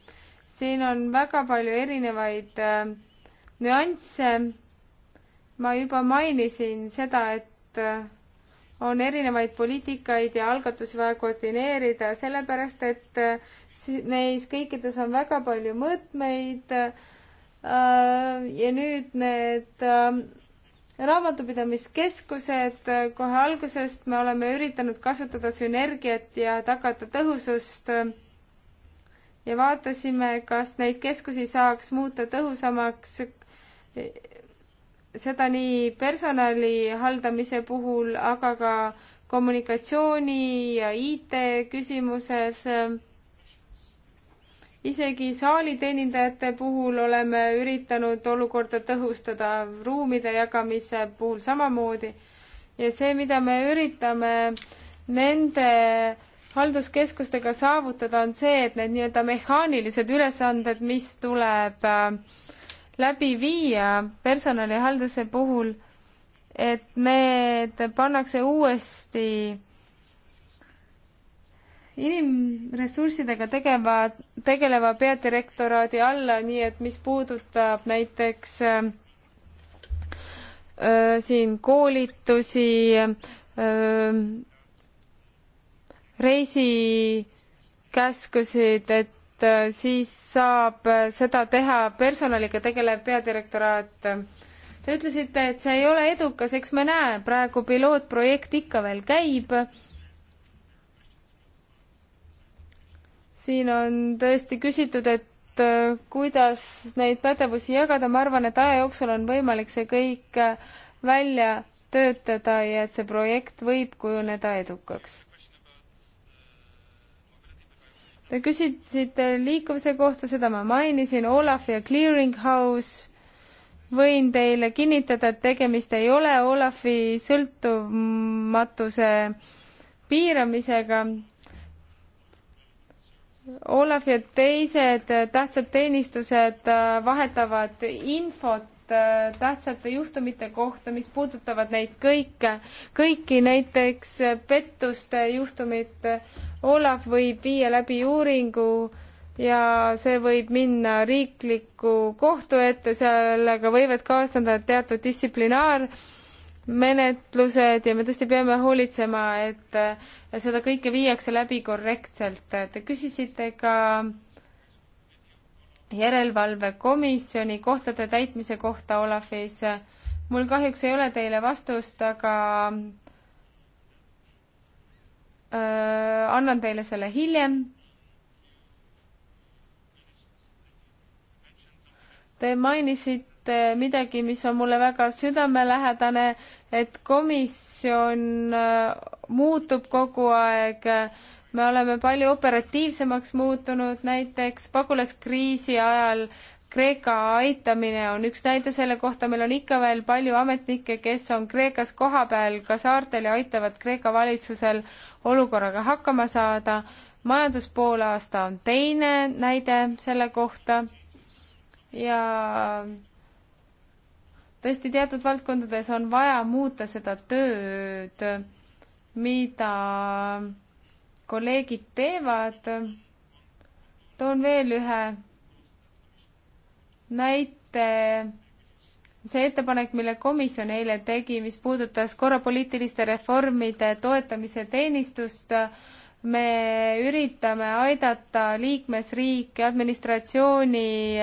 siin on väga palju erinevaid äh, nüansse. ma juba mainisin seda, et äh, on erinevaid poliitikaid ja algatusi vaja koordineerida, sellepärast et äh, neis kõikides on väga palju mõõtmeid äh, ja nüüd need äh, raamatupidamiskeskused, äh, kohe algusest me oleme üritanud kasutada sünergiat ja tagada tõhusust äh, ja vaatasime, kas neid keskusi saaks muuta tõhusamaks, e, seda nii personali haldamise puhul, aga ka kommunikatsiooni ja IT küsimuses. isegi saaliteenindajate puhul oleme üritanud olukorda tõhustada, ruumide jagamise puhul samamoodi. ja see, mida me üritame nende halduskeskustega saavutada, on see, et need nii-öelda mehaanilised ülesanded, mis tuleb äh, läbi viia personalihalduse puhul, et need pannakse uuesti inimressurssidega tegeva, tegeleva peadirektoraadi alla, nii et mis puudutab näiteks äh, siin koolitusi äh,, reisikäskusid, et äh, siis saab äh, seda teha personaliga tegelev peadirektoraat. Te ütlesite, et see ei ole edukas, eks me näe, praegu pilootprojekt ikka veel käib. siin on tõesti küsitud, et äh, kuidas neid pädevusi jagada, ma arvan, et aja jooksul on võimalik see kõik välja töötada ja et see projekt võib kujuneda edukaks Te küsisite liikuvuse kohta, seda ma mainisin, Olav ja Clearing House. võin teile kinnitada, et tegemist ei ole Olavi sõltumatuse piiramisega. Olav ja teised tähtsad teenistused vahetavad infot tähtsate juhtumite kohta, mis puudutavad neid kõike, kõiki näiteks pettuste juhtumit, Olav võib viia läbi uuringu ja see võib minna riikliku kohtu ette, sellega võivad kaasneda teatud distsiplinaarmenetlused ja me tõesti peame hoolitsema, et seda kõike viiakse läbi korrektselt. Te küsisite ka järelevalvekomisjoni kohtade täitmise kohta Olafis. mul kahjuks ei ole teile vastust, aga annan teile selle hiljem. Te mainisite midagi, mis on mulle väga südamelähedane, et komisjon muutub kogu aeg me oleme palju operatiivsemaks muutunud, näiteks pagulaskriisi ajal Kreeka aitamine on üks näide selle kohta, meil on ikka veel palju ametnikke, kes on Kreekas kohapeal ka saartel ja aitavad Kreeka valitsusel olukorraga hakkama saada. majanduspoolaasta on teine näide selle kohta ja tõesti teatud valdkondades on vaja muuta seda tööd, mida kolleegid teevad. toon veel ühe näite see ettepanek, mille komisjon eile tegi, mis puudutas korrapoliitiliste reformide toetamise teenistust, me üritame aidata liikmesriike administratsiooni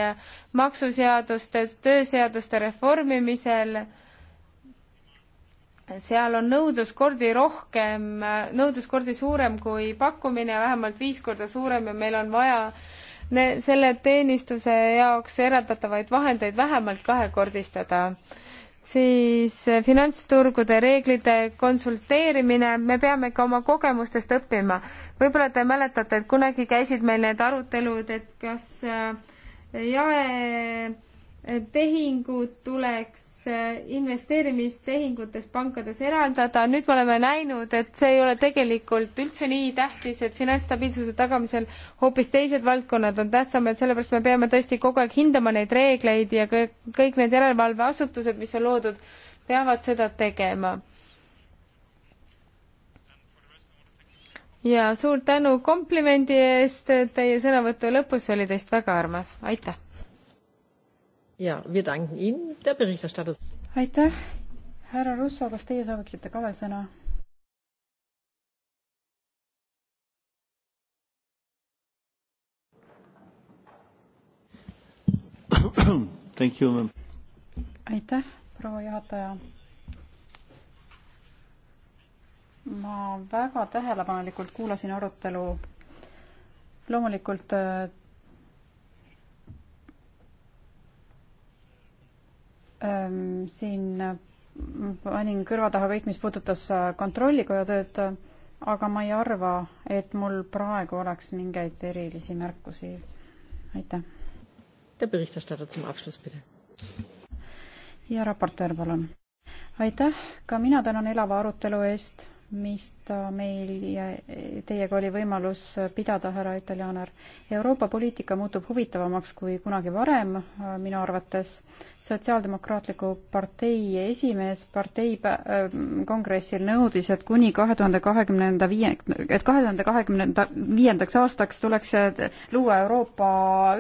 maksuseaduste, tööseaduste reformimisel. seal on nõudlus kordi rohkem, nõudlus kordi suurem kui pakkumine, vähemalt viis korda suurem ja meil on vaja äh, ne-, selle teenistuse jaoks eraldatavaid vahendeid vähemalt kahekordistada. siis eh, finantsturgude reeglite konsulteerimine, me peame ka oma kogemustest õppima. võib-olla te mäletate, et kunagi käisid meil need arutelud, et kas eh, jae tehingud tuleks äh, investeerimistehingutes pankades eraldada, nüüd me oleme näinud, et see ei ole tegelikult üldse nii tähtis, et finantsstabiilsuse tagamisel hoopis teised valdkonnad on tähtsamad, sellepärast me peame tõesti kogu aeg hindama neid reegleid ja kõik, kõik need järelevalveasutused, mis on loodud, peavad seda tegema ja suur tänu komplimendi eest, teie sõnavõtu lõpus oli teist väga armas, aitäh! ja, wir danken Ihnen, der Berichterstatter. aitäh, härra Russo, kas teie sooviksite ka veel sõna? aitäh, proua juhataja. ma väga tähelepanelikult kuulasin arutelu. loomulikult Ehm, siin mm, panin kõrva taha kõik, mis puudutas äh, kontrollikoja tööd, aga ma ei arva, et mul praegu oleks mingeid erilisi märkusi. aitäh. ja raportöör, palun. aitäh, ka mina tänan elava arutelu eest, mis et äh, meil ja äh, teiega oli võimalus äh, pidada, härra Italianer. Euroopa poliitika muutub huvitavamaks kui kunagi varem minu arvates. sotsiaaldemokraatliku partei esimees partei kongressil nõudis, et kuni kahe tuhande kahekümnenda viie, et kahe tuhande kahekümnenda viiendaks aastaks tuleks luua Euroopa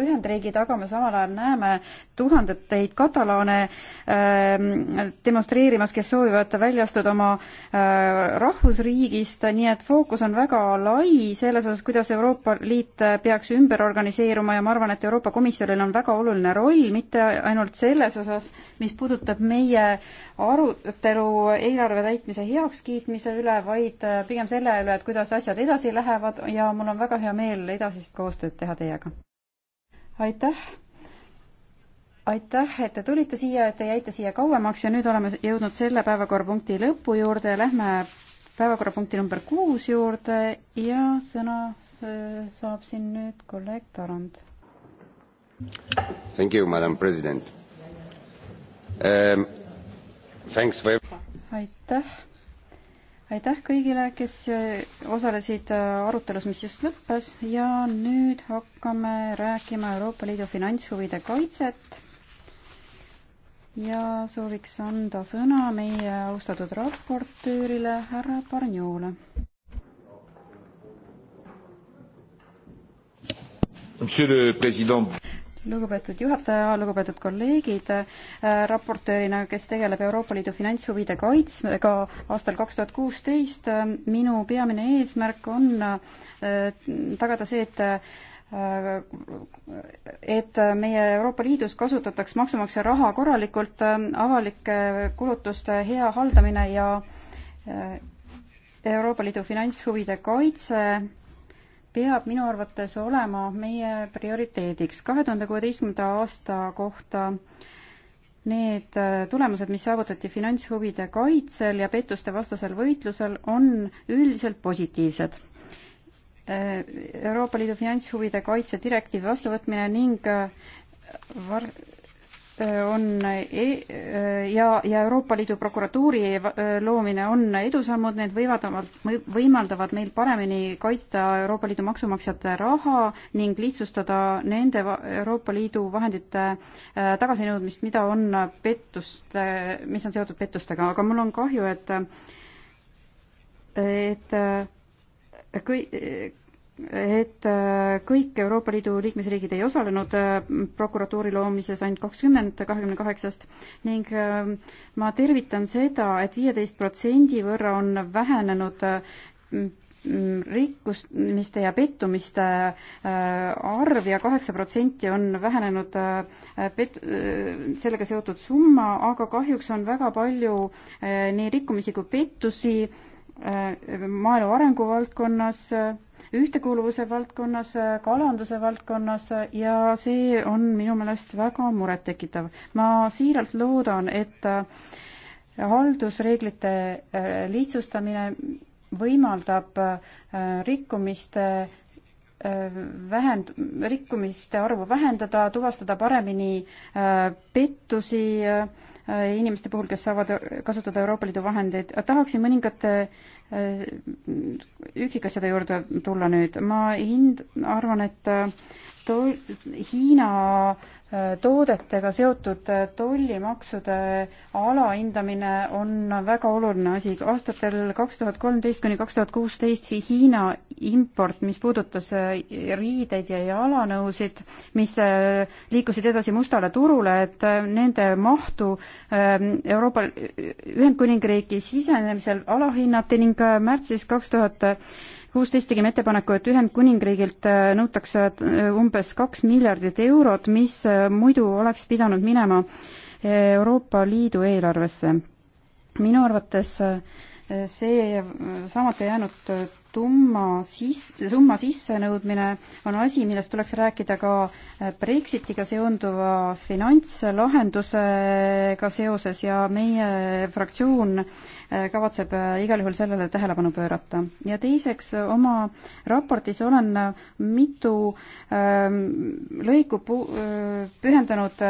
Ühendriigid, aga me samal ajal näeme tuhandeteid katalaane ähm, demonstreerimas, kes soovivad välja astuda oma rahvusriigi riigist, nii et fookus on väga lai selles osas, kuidas Euroopa Liit peaks ümber organiseeruma ja ma arvan, et Euroopa Komisjonil on väga oluline roll, mitte ainult selles osas, mis puudutab meie arutelu eelarve täitmise heakskiitmise üle, vaid äh, pigem selle üle, et kuidas asjad edasi lähevad ja mul on väga hea meel edasist koostööd teha teiega. aitäh! aitäh, et te tulite siia, et te jäite siia kauemaks ja nüüd oleme jõudnud selle päevakorrapunkti lõpu juurde ja lähme päevakorrapunkti number kuus juurde ja sõna äh, saab siin nüüd kolleeg Tarand. Thank you, madam president um,. Thanks for aitäh, aitäh kõigile, kes äh, osalesid äh, arutelus, mis just lõppes ja nüüd hakkame rääkima Euroopa Liidu finantshuvide kaitset ja sooviks anda sõna meie austatud raportöörile härra Barniole. lugupeetud juhataja, lugupeetud kolleegid, äh, raportöörina, kes tegeleb Euroopa Liidu finantshuvide kaitsega aastal kaks tuhat kuusteist, äh, minu peamine eesmärk on äh, tagada see, et et meie Euroopa Liidus kasutataks maksumaksja raha korralikult, avalike kulutuste hea haldamine ja äh, Euroopa Liidu finantshuvide kaitse peab minu arvates olema meie prioriteediks. kahe tuhande kuueteistkümnenda aasta kohta need äh, tulemused, mis saavutati finantshuvide kaitsel ja pettuste vastasel võitlusel, on üldiselt positiivsed Äh, Euroopa Liidu finantshuvide kaitse direktiivi vastuvõtmine ning äh, var-, äh, on e ja, ja Euroopa Liidu prokuratuuri loomine on edusammud, need võivad, võimaldavad meil paremini kaitsta Euroopa Liidu maksumaksjate raha ning lihtsustada nende Euroopa Liidu vahendite tagasinõudmist, mida on pettust, mis on seotud pettustega, aga mul on kahju, et et kõik et äh, kõik Euroopa Liidu liikmesriigid ei osalenud äh, prokuratuuri loomises, ainult kakskümmend kahekümne kaheksast ning äh, ma tervitan seda et, et viieteist protsendi võrra on vähenenud mm, rikkumiste ja pettumiste arv ja kaheksa protsenti on vähenenud pet-, sellega seotud summa, aga kahjuks on väga palju nii rikkumisi kui pettusi Äh, maaelu arengu valdkonnas, ühtekuuluvuse valdkonnas, kalanduse valdkonnas ja see on minu meelest väga murettekitav. ma siiralt loodan, et äh, haldusreeglite äh, lihtsustamine võimaldab rikkumiste vähend-, rikkumiste arvu vähendada, tuvastada paremini pettusi äh, Äh, inimeste puhul, kes saavad kasutada Euroopa Liidu vahendeid. tahaksin mõningate äh, üksikasjade juurde tulla nüüd. ma hind-, arvan, et äh, to-, Hiina toodetega seotud tollimaksude alahindamine on väga oluline asi. aastatel kaks tuhat kolmteist kuni kaks tuhat kuusteist Hiina import, mis puudutas äh, riideid ja jalanõusid, mis äh, liikusid edasi mustale turule, et äh, nende mahtu ähm, Euroopa Ühendkuningriigi sisenemisel alahinnati ning märtsis kaks tuhat kuusteist tegime ettepaneku, et Ühendkuningriigilt äh, nõutakse äh, umbes kaks miljardit eurot, mis äh, muidu oleks pidanud minema Euroopa Liidu eelarvesse. minu arvates see saamata jäänud tumma sis-, summa sissenõudmine on asi, millest tuleks rääkida ka Brexitiga seonduva finantslahendusega seoses ja meie fraktsioon äh, Äh, kavatseb äh, igal juhul sellele tähelepanu pöörata. ja teiseks, äh, oma raportis olen mitu ähm, lõiku pühendanud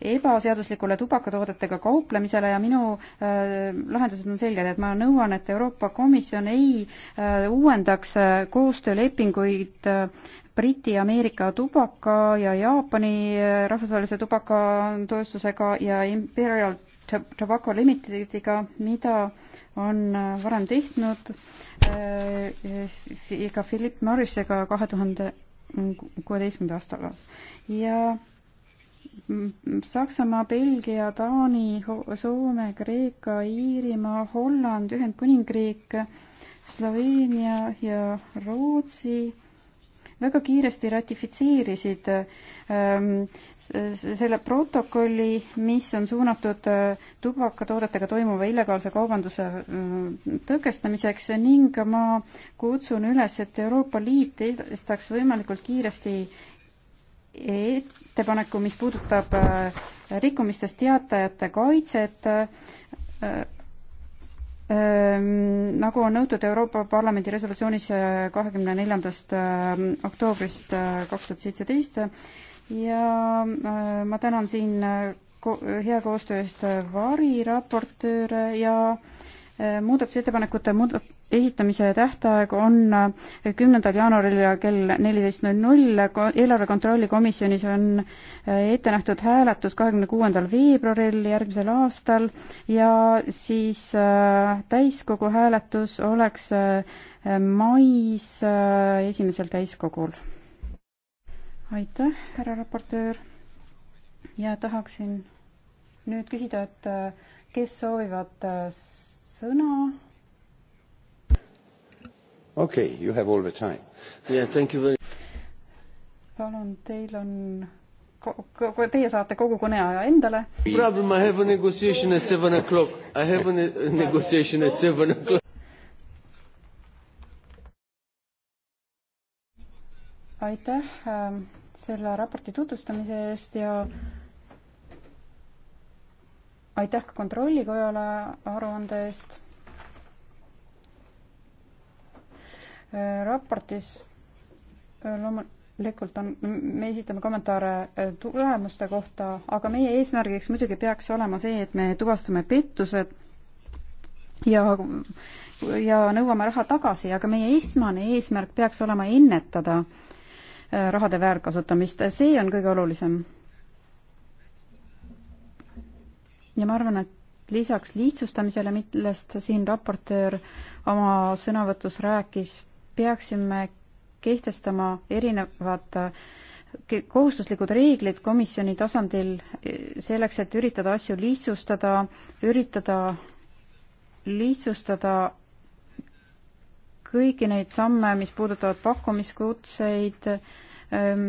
ebaseaduslikule tubakatoodetega kauplemisele ja minu lahendused on selged, et ma nõuan, et Euroopa Komisjon ei uuendaks koostöölepinguid Briti, Ameerika tubaka ja Jaapani rahvusvahelise tubakatööstusega ja Imperial Tobacco Limitediga, mida on äh, varem tehtud äh, ka Philip Morrisega kahe tuhande kuueteistkümnenda aastal ja mm, Saksamaa, Belgia, Taani, Soome, Kreeka, Iirimaa, Holland, Ühendkuningriik, Sloveenia ja Rootsi väga kiiresti ratifitseerisid ähm, selle protokolli, mis on suunatud äh, tubakatoodetega toimuva illegaalse kaubanduse äh, tõkestamiseks ning ma kutsun üles, et Euroopa Liit edastaks võimalikult kiiresti ettepaneku, mis puudutab äh, rikkumistest teatajate kaitset, nagu on nõutud Euroopa Parlamendi resolutsioonis kahekümne neljandast oktoobrist kaks tuhat seitseteist, ja äh, ma tänan siin äh, ko hea koostöö eest äh, variraportööre ja muudatusettepanekute muud-, esitamise tähtaeg on kümnendal jaanuaril kell neliteist null null, eelarve kontrolli komisjonis on ette nähtud hääletus kahekümne kuuendal veebruaril järgmisel aastal ja siis täiskogu hääletus oleks mais esimesel täiskogul aitäh, härra raportöör. ja tahaksin nüüd küsida, et äh, kes soovivad äh, sõna? okei okay,, you have all the time. Yeah, thank you very palun, teil on Teie saate kogu kõneaja endale. Problem, I have a negotiation at seven o'clock. I have a negotiation at seven o'clock. aitäh ähm, selle raporti tutvustamise eest ja aitäh ka Kontrollikojale aruande eest. raportis äh, loomulikult on, me esitame kommentaare äh, tulemuste kohta, aga meie eesmärgiks muidugi peaks olema see, et me tuvastame pettused ja ja nõuame raha tagasi, aga meie esmane eesmärk peaks olema ennetada äh, Äh, rahade väärkasutamist, see on kõige olulisem. ja ma arvan, et lisaks lihtsustamisele, millest siin raportöör oma sõnavõtus rääkis, peaksime kehtestama erinevad äh, kohustuslikud reeglid komisjoni tasandil äh, selleks, et üritada asju lihtsustada, üritada lihtsustada kõiki neid samme, mis puudutavad pakkumiskutseid, ähm,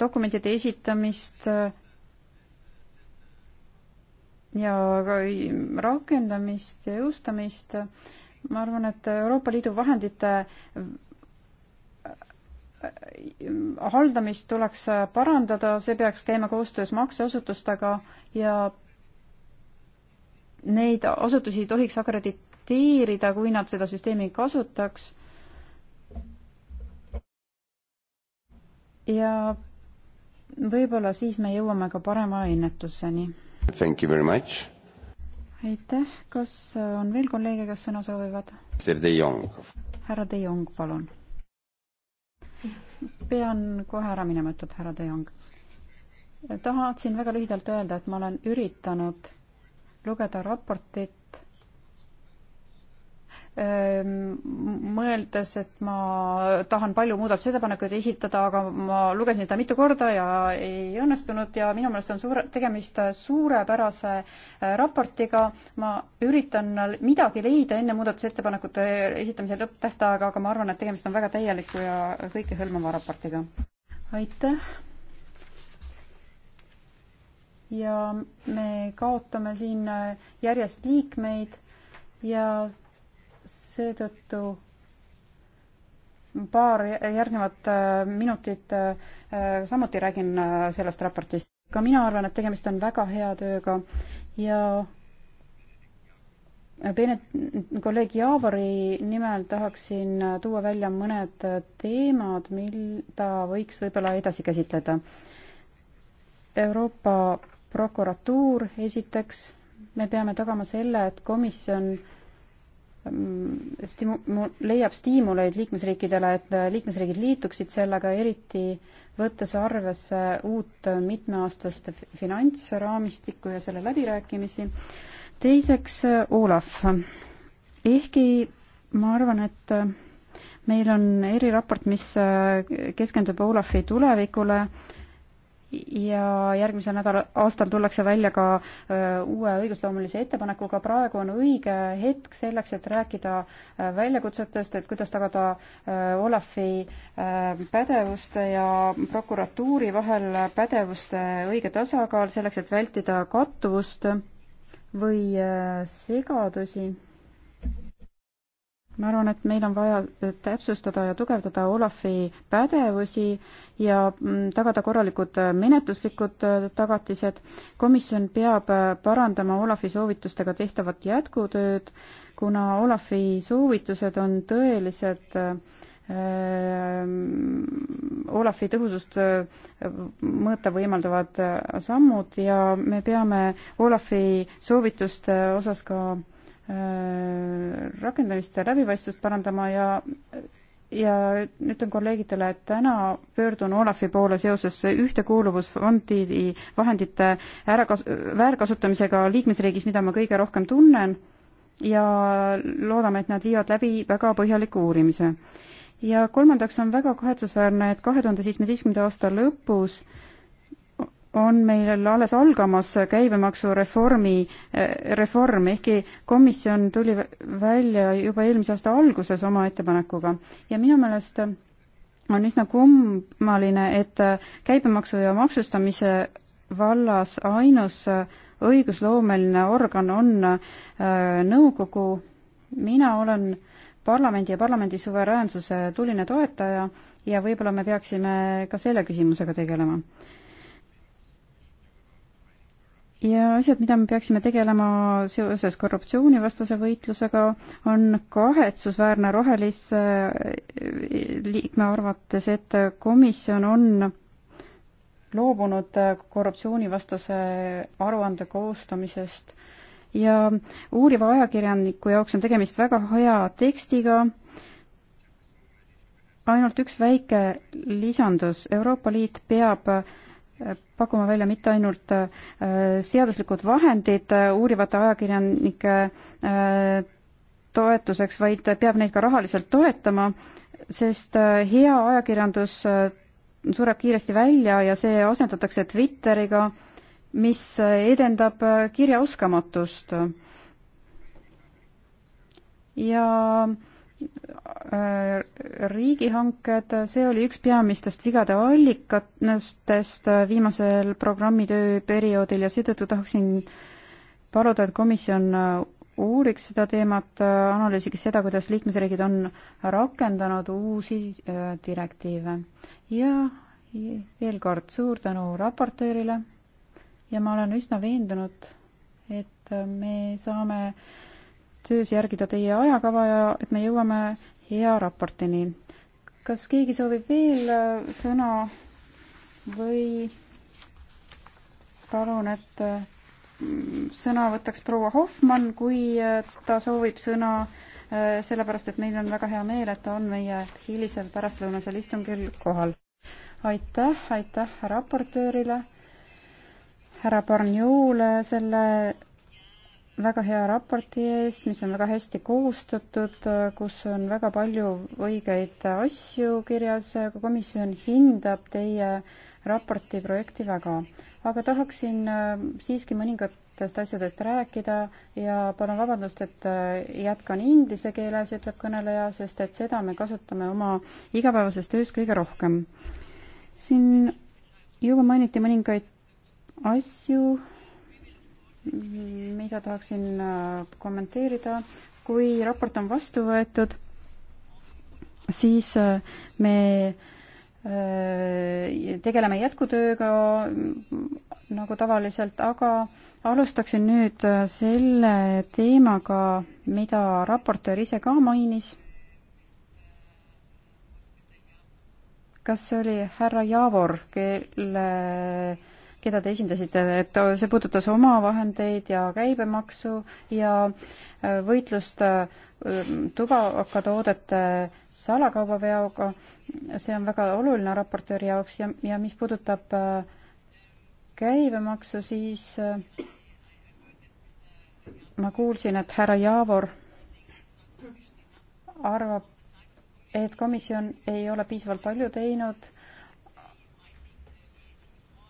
dokumentide esitamist äh, ja rakendamist ja jõustamist, ma arvan, et Euroopa Liidu vahendite äh, haldamist tuleks parandada, see peaks käima koostöös makseasutustega ja neid asutusi ei tohiks akrediteerida, kui nad seda süsteemi kasutaks ja võib-olla siis me jõuame ka parema ennetuseni. Thank you very much. aitäh, kas on veel kolleege, kes sõna soovivad? härra De Jong, palun. pean kohe ära minema, ütleb härra De Jong. tahaksin väga lühidalt öelda, et ma olen üritanud lugeda raportit Ehm, mõeldes, et ma tahan palju muudatusettepanekuid esitada, aga ma lugesin seda mitu korda ja ei õnnestunud ja minu meelest on suure, tegemist suurepärase äh, raportiga. ma üritan midagi leida enne muudatusettepanekute esitamise lõpptähtaega, aga ma arvan, et tegemist on väga täieliku ja kõikehõlmava raportiga. aitäh! ja me kaotame siin äh, järjest liikmeid ja seetõttu paar järgnevat äh, minutit äh, samuti räägin äh, sellest raportist. ka mina arvan, et tegemist on väga hea tööga ja Benet-, kolleeg Jaavari nimel tahaksin tuua välja mõned teemad, mida võiks võib-olla edasi käsitleda. Euroopa prokuratuur esiteks, me peame tagama selle, et komisjon äh, stimu-, leiab stiimuleid liikmesriikidele, et liikmesriigid liituksid sellega, eriti võttes arvesse uut mitmeaastast finantsraamistikku ja selle läbirääkimisi. teiseks, Olav. ehkki ma arvan, et meil on eriraport, mis keskendub Olafi tulevikule, ja järgmisel nädalal, aastal tullakse välja ka öö, uue õigusloomulise ettepanekuga, praegu on õige hetk selleks, et rääkida väljakutsetest, et kuidas tagada öö, Olafi öö, pädevuste ja prokuratuuri vahel pädevuste õige tasakaal, selleks et vältida kattuvust või öö, segadusi ma arvan, et meil on vaja äh, täpsustada ja tugevdada Olafi pädevusi ja mm, tagada korralikud äh, menetluslikud äh, tagatised. komisjon peab parandama Olafi soovitustega tehtavat jätkutööd, kuna Olafi soovitused on tõelised mm, Olafi tõhusust mõõta võimaldavad sammud ja me peame Olafi soovituste osas ka Äh, rakendamist ja läbipaistvust parandama ja ja ütlen kolleegidele, et täna pöördun Olafi poole seoses ühtekuuluvusfondi vahendite ärakas-, väärkasutamisega liikmesriigis, mida ma kõige rohkem tunnen, ja loodame, et nad viivad läbi väga põhjaliku uurimise. ja kolmandaks on väga kahetsusväärne, et kahe tuhande seitsmeteistkümnenda aasta lõpus äh, on meil alles algamas käibemaksureformi, eh, reform, ehkki komisjon tuli välja juba eelmise aasta alguses oma ettepanekuga ja minu meelest on üsna kummaline, et käibemaksu ja maksustamise vallas ainus õigusloomeline organ on eh, nõukogu. mina olen parlamendi ja parlamendi suveräänsuse tuline toetaja ja võib-olla me peaksime ka selle küsimusega tegelema ja asjad, mida me peaksime tegelema seoses korruptsioonivastase võitlusega, on kahetsusväärne rohelise eh, liikme arvates, et komisjon on loobunud eh, korruptsioonivastase aruande koostamisest ja uuriva ajakirjaniku jaoks on tegemist väga hea tekstiga, ainult üks väike lisandus, Euroopa Liit peab äh, pakkuma välja mitte ainult äh, seaduslikud vahendid äh, uurivate ajakirjanike äh, toetuseks, vaid peab neid ka rahaliselt toetama, sest hea ajakirjandus sureb kiiresti välja ja see asendatakse Twitteriga, mis edendab kirjaoskamatust. ja Äh, riigihanked, see oli üks peamistest vigade allikatest äh, viimasel programmi tööperioodil ja seetõttu tahaksin paluda, et komisjon äh, uuriks seda teemat, analüüsiks seda, kuidas liikmesriigid on rakendanud uusi direktiive. ja veel kord suur tänu raportöörile ja ma olen üsna veendunud, et me saame äh, töös järgida teie ajakava ja et me jõuame hea raportini. kas keegi soovib veel äh, sõna või palun, et äh, sõna võtaks proua Hoffmann, kui äh, ta soovib sõna, sellepärast et meil on väga hea meel, et ta on meie hilisel pärastlõunasel istungil kohal. aitäh, aitäh raportöörile, härra Barniole selle väga hea raporti eest, mis on väga hästi koostatud, kus on väga palju õigeid asju kirjas, komisjon hindab teie raporti projekti väga. aga tahaksin äh, siiski mõningatest asjadest rääkida ja palun vabandust, et äh, jätkan inglise keeles, ütleb kõneleja, sest et seda me kasutame oma igapäevases töös kõige rohkem. siin juba mainiti mõningaid asju mida tahaksin äh, kommenteerida. kui raport on vastu võetud, siis äh, me äh, tegeleme jätkutööga mm, nagu tavaliselt, aga alustaksin nüüd selle teemaga, mida raportöör ise ka mainis. kas see oli härra Javor, kelle keda te esindasite, et see puudutas omavahendeid ja käibemaksu ja äh, võitlust äh, tubakatoodete salakaubaveoga. see on väga oluline raportööri jaoks ja, ja mis puudutab äh, käibemaksu, siis ma kuulsin, et härra Javor arvab, et komisjon ei ole piisavalt palju teinud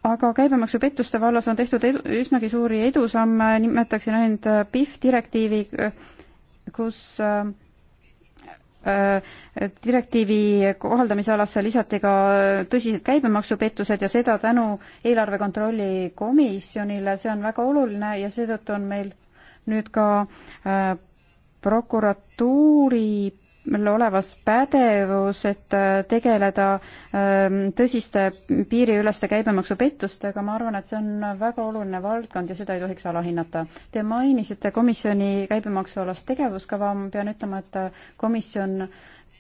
aga käibemaksupettuste vallas on tehtud edu, üsnagi suuri edusamme, nimetaksin ainult äh, PIF direktiivi, äh, kus äh, direktiivi kohaldamisalasse lisati ka tõsised käibemaksupettused ja seda tänu eelarve kontrolli komisjonile, see on väga oluline ja seetõttu on meil nüüd ka prokuratuuri olevas pädevus, et äh, tegeleda ähm, tõsiste piiriüleste käibemaksupettustega, ma arvan, et see on väga oluline valdkond ja seda ei tohiks alahinnata. Te mainisite komisjoni käibemaksualast tegevuskava, ma pean ütlema, et äh, komisjon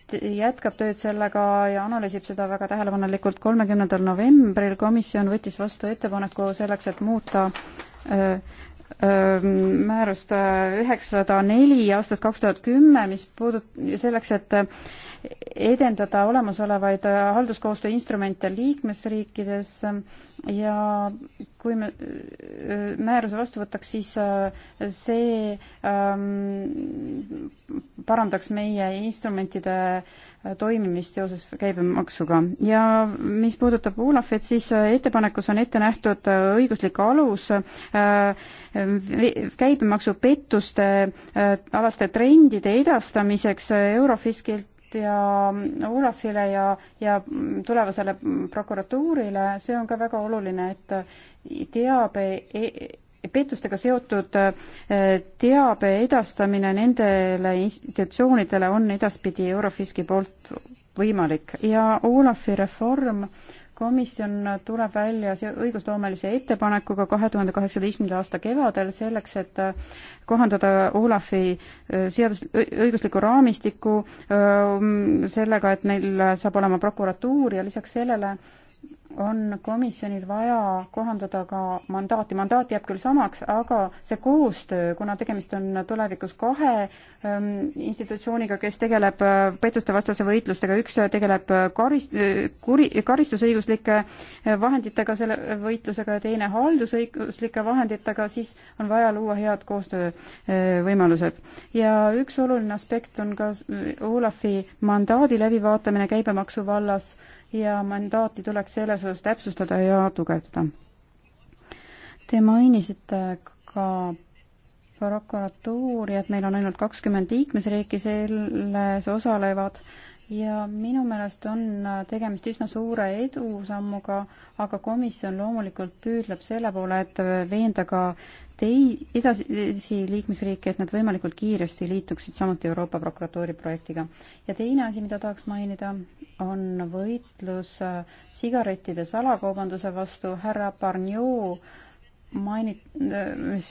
jätkab tööd sellega ja analüüsib seda väga tähelepanelikult. kolmekümnendal novembril komisjon võttis vastu ettepaneku selleks, et muuta äh, määrust üheksasada neli aastast kaks tuhat kümme, mis puudut-, selleks, et edendada olemasolevaid halduskoostöö instrumente liikmesriikides ja kui me määruse vastu võtaks, siis see ähm, parandaks meie instrumentide äh, toimimist seoses käibemaksuga. ja mis puudutab Olafit, siis äh, ettepanekus on ette nähtud äh, õiguslik alus äh, käibemaksupettuste alaste trendide edastamiseks Eurofiskilt ja Olafile ja, ja mm, tulevasele prokuratuurile, see on ka väga oluline, et teabe e pettustega seotud äh, teabe edastamine nendele institutsioonidele on edaspidi Eurofiski poolt võimalik ja Olafi reform komisjon tuleb välja õigusloomelise ettepanekuga kahe tuhande kaheksateistkümnenda aasta kevadel selleks, et äh, kohandada Olafi äh, seadus, õiguslikku raamistikku sellega, et meil saab olema prokuratuur ja lisaks sellele on komisjonil vaja kohandada ka mandaati. mandaat jääb küll samaks, aga see koostöö, kuna tegemist on tulevikus kahe ähm, institutsiooniga, kes tegeleb äh, pettuste vastase võitlustega, üks tegeleb karis-, äh, kuri-, karistusõiguslike äh, vahenditega, selle võitlusega ja teine haldusõiguslike vahenditega, siis on vaja luua head koostöövõimalused. ja üks oluline aspekt on ka Olafi mandaadi läbivaatamine käibemaksu vallas äh, ja mandaati tuleks selles osas täpsustada ja tugevdada. Te mainisite ka prokuratuuri, et meil on ainult kakskümmend liikmesriiki selles osalevad ja minu meelest on äh, tegemist üsna suure edusammuga, aga komisjon loomulikult püüdleb selle poole, et äh, veenda ka tei-, edasisi liikmesriike, et nad võimalikult kiiresti liituksid samuti Euroopa prokuratuuri projektiga. ja teine asi, mida tahaks mainida, on võitlus äh, sigarettide salakaubanduse vastu, härra Barnier mainit-,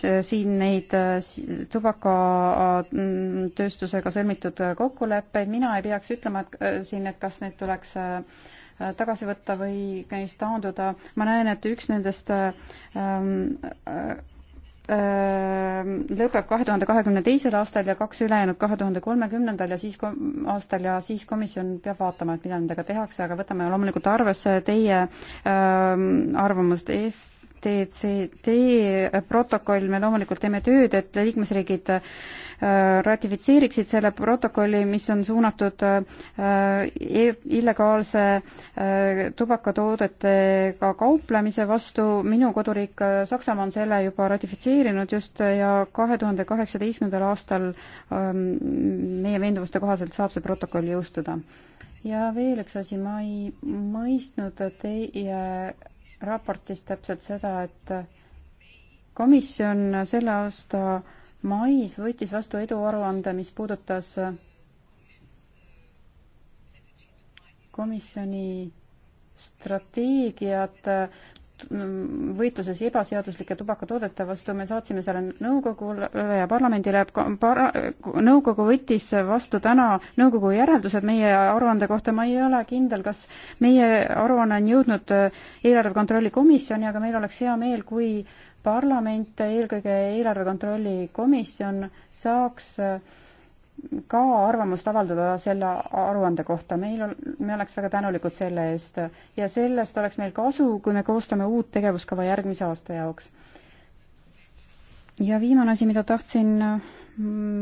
äh, siin neid äh, tubakatööstusega sõlmitud äh, kokkuleppeid, mina ei peaks ütlema, et siin, et kas need tuleks tagasi võtta või neist taanduda, ma näen, et üks nendest ähm, ähm, lõpeb kahe tuhande kahekümne teisel aastal ja kaks ülejäänud kahe tuhande kolmekümnendal ja siis aastal ja siis komisjon peab vaatama, et mida nendega tehakse, aga võtame loomulikult arvesse teie ähm, arvamust EF DCD protokoll, me loomulikult teeme tööd, et liikmesriigid äh, ratifitseeriksid selle protokolli, mis on suunatud äh, e-, illegaalse äh, tubakatoodetega kauplemise vastu. minu koduriik Saksamaa on selle juba ratifitseerinud just ja kahe tuhande kaheksateistkümnendal aastal ähm, meie veendumuste kohaselt saab see protokoll jõustuda. ja veel üks asi, ma ei mõistnud teie raportis täpselt seda, et komisjon selle aasta mais võttis vastu eduaruande, mis puudutas komisjoni strateegiat võitluses ebaseaduslike tubakatoodete vastu, me saatsime selle nõukogule ja parlamendile, para-, nõukogu võttis vastu täna nõukogu järeldused meie aruande kohta, ma ei ole kindel, kas meie aruanne on jõudnud äh, eelarve kontrolli komisjoni, aga meil oleks hea meel, kui parlament, eelkõige eelarve kontrolli komisjon saaks äh, ka arvamust avaldada selle aruande kohta, meil on, me oleks väga tänulikud selle eest ja sellest oleks meil kasu, kui me koostame uut tegevuskava järgmise aasta jaoks. ja viimane asi, mida tahtsin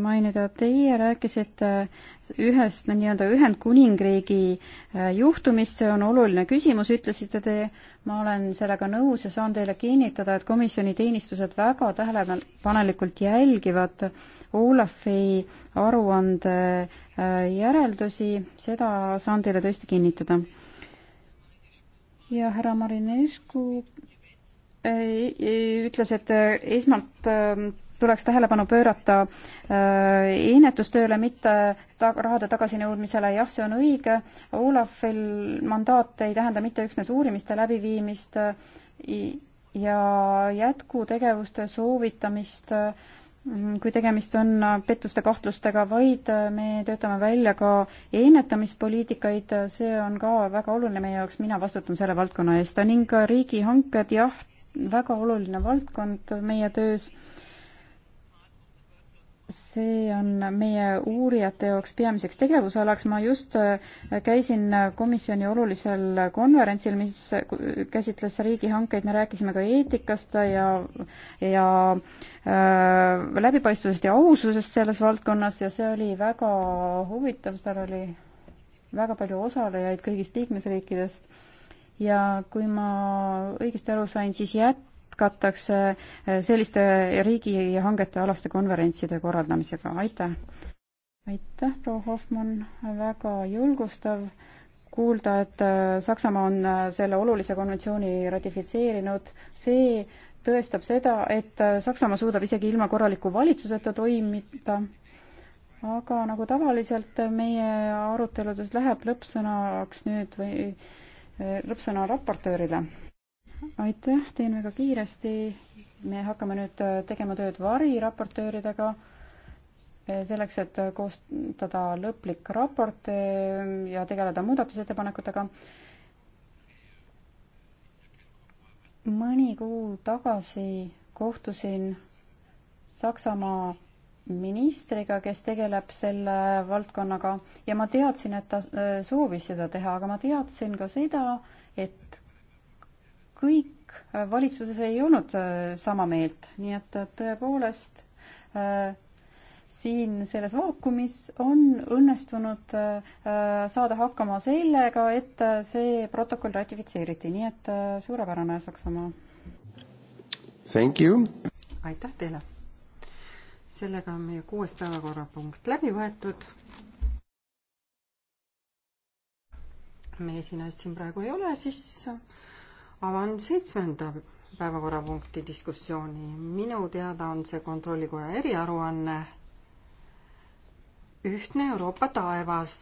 mainida, teie rääkisite äh, ühest nii-öelda Ühendkuningriigi äh, juhtumist, see on oluline küsimus, ütlesite te, ma olen sellega nõus ja saan teile kinnitada, et komisjoni teenistused väga tähelepanelikult jälgivad Olafi aruande äh, järeldusi, seda saan teile tõesti kinnitada. ja härra Marinescu äh, ütles, et esmalt tuleks tähelepanu pöörata äh, ennetustööle, mitte ta-, rahade tagasinõudmisele, jah, see on õige, Olafil mandaat ei tähenda mitte üksnes uurimiste läbiviimist äh, ja jätkutegevuste soovitamist, äh, kui tegemist on pettuste kahtlustega, vaid me töötame välja ka ennetamispoliitikaid, see on ka väga oluline meie jaoks, mina vastutan selle valdkonna eest ning riigihanked, jah, väga oluline valdkond meie töös see on meie uurijate jaoks peamiseks tegevusalaks. ma just äh, käisin komisjoni olulisel konverentsil, mis käsitles riigihankeid, me rääkisime ka eetikast ja, ja äh, läbipaistvusest ja aususest selles valdkonnas ja see oli väga huvitav, seal oli väga palju osalejaid kõigist liikmesriikidest ja kui ma õigesti aru sain, siis jät-, jätkatakse eh, selliste riigihangete alaste konverentside korraldamisega, aitäh! aitäh, proua Hoffmann, väga julgustav kuulda, et eh, Saksamaa on eh, selle olulise konventsiooni ratifitseerinud, see tõestab seda, et Saksamaa suudab isegi ilma korraliku valitsuseta toimida, aga nagu tavaliselt meie aruteludes läheb lõppsõnaks nüüd või lõppsõna raportöörile aitäh, teen väga kiiresti. me hakkame nüüd äh, tegema tööd variraportööridega äh, selleks, et äh, koostada lõplik raport ja tegeleda muudatusettepanekutega. mõni kuu tagasi kohtusin Saksamaa ministriga, kes tegeleb selle valdkonnaga ja ma teadsin, et ta soovis seda teha, aga ma teadsin ka seda, et kõik äh, valitsuses ei olnud äh, sama meelt, nii et äh, tõepoolest siin selles vaakumis on õnnestunud saada hakkama sellega, et see protokoll ratifitseeriti, nii et suurepärane Saksamaa. aitäh teile! sellega on meie kuues päevakorrapunkt läbi võetud. meie esinaist siin praegu ei ole, siis avan seitsmenda päevakorrapunkti diskussiooni. minu teada on see Kontrollikoja eriaruanne Ühtne Euroopa taevas.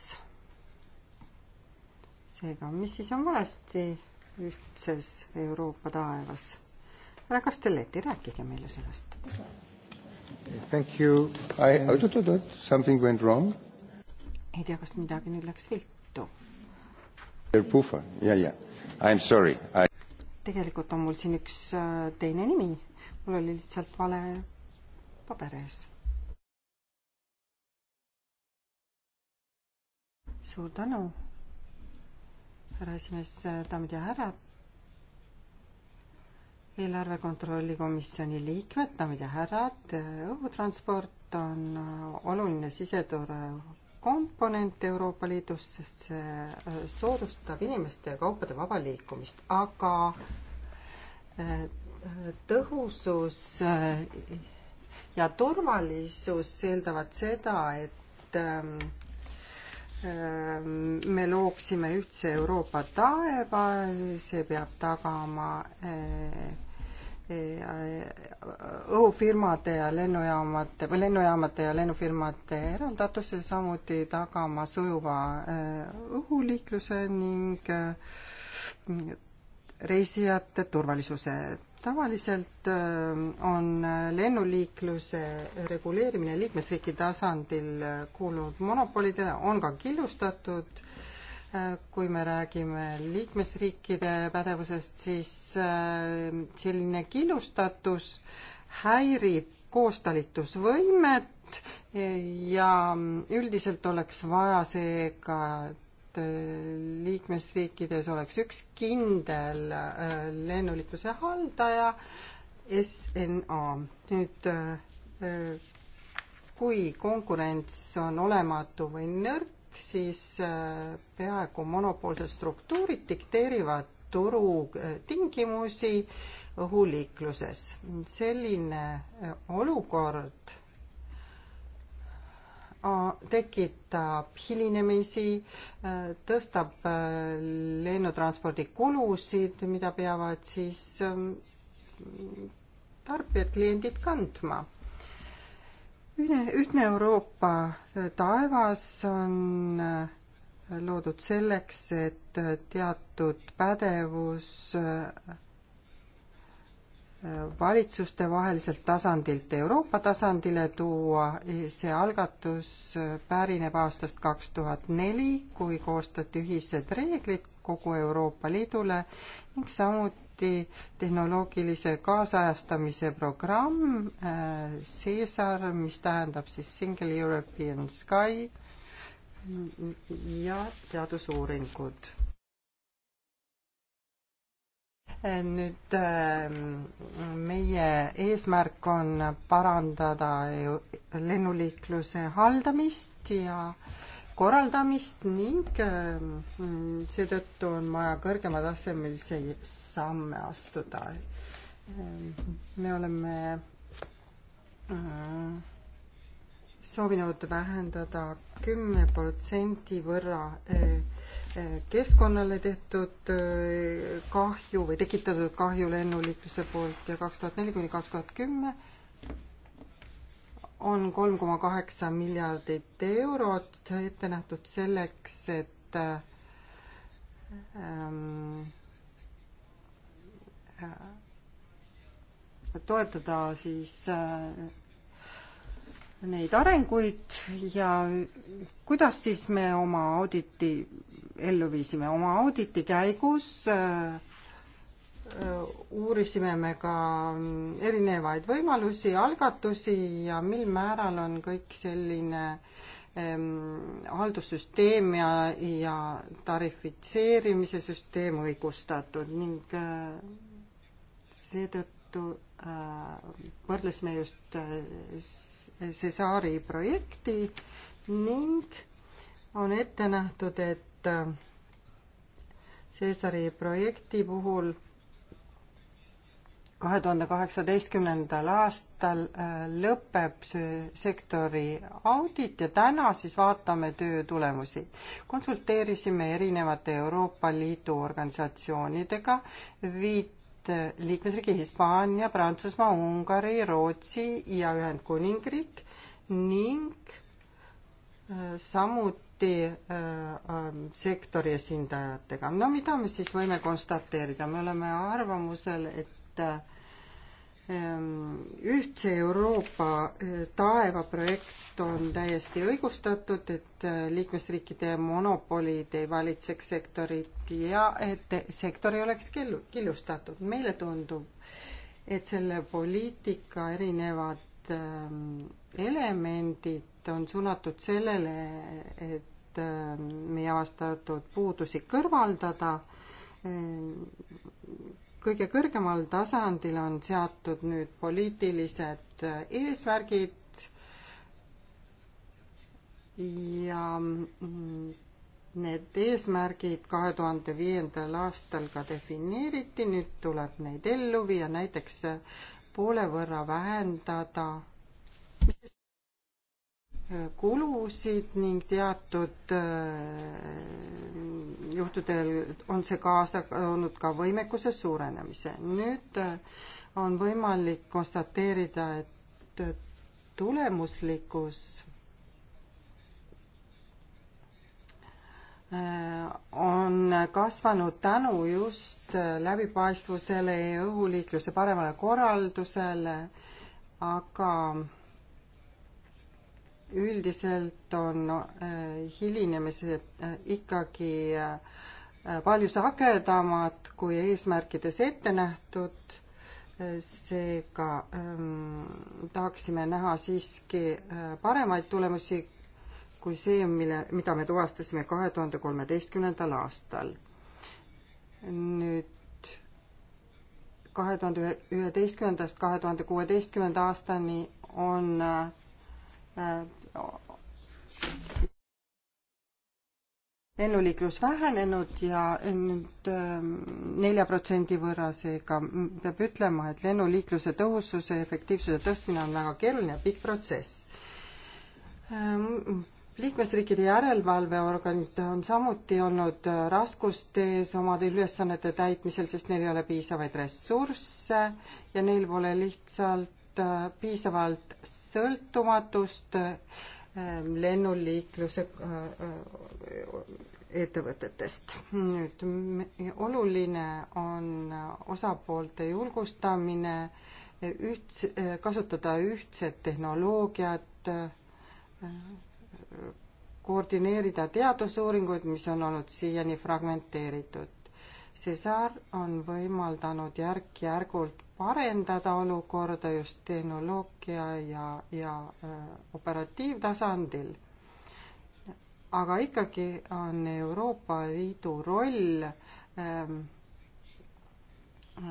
seega, mis siis on valesti ühtses Euroopa taevas? härra Kastelletti, rääkige meile sellest. Thank you, I, oot-oot-oot, something went wrong. ei tea, kas midagi nüüd läks viltu. Puhva, ja, ja, I am sorry I tegelikult on mul siin üks äh, teine nimi, mul oli lihtsalt vale paber ees. suur tänu, härra esimees, äh, daamid ja härrad. eelarve kontrolli komisjoni liikmed, daamid ja härrad, äh, õhutransport on oluline siseturu komponent Euroopa Liidus, sest see äh, soodustab inimeste ja kaupade vaba liikumist, aga äh, tõhusus äh, ja turvalisus eeldavad seda, et ähm, me looksime ühtse Euroopa taeva, see peab tagama Äh, äh, õhufirmade ja lennujaamade või lennujaamade ja lennufirmade eraldatuse, samuti tagama sujuva äh, õhuliikluse ning reisijate turvalisuse. tavaliselt on lennuliikluse reguleerimine liikmesriigi tasandil kuulunud monopolidele, on ka killustatud kui me räägime liikmesriikide pädevusest, siis äh, selline killustatus häirib koostalitusvõimet ja üldiselt oleks vaja seega, et äh, liikmesriikides oleks üks kindel äh, lennuliikluse haldaja, SNA. nüüd kui konkurents on olematu või nõrk, ehk siis äh, peaaegu monopoolsed struktuurid dikteerivad turu äh, tingimusi õhuliikluses. selline äh, olukord tekitab hilinemisi, tõstab lennutranspordi kulusid, mida peavad siis ähm, tarbijad, kliendid kandma ühine, ühtne Euroopa taevas on äh, loodud selleks, et äh, teatud pädevus äh, valitsuste vaheliselt tasandilt Euroopa tasandile tuua, e, see algatus pärineb aastast kaks tuhat neli, kui koostati ühised reeglid kogu Euroopa Liidule ning samuti samuti tehnoloogilise kaasajastamise programm äh, CESAR, mis tähendab siis Single European Sky ja teadusuuringud. Äh, nüüd äh, meie eesmärk on parandada lennuliikluse haldamist ja äh, korraldamist ning ähm, seetõttu on vaja kõrgematasemelisi samme astuda. Ähm, me oleme äh, soovinud vähendada kümne protsendi võrra äh, äh, keskkonnale tehtud kahju või tekitatud kahju lennuliikluse poolt ja kaks tuhat neli kuni kaks tuhat kümme on kolm koma kaheksa miljardit eurot ette nähtud selleks, et ähm, äh, toetada siis äh, neid arenguid ja kuidas siis me oma auditi ellu viisime, oma auditi käigus äh, Äh, uurisime me ka mm, erinevaid võimalusi, algatusi ja mil määral on kõik selline ähm, haldussüsteem ja, ja tarifitseerimise süsteem õigustatud ning äh, seetõttu äh, võrdlesime just äh, Cesari projekti ning on ette nähtud, et äh, Cesari projekti puhul kahe tuhande kaheksateistkümnendal aastal äh, lõpeb see sektori audit ja täna siis vaatame töö tulemusi. konsulteerisime erinevate Euroopa Liidu organisatsioonidega, viit äh, liikmesriigi Hispaania, Prantsusmaa, Ungari, Rootsi ja Ühendkuningriik ning äh, samuti sektori esindajatega. no mida me siis võime konstateerida, me oleme arvamusel, et Ehm, ühtse Euroopa eh, taeva projekt on täiesti õigustatud, et eh, liikmesriikide monopolid ei valitseks sektorit ja et sektor ei oleks killu, killustatud. meile tundub, et selle poliitika erinevad ehm, elemendid on suunatud sellele, et ehm, meie avastatud puudusi kõrvaldada kõige kõrgemal tasandil on seatud nüüd poliitilised eesmärgid ja need eesmärgid kahe tuhande viiendal aastal ka defineeriti, nüüd tuleb neid ellu viia, näiteks poole võrra vähendada kulusid ning teatud äh, juhtudel on see kaasa olnud ka võimekuse suurenemise. nüüd äh, on võimalik konstateerida, et tulemuslikkus äh, on kasvanud tänu just läbipaistvusele ja õhuliikluse paremale korraldusele, aga üldiselt on äh, hilinemised äh, ikkagi äh, palju sagedamad kui eesmärkides ette nähtud, seega ähm, tahaksime näha siiski paremaid tulemusi kui see, mille, mida me tuvastasime kahe tuhande kolmeteistkümnendal aastal. nüüd kahe tuhande üheteistkümnendast kahe tuhande kuueteistkümnenda aastani on lennuliiklus vähenenud ja nüüd ähm, nelja protsendi võrra, seega peab ütlema, et lennuliikluse tõhususe ja efektiivsuse tõstmine on väga keeruline ja pikk protsess. Ähm, liikmesriikide järelevalveorganid on samuti olnud äh, raskustes omade ülesannete täitmisel, sest neil ei ole piisavaid ressursse ja neil pole lihtsalt Äh, piisavalt sõltumatust äh, lennuliikluse äh, ettevõtetest. nüüd oluline on osapoolte julgustamine, ühts-, kasutada ühtset tehnoloogiat, koordineerida teadusuuringuid, mis on olnud siiani fragmenteeritud. Cesar on võimaldanud järk-järgult parendada olukorda just tehnoloogia ja, ja äh, operatiivtasandil. aga ikkagi on Euroopa Liidu roll ähm, äh,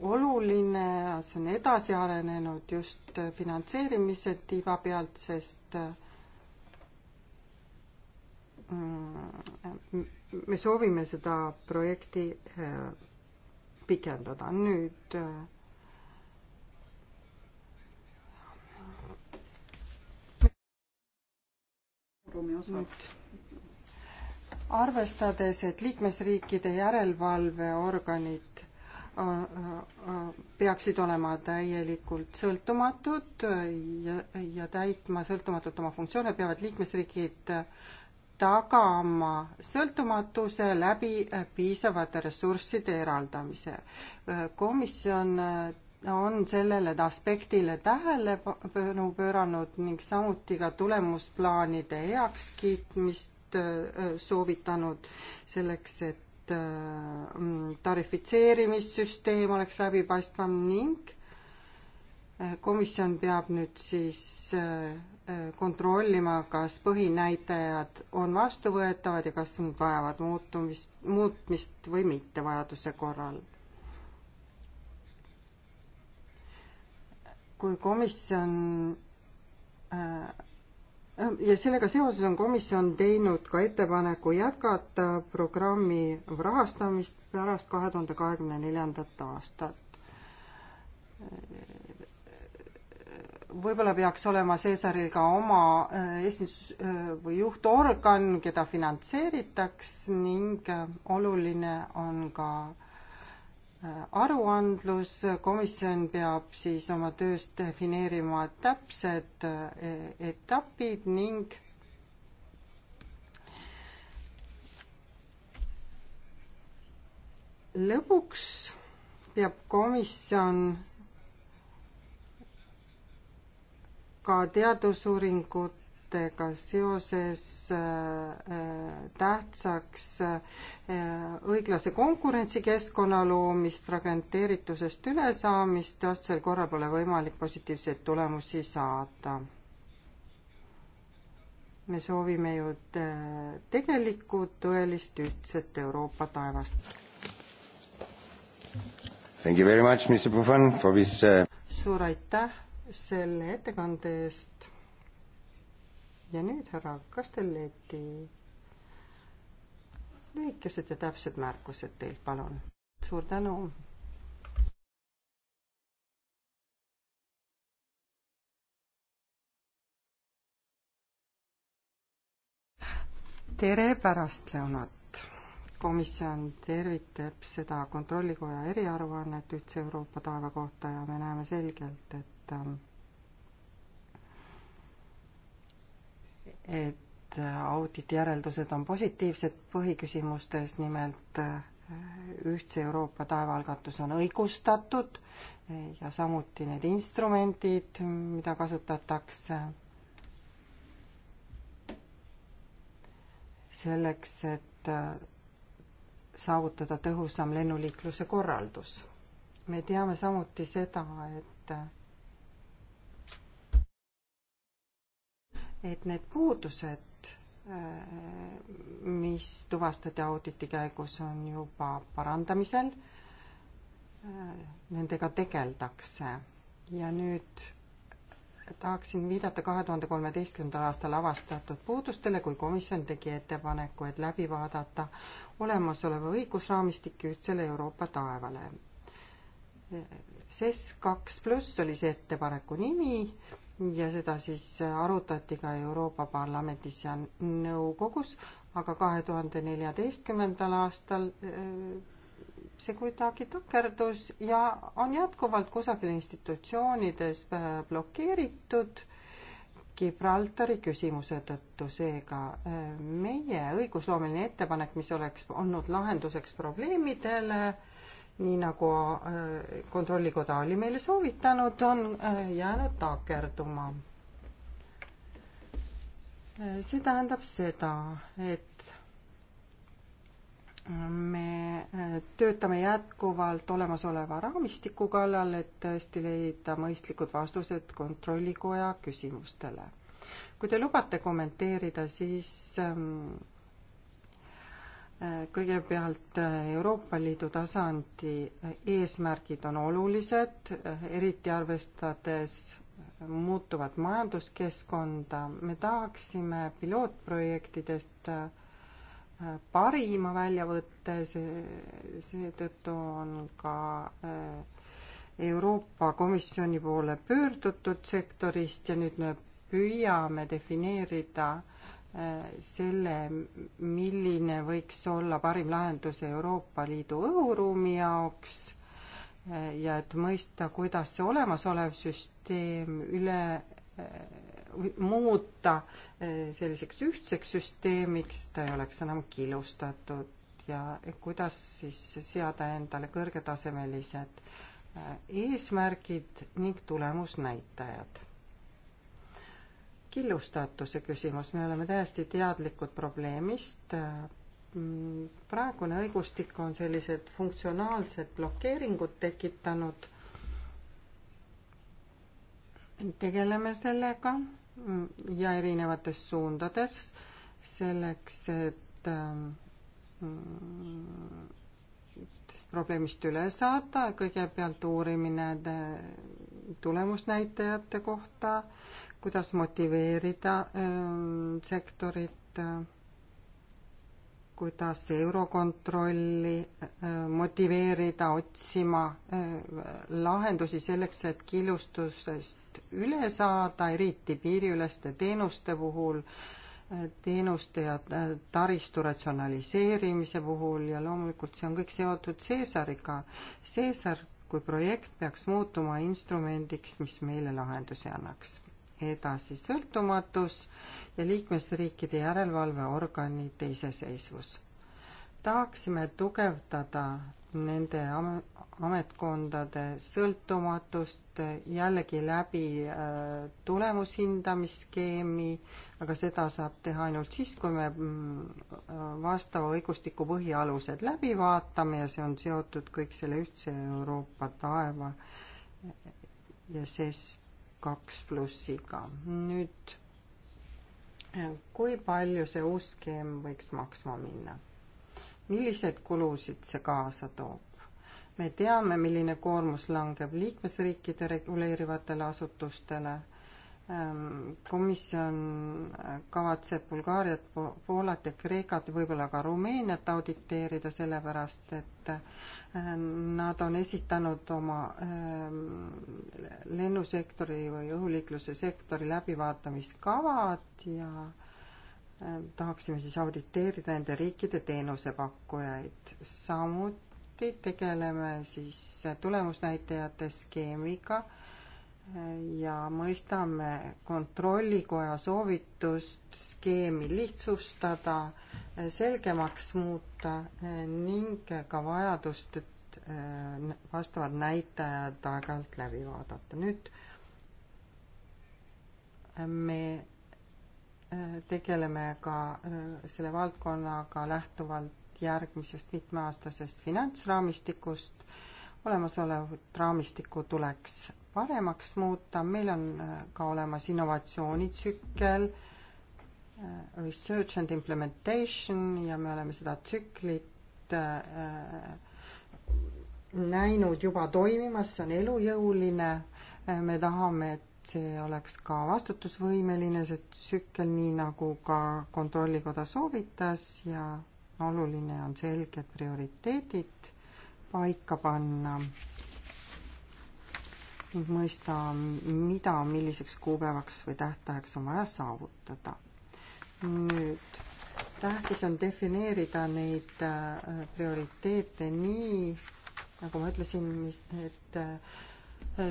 oluline, see on edasi arenenud just finantseerimise tiiva pealt, sest äh, mm, me soovime seda projekti pikendada. nüüd äh, nüüd arvestades, et liikmesriikide järelevalveorganid äh, äh, peaksid olema täielikult sõltumatud ja, ja täitma sõltumatult oma funktsioone, peavad liikmesriigid tagama sõltumatuse läbi äh, piisavate ressursside eraldamise. Äh, komisjon äh, on sellele aspektile tähelepanu pööranud ning samuti ka tulemusplaanide heakskiitmist soovitanud selleks, et mm, tarifitseerimissüsteem oleks läbipaistvam ning komisjon peab nüüd siis Äh, kontrollima, kas põhinäitajad on vastuvõetavad ja kas nad vajavad muutumist, muutmist või mitte vajaduse korral. kui komisjon äh, ja sellega seoses on komisjon teinud ka ettepaneku jätkata programmi rahastamist pärast kahe tuhande kahekümne neljandat aastat võib-olla peaks olema Cäsaril ka oma äh, esindus- äh, või juhtorgan, keda finantseeritaks ning äh, oluline on ka aruandlus, komisjon peab siis oma töös defineerima täpsed etapid ning lõpuks peab komisjon ka teadusuuringutega seoses äh, äh, tähtsaks äh, õiglase konkurentsikeskkonna loomist, fragmenteeritusest ülesaamist, vastasel korral pole võimalik positiivseid tulemusi saada. me soovime ju tegelikku, tõelist, ühtset Euroopa taevast. Thank you very much, Mr Puffan, for this uh... suur aitäh selle ettekande eest. ja nüüd härra Castelletti, lühikesed ja täpsed märkused teilt, palun. suur tänu. tere pärastlõunat komisjon tervitab seda Kontrollikoja eriaruannet Ühtse Euroopa taeva kohta ja me näeme selgelt, et et et auditi järeldused on positiivsed põhiküsimustes, nimelt äh, ühtse Euroopa taevaalgatus on õigustatud ja samuti need instrumendid, mida kasutatakse selleks, et äh, saavutada tõhusam lennuliikluse korraldus. me teame samuti seda, et äh, et need puudused, äh, mis tuvastati auditi käigus, on juba parandamisel, äh, nendega tegeldakse ja nüüd tahaksin viidata kahe tuhande kolmeteistkümnendal aastal avastatud puudustele, kui komisjon tegi ettepaneku, et läbi vaadata olemasoleva õigusraamistik ühtsele Euroopa taevale. Äh, SES kaks pluss oli see ettepaneku nimi ja seda siis arutati ka Euroopa Parlamendis ja nõukogus, aga kahe tuhande neljateistkümnendal aastal äh, see kuidagi takerdus ja on jätkuvalt kusagil institutsioonides äh, blokeeritud Gibraltari küsimuse tõttu, seega äh, meie õigusloomeline ettepanek, mis oleks olnud lahenduseks probleemidele, nii nagu äh, Kontrollikoda oli meile soovitanud, on äh, jäänud takerduma. Äh, see tähendab seda, et me töötame jätkuvalt olemasoleva raamistiku kallal, et tõesti leida mõistlikud vastused Kontrollikoja küsimustele. kui te lubate kommenteerida, siis ähm, kõigepealt eh, Euroopa Liidu tasandi eh, eesmärgid on olulised, eh, eriti arvestades muutuvat majanduskeskkonda, me tahaksime pilootprojektidest parima välja võtta, see, seetõttu on ka Euroopa Komisjoni poole pöördutud sektorist ja nüüd me püüame defineerida äh, selle, milline võiks olla parim lahendus Euroopa Liidu õhuruumi jaoks ja et mõista, kuidas see olemasolev süsteem üle muuta eh, selliseks ühtseks süsteemiks, ta ei oleks enam killustatud ja kuidas siis seada endale kõrgetasemelised eh, eesmärgid ning tulemusnäitajad killustatuse küsimus, me oleme täiesti teadlikud probleemist, praegune õigustik on sellised funktsionaalsed blokeeringud tekitanud, tegeleme sellega ja erinevates suundades, selleks et mm, sellest probleemist üle saada, kõigepealt uurimine tulemusnäitajate kohta, kuidas motiveerida ähm, sektorit, äh, kuidas Eurokontrolli äh, motiveerida otsima äh, lahendusi selleks, et killustusest üle saada, eriti piiriüleste teenuste puhul, teenuste ja taristu ratsionaliseerimise puhul ja loomulikult see on kõik seotud Seesariga. Seesar kui projekt peaks muutuma instrumendiks, mis meile lahendusi annaks edasi sõltumatus ja liikmesriikide järelevalveorganite iseseisvus. tahaksime tugevdada nende ametkondade sõltumatust jällegi läbi äh, tulemushindamisskeemi, aga seda saab teha ainult siis, kui me mm, vastava õigustiku põhialused läbi vaatame ja see on seotud kõik selle ühtse Euroopa taeva ja sest kaks plussiga. nüüd äh, kui palju see uus skeem võiks maksma minna? milliseid kulusid see kaasa toob? me teame, milline koormus langeb liikmesriikide reguleerivatele asutustele Ähm, komisjon kavatseb Bulgaariat, Poolat ja Kreekat, võib-olla ka Rumeeniat auditeerida, sellepärast et äh, nad on esitanud oma ähm, lennusektori või õhuliikluse sektori läbivaatamiskavad ja äh, tahaksime siis auditeerida nende riikide teenusepakkujaid. samuti tegeleme siis tulemusnäitajate skeemiga ja mõistame Kontrollikoja soovitust skeemi lihtsustada, selgemaks muuta ning ka vajadust, et äh, vastavad näitajad aeg-ajalt läbi vaadata. nüüd äh, me äh, tegeleme ka selle valdkonnaga lähtuvalt järgmisest mitmeaastasest finantsraamistikust. olemasolevat raamistikku tuleks paremaks muuta, meil on äh, ka olemas innovatsioonitsükkel, äh, research and implementation ja me oleme seda tsüklit äh, näinud juba toimimas, see on elujõuline, me tahame, et see oleks ka vastutusvõimeline, see tsükkel, nii nagu ka Kontrollikoda soovitas ja oluline on selged prioriteedid paika panna ning mõista, mida, milliseks kuupäevaks või tähtajaks on vaja saavutada. nüüd, tähtis on defineerida neid äh, prioriteete nii, nagu ma ütlesin, et äh,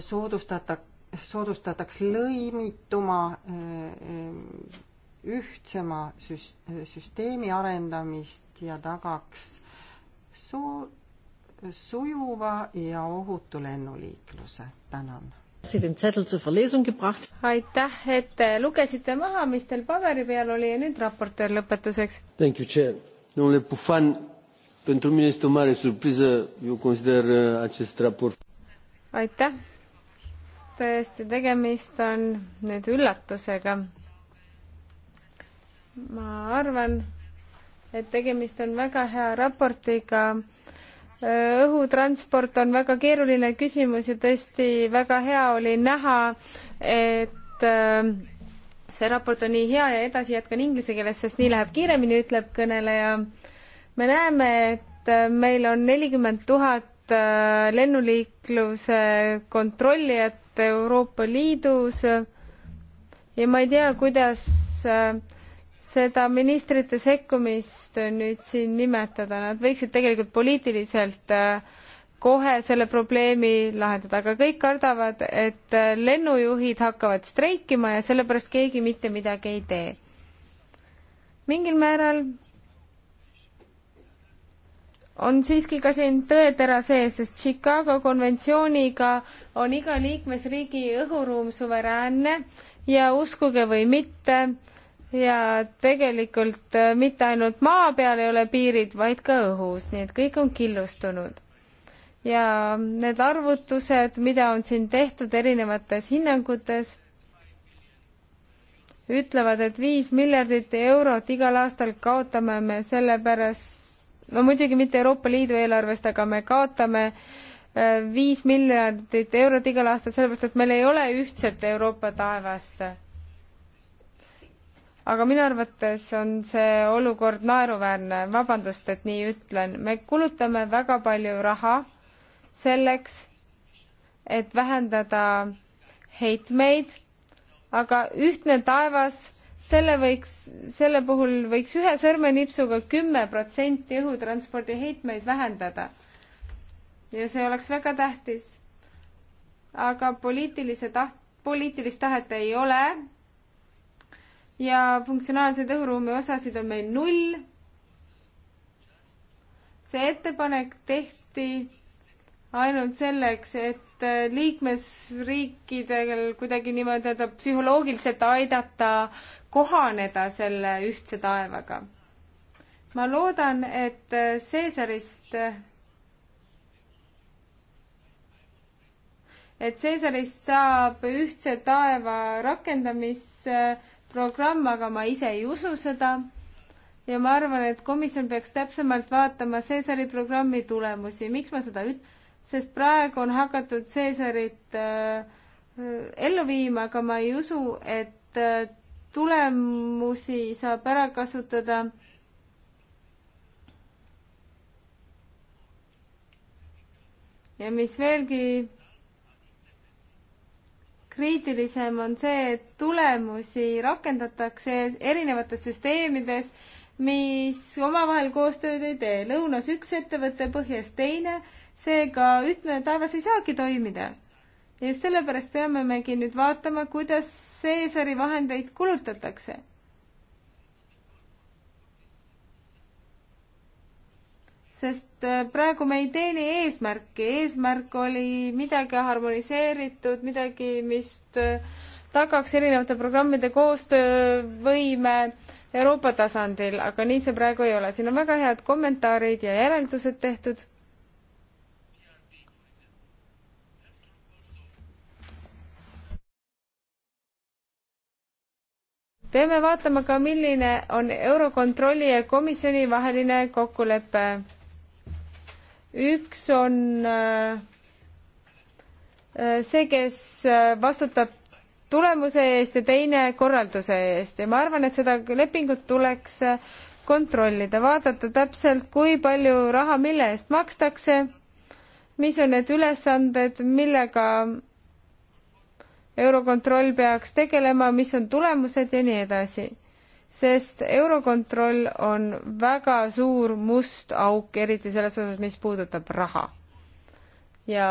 soodustata, soodustataks lõimituma, äh, ühtsema süs-, süsteemi arendamist ja tagaks soo-, sujuva ja ohutu lennuliikluse. tänan. aitäh, et te äh, lugesite maha, mis teil paberi peal oli ja nüüd raportöör lõpetuseks. Thank you, chair. Domnule Pufan, pentru mine este o mare surpriză, eu consider uh, acest raport. aitäh. tõesti, tegemist on nüüd üllatusega. ma arvan, et tegemist on väga hea raportiga õhutransport on väga keeruline küsimus ja tõesti väga hea oli näha, et ähm, see raport on nii hea ja edasi jätkan inglise keeles, sest nii läheb kiiremini, ütleb kõneleja. me näeme, et äh, meil on nelikümmend tuhat äh, lennuliikluse kontrollijat Euroopa Liidus ja ma ei tea, kuidas äh, seda ministrite sekkumist nüüd siin nimetada, nad võiksid tegelikult poliitiliselt äh, kohe selle probleemi lahendada, aga kõik kardavad, et äh, lennujuhid hakkavad streikima ja sellepärast keegi mitte midagi ei tee. mingil määral on siiski ka siin tõetera sees, sest Chicago konventsiooniga on iga liikmesriigi õhuruum suveräänne ja uskuge või mitte, ja tegelikult äh, mitte ainult maa peal ei ole piirid, vaid ka õhus, nii et kõik on killustunud. ja need arvutused, mida on siin tehtud erinevates hinnangutes, ütlevad, et viis miljardit eurot igal aastal kaotame me sellepärast, no muidugi mitte Euroopa Liidu eelarvest, aga me kaotame äh, viis miljardit eurot igal aastal sellepärast, et meil ei ole ühtset Euroopa taevast aga minu arvates on see olukord naeruväärne, vabandust, et nii ütlen, me kulutame väga palju raha selleks, et vähendada heitmeid, aga ühtne taevas, selle võiks, selle puhul võiks ühe sõrmenipsuga kümme protsenti õhutranspordi heitmeid vähendada. ja see oleks väga tähtis. aga poliitilise taht, poliitilist tahet ei ole ja funktsionaalseid õhuruumi osasid on meil null. see ettepanek tehti ainult selleks, et liikmesriikidel kuidagi niimoodi psühholoogiliselt aidata kohaneda selle ühtse taevaga. ma loodan, et Seesarist, et Seesarist saab ühtse taeva rakendamis äh, programm, aga ma ise ei usu seda. ja ma arvan, et komisjon peaks täpsemalt vaatama Cäsari programmi tulemusi, miks ma seda üt-, sest praegu on hakatud Cäsarit äh, äh, ellu viima, aga ma ei usu, et äh, tulemusi saab ära kasutada ja mis veelgi kriitilisem on see, et tulemusi rakendatakse erinevates süsteemides, mis omavahel koostööd ei tee. lõunas üks ettevõte, põhjas teine, seega ühtne taevas ei saagi toimida. ja just sellepärast peamegi nüüd vaatama, kuidas seesari vahendeid kulutatakse sest äh, praegu me ei teeni eesmärki, eesmärk oli midagi harmoniseeritud, midagi, mis äh, tagaks erinevate programmide koostöövõime Euroopa tasandil, aga nii see praegu ei ole. siin on väga head kommentaarid ja järeldused tehtud. peame vaatama ka, milline on Eurokontrolli ja komisjoni vaheline kokkulepe üks on äh, äh, see, kes äh, vastutab tulemuse eest ja teine korralduse eest ja ma arvan, et seda lepingut tuleks kontrollida, vaadata täpselt, kui palju raha mille eest makstakse, mis on need ülesanded, millega Eurokontroll peaks tegelema, mis on tulemused ja nii edasi sest Eurokontroll on väga suur must auk, eriti selles osas, mis puudutab raha. ja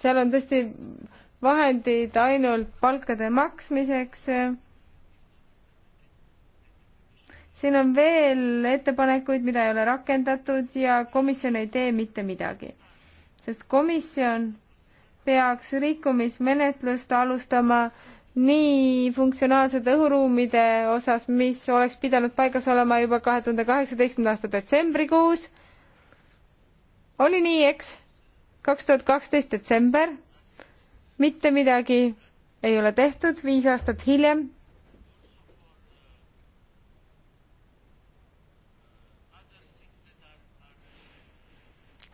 seal on tõesti vahendid ainult palkade maksmiseks. siin on veel ettepanekuid, mida ei ole rakendatud ja komisjon ei tee mitte midagi, sest komisjon peaks rikkumismenetlust alustama nii funktsionaalsete õhuruumide osas, mis oleks pidanud paigas olema juba kahe tuhande kaheksateistkümnenda aasta detsembrikuus. oli nii, eks? kaks tuhat kaksteist detsember, mitte midagi ei ole tehtud, viis aastat hiljem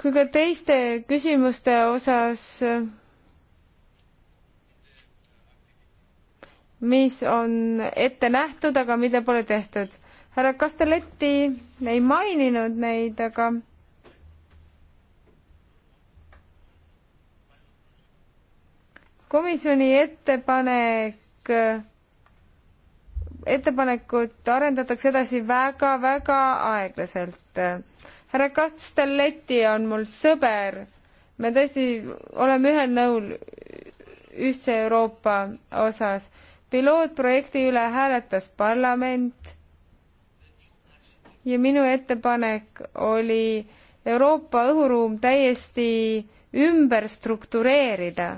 kui ka teiste küsimuste osas mis on ette nähtud, aga mida pole tehtud. härra Castelletti ei maininud neid, aga komisjoni ettepanek, ettepanekut arendatakse edasi väga-väga aeglaselt. härra Castelletti on mul sõber, me tõesti oleme ühel nõul ühtse Euroopa osas pilootprojekti üle hääletas parlament ja minu ettepanek oli Euroopa õhuruum täiesti ümber struktureerida,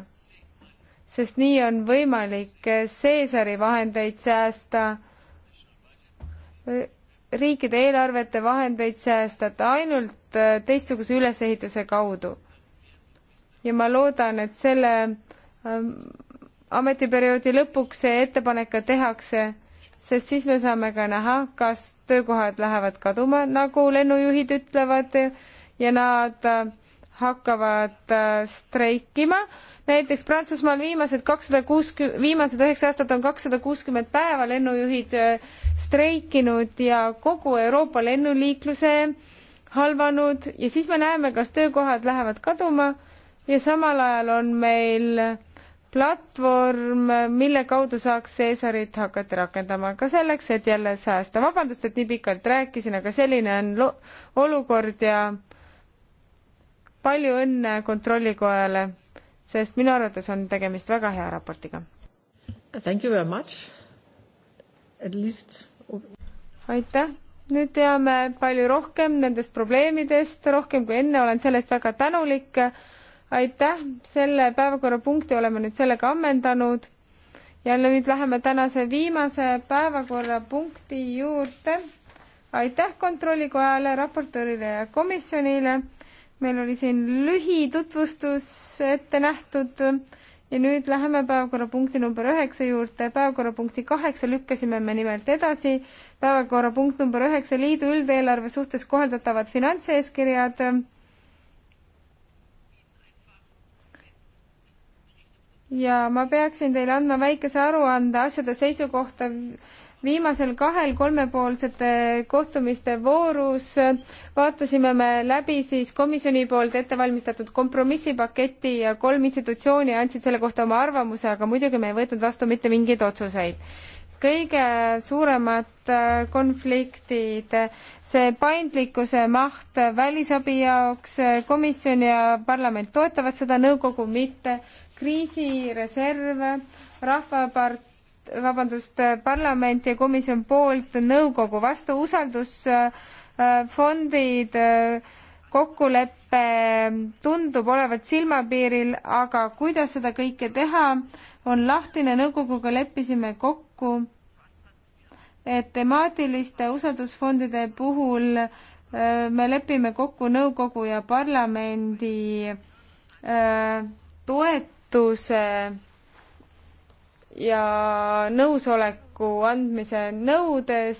sest nii on võimalik Seesari vahendeid säästa, riikide eelarvete vahendeid säästa, et ainult teistsuguse ülesehituse kaudu. ja ma loodan, et selle ametiperioodi lõpuks see ettepanek ka tehakse, sest siis me saame ka näha, kas töökohad lähevad kaduma, nagu lennujuhid ütlevad ja nad äh, hakkavad äh, streikima. näiteks Prantsusmaal viimased kakssada kuuskümmend, viimased üheksa aastat on kakssada kuuskümmend päeva lennujuhid äh, streikinud ja kogu Euroopa lennuliikluse halvanud ja siis me näeme, kas töökohad lähevad kaduma ja samal ajal on meil platvorm, mille kaudu saaks Caesarit hakata rakendama ka selleks, et jälle säästa. vabandust, et nii pikalt rääkisin, aga selline on olukord ja palju õnne kontrollikojale, sest minu arvates on tegemist väga hea raportiga. Thank you very much. At least. aitäh, nüüd teame palju rohkem nendest probleemidest, rohkem kui enne, olen selle eest väga tänulik aitäh, selle päevakorrapunkti oleme nüüd sellega ammendanud ja nüüd läheme tänase viimase päevakorrapunkti juurde. aitäh kontrollikojale, raportöörile ja komisjonile. meil oli siin lühitutvustus ette nähtud ja nüüd läheme päevakorrapunkti number üheksa juurde. päevakorrapunkti kaheksa lükkasime me nimelt edasi. päevakorrapunkt number üheksa, liidu üldeelarve suhtes kohaldatavad finantseeskirjad ja ma peaksin teile andma väikese aruande asjade seisukohta viimasel kahel kolmepoolsete kohtumiste voorus vaatasime me läbi siis komisjoni poolt ettevalmistatud kompromissipaketi ja kolm institutsiooni andsid selle kohta oma arvamuse, aga muidugi me ei võtnud vastu mitte mingeid otsuseid. kõige suuremad äh, konfliktid, see paindlikkuse maht välisabi jaoks, äh, komisjon ja parlament toetavad seda, nõukogu mitte kriisireserv, rahvapart-, vabandust, parlament ja komisjon poolt nõukogu vastu usaldusfondid, äh, äh, kokkulepe tundub olevat silmapiiril, aga kuidas seda kõike teha, on lahtine, nõukoguga leppisime kokku, et temaatiliste usaldusfondide puhul äh, me lepime kokku nõukogu ja parlamendi toetuse nõustuse ja nõusoleku andmise nõudes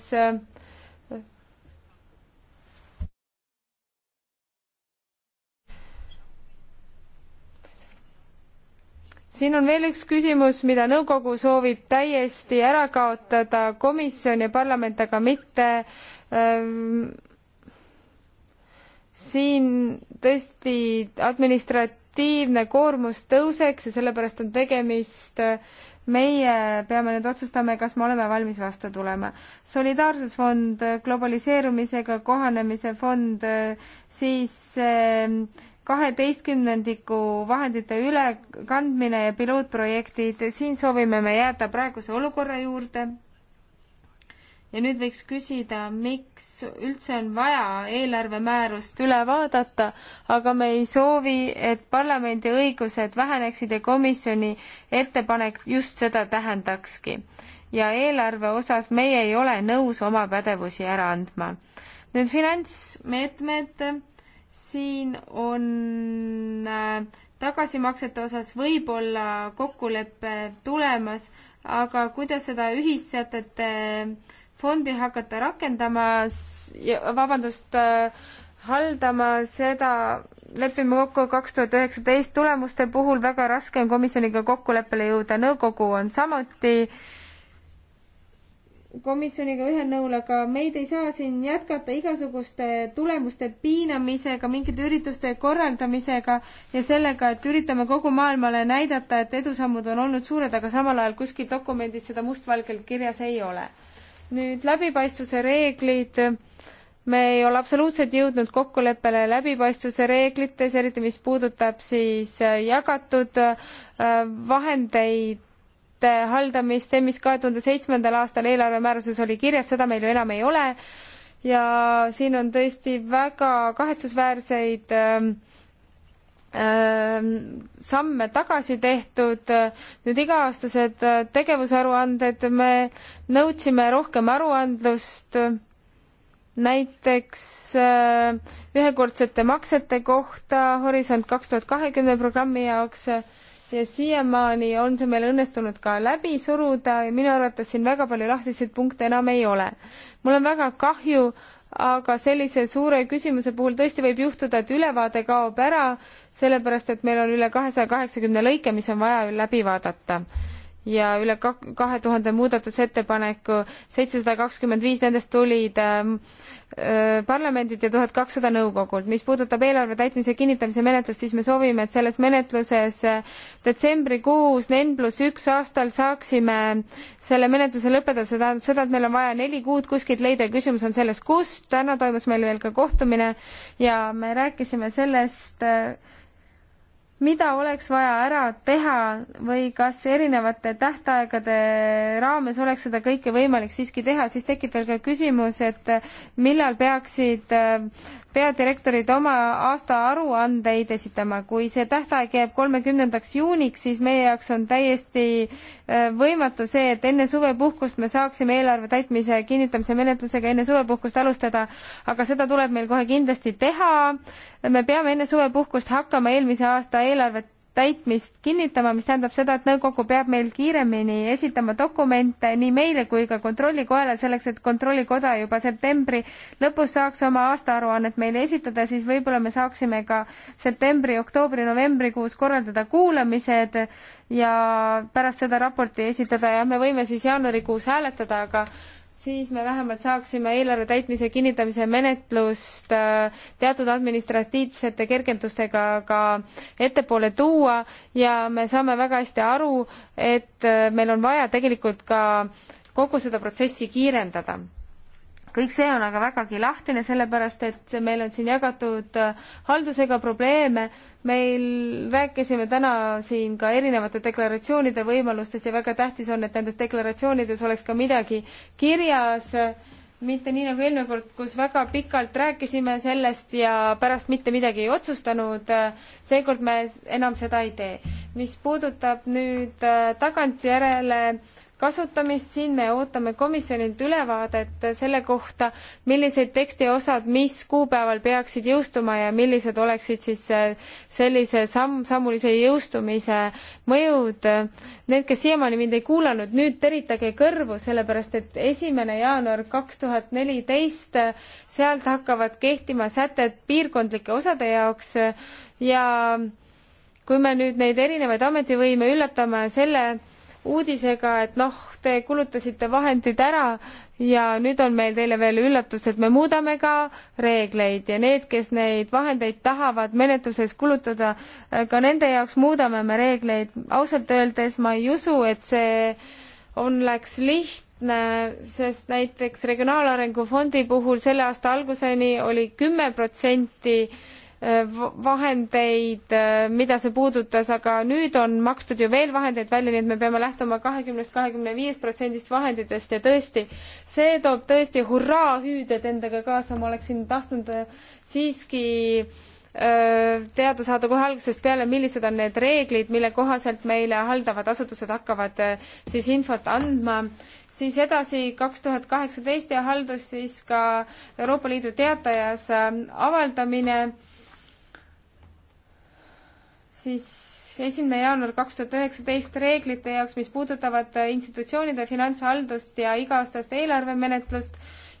siin on veel üks küsimus, mida nõukogu soovib täiesti ära kaotada, komisjon ja parlament aga mitte. Ehm, siin tõesti administrat-, administratiivne koormus tõuseks ja sellepärast on tegemist meie peame nüüd otsustama, kas me oleme valmis vastu tulema. solidaarsusfond, globaliseerumisega kohanemise fond, siis ehm, kaheteistkümnendiku vahendite ülekandmine ja pilootprojektid, siin soovime me jääda praeguse olukorra juurde ja nüüd võiks küsida, miks üldse on vaja eelarvemäärust üle vaadata, aga me ei soovi, et parlamendi õigused väheneksid ja komisjoni ettepanek just seda tähendakski. ja eelarve osas meie ei ole nõus oma pädevusi ära andma. nüüd finantsmeetmed, siin on äh, tagasimaksete osas võib-olla kokkulepe tulemas, aga kuidas seda ühissätete äh, fondi hakata rakendama, vabandust, äh, haldama, seda lepime kokku kaks tuhat üheksateist tulemuste puhul, väga raske on komisjoniga kokkuleppele jõuda, nõukogu on samuti komisjoniga ühe nõul, aga meid ei saa siin jätkata igasuguste tulemuste piinamisega, mingite ürituste korraldamisega ja sellega, et üritame kogu maailmale näidata, et edusammud on olnud suured, aga samal ajal kuskil dokumendis seda mustvalgelt kirjas ei ole nüüd läbipaistvuse reeglid, me ei ole absoluutselt jõudnud kokkuleppele läbipaistvuse reeglites, eriti mis puudutab siis äh, jagatud äh, vahendeid äh, haldamist, see, mis kahe tuhande seitsmendal aastal eelarvemääruses oli kirjas, seda meil ju enam ei ole ja siin on tõesti väga kahetsusväärseid äh, samme tagasi tehtud, nüüd iga-aastased tegevusaruanded, me nõudsime rohkem aruandlust näiteks ühekordsete maksete kohta Horisont kaks tuhat kahekümne programmi jaoks ja siiamaani on see meil õnnestunud ka läbi suruda ja minu arvates siin väga palju lahtiseid punkte enam ei ole. mul on väga kahju, aga sellise suure küsimuse puhul tõesti võib juhtuda, et ülevaade kaob ära, sellepärast et meil on üle kahesaja kaheksakümne lõike, mis on vaja läbi vaadata ja üle kahe tuhande muudatusettepaneku, seitsesada kakskümmend viis nendest tulid ähm, äh, parlamendilt ja tuhat kakssada nõukogult. mis puudutab eelarve täitmise kinnitamise menetlust, siis me soovime, et selles menetluses äh, detsembrikuus N pluss üks aastal saaksime selle menetluse lõpetada, see tähendab seda, et meil on vaja neli kuud kuskilt leida ja küsimus on selles, kust. täna toimus meil veel ka kohtumine ja me rääkisime sellest äh, mida oleks vaja ära teha või kas erinevate tähtaegade raames oleks seda kõike võimalik siiski teha, siis tekib veel ka küsimus, et millal peaksid äh, peadirektorid oma aastaaruandeid esitama. kui see tähtaeg jääb kolmekümnendaks juuniks, siis meie jaoks on täiesti äh, võimatu see, et enne suvepuhkust me saaksime eelarve täitmise kinnitamise menetlusega enne suvepuhkust alustada, aga seda tuleb meil kohe kindlasti teha. me peame enne suvepuhkust hakkama eelmise aasta eelarvet täitmist kinnitama, mis tähendab seda, et nõukogu peab meil kiiremini esitama dokumente nii meile kui ka kontrollikojale, selleks et kontrollikoda juba septembri lõpus saaks oma aastaaruannet meile esitada, siis võib-olla me saaksime ka septembri, oktoobri, novembrikuus korraldada kuulamised ja pärast seda raporti esitada ja me võime siis jaanuarikuus hääletada, aga siis me vähemalt saaksime eelarve täitmise kinnitamise menetlust äh, teatud administratiivsete kergendustega ka ettepoole tuua ja me saame väga hästi aru, et äh, meil on vaja tegelikult ka kogu seda protsessi kiirendada kõik see on aga vägagi lahtine, sellepärast et meil on siin jagatud äh, haldusega probleeme, meil rääkisime täna siin ka erinevate deklaratsioonide võimalustest ja väga tähtis on, et nendes deklaratsioonides oleks ka midagi kirjas, mitte nii nagu eelmine kord, kus väga pikalt rääkisime sellest ja pärast mitte midagi ei otsustanud, seekord me enam seda ei tee. mis puudutab nüüd äh, tagantjärele äh, kasutamist, siin me ootame komisjonilt ülevaadet selle kohta, millised tekstiosad, mis kuupäeval peaksid jõustuma ja millised oleksid siis äh, sellise samm-sammulise jõustumise mõjud. Need, kes siiamaani mind ei kuulanud, nüüd teritage kõrvu, sellepärast et esimene jaanuar kaks tuhat neliteist, sealt hakkavad kehtima sätted piirkondlike osade jaoks ja kui me nüüd neid erinevaid ametivõime üllatame selle uudisega, et noh, te kulutasite vahendid ära ja nüüd on meil teile veel üllatus, et me muudame ka reegleid ja need, kes neid vahendeid tahavad menetluses kulutada, ka nende jaoks muudame me reegleid. ausalt öeldes ma ei usu, et see on, läks lihtne, sest näiteks Regionaalarengu Fondi puhul selle aasta alguseni oli kümme protsenti Äh, vahendeid, äh, mida see puudutas, aga nüüd on makstud ju veel vahendeid välja, nii et me peame lähtuma kahekümnest, kahekümne viiest protsendist vahenditest ja tõesti, see toob tõesti hurraa-hüüded endaga kaasa, ma oleksin tahtnud äh, siiski teada saada kohe algusest peale, millised on need reeglid, mille kohaselt meile haldavad asutused hakkavad siis infot andma siis edasi kaks tuhat kaheksateist ja haldus siis ka Euroopa Liidu teatajas avaldamine siis esimene jaanuar kaks tuhat üheksateist reeglite jaoks, mis puudutavad äh, institutsioonide finantshaldust ja iga-aastast eelarvemenetlust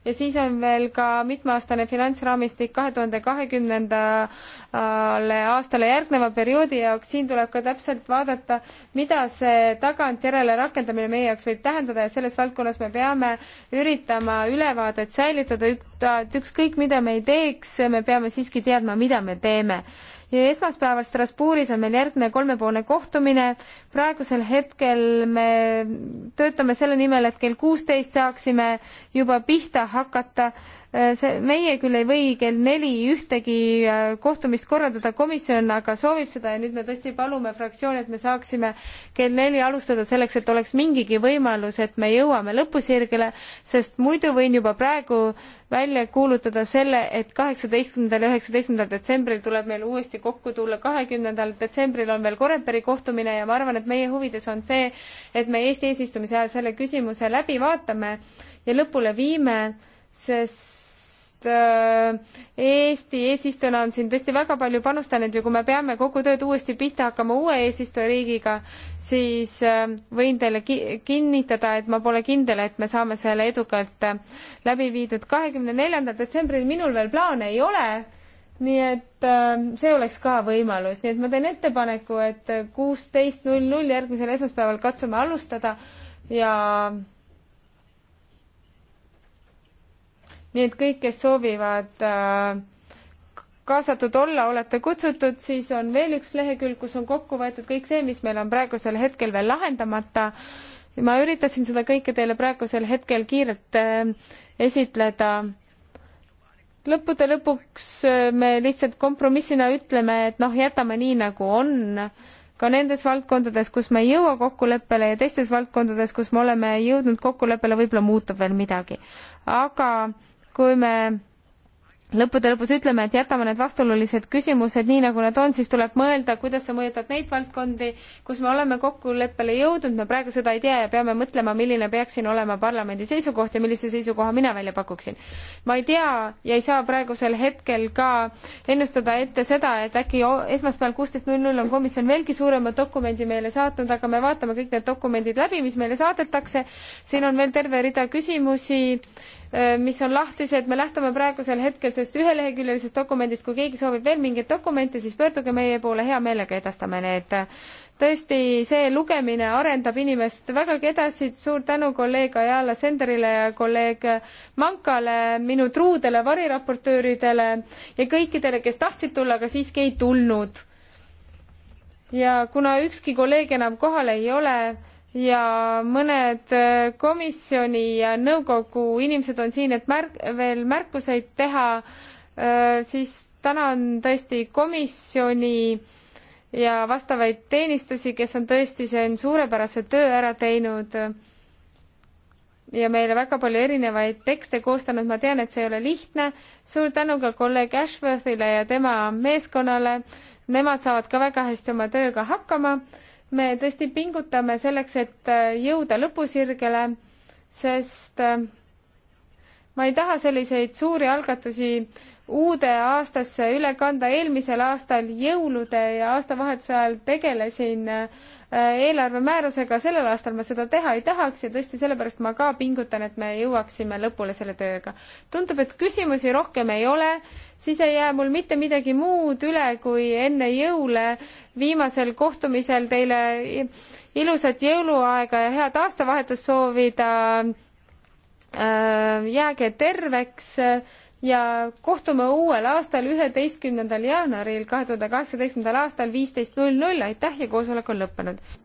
ja siis on veel ka mitmeaastane finantsraamistik kahe tuhande kahekümnendale aastale järgneva perioodi jaoks, siin tuleb ka täpselt vaadata, mida see tagantjärele rakendamine meie jaoks võib tähendada ja selles valdkonnas me peame üritama ülevaadet säilitada, et ükskõik, mida me ei teeks, me peame siiski teadma, mida me teeme ja esmaspäeval Strasbourgis on meil järgmine kolmepoolne kohtumine. praegusel hetkel me töötame selle nimel, et kell kuusteist saaksime juba pihta hakata Äh, see, meie küll ei või kell neli ühtegi äh, kohtumist korraldada, komisjon aga soovib seda ja nüüd me tõesti palume fraktsiooni, et me saaksime kell neli alustada selleks, et oleks mingigi võimalus, et me jõuame lõpusirgele, sest muidu võin juba praegu välja kuulutada selle, et kaheksateistkümnendal ja üheksateistkümnendal detsembril tuleb meil uuesti kokku tulla, kahekümnendal detsembril on veel Coreperi kohtumine ja ma arvan, et meie huvides on see, et me Eesti eesistumise ajal selle küsimuse läbi vaatame ja lõpule viime, sest Äh, Eesti eesistujana on siin tõesti väga palju panustanud ja kui me peame kogu tööd uuesti pihta hakkama uue eesistujariigiga, siis äh, võin teile ki-, kinnitada, et ma pole kindel, et me saame selle edukalt äh, läbi viidud. kahekümne neljandal detsembril minul veel plaane ei ole, nii et see oleks ka võimalus, nii et ma teen ettepaneku, et kuusteist null null järgmisel esmaspäeval katsume alustada ja nii et kõik, kes soovivad äh, kaasatud olla, olete kutsutud, siis on veel üks lehekülg, kus on kokku võetud kõik see, mis meil on praegusel hetkel veel lahendamata. ma üritasin seda kõike teile praegusel hetkel kiirelt äh, esitleda. lõppude lõpuks äh, me lihtsalt kompromissina ütleme, et noh, jätame nii, nagu on ka nendes valdkondades, kus me ei jõua kokkuleppele ja teistes valdkondades, kus me oleme jõudnud kokkuleppele, võib-olla muutub veel midagi. aga kui me lõppude lõpus ütleme, et jätame need vastuolulised küsimused nii, nagu nad on, siis tuleb mõelda, kuidas see mõjutab neid valdkondi, kus me oleme kokkuleppele jõudnud, me praegu seda ei tea ja peame mõtlema, milline peaks siin olema parlamendi seisukoht ja millise seisukoha mina välja pakuksin. ma ei tea ja ei saa praegusel hetkel ka ennustada ette seda, et äkki esmaspäeval kuusteist null null on komisjon veelgi suurema dokumendi meile saatnud, aga me vaatame kõik need dokumendid läbi, mis meile saadetakse. siin on veel terve rida küsimusi Äh, mis on lahtised, me lähtume praegusel hetkel sellest üheleheküljelisest dokumendist, kui keegi soovib veel mingeid dokumente, siis pöörduge meie poole, hea meelega edastame need. tõesti, see lugemine arendab inimest vägagi edasi, suur tänu kolleeg Ajala Senderile ja kolleeg Mankale, minu truudele variraportööridele ja kõikidele, kes tahtsid tulla, aga siiski ei tulnud. ja kuna ükski kolleeg enam kohal ei ole, ja mõned äh, komisjoni ja nõukogu inimesed on siin, et märk-, veel märkuseid teha, äh, siis tänan tõesti komisjoni ja vastavaid teenistusi, kes on tõesti siin suurepärase töö ära teinud ja meile väga palju erinevaid tekste koostanud, ma tean, et see ei ole lihtne. suur tänu ka kolleeg Ashworthile ja tema meeskonnale, nemad saavad ka väga hästi oma tööga hakkama me tõesti pingutame selleks, et äh, jõuda lõpusirgele, sest äh, ma ei taha selliseid suuri algatusi uude aastasse üle kanda. eelmisel aastal jõulude ja aastavahetuse ajal tegelesin äh, eelarvemäärusega, sellel aastal ma seda teha ei tahaks ja tõesti sellepärast ma ka pingutan, et me jõuaksime lõpule selle tööga. tundub, et küsimusi rohkem ei ole, siis ei jää mul mitte midagi muud üle, kui enne jõule viimasel kohtumisel teile ilusat jõuluaega ja head aastavahetust soovida. Äh, jääge terveks ja kohtume uuel aastal, üheteistkümnendal jaanuaril kahe tuhande kaheksateistkümnendal aastal viisteist null null, aitäh ja koosolek on lõppenud!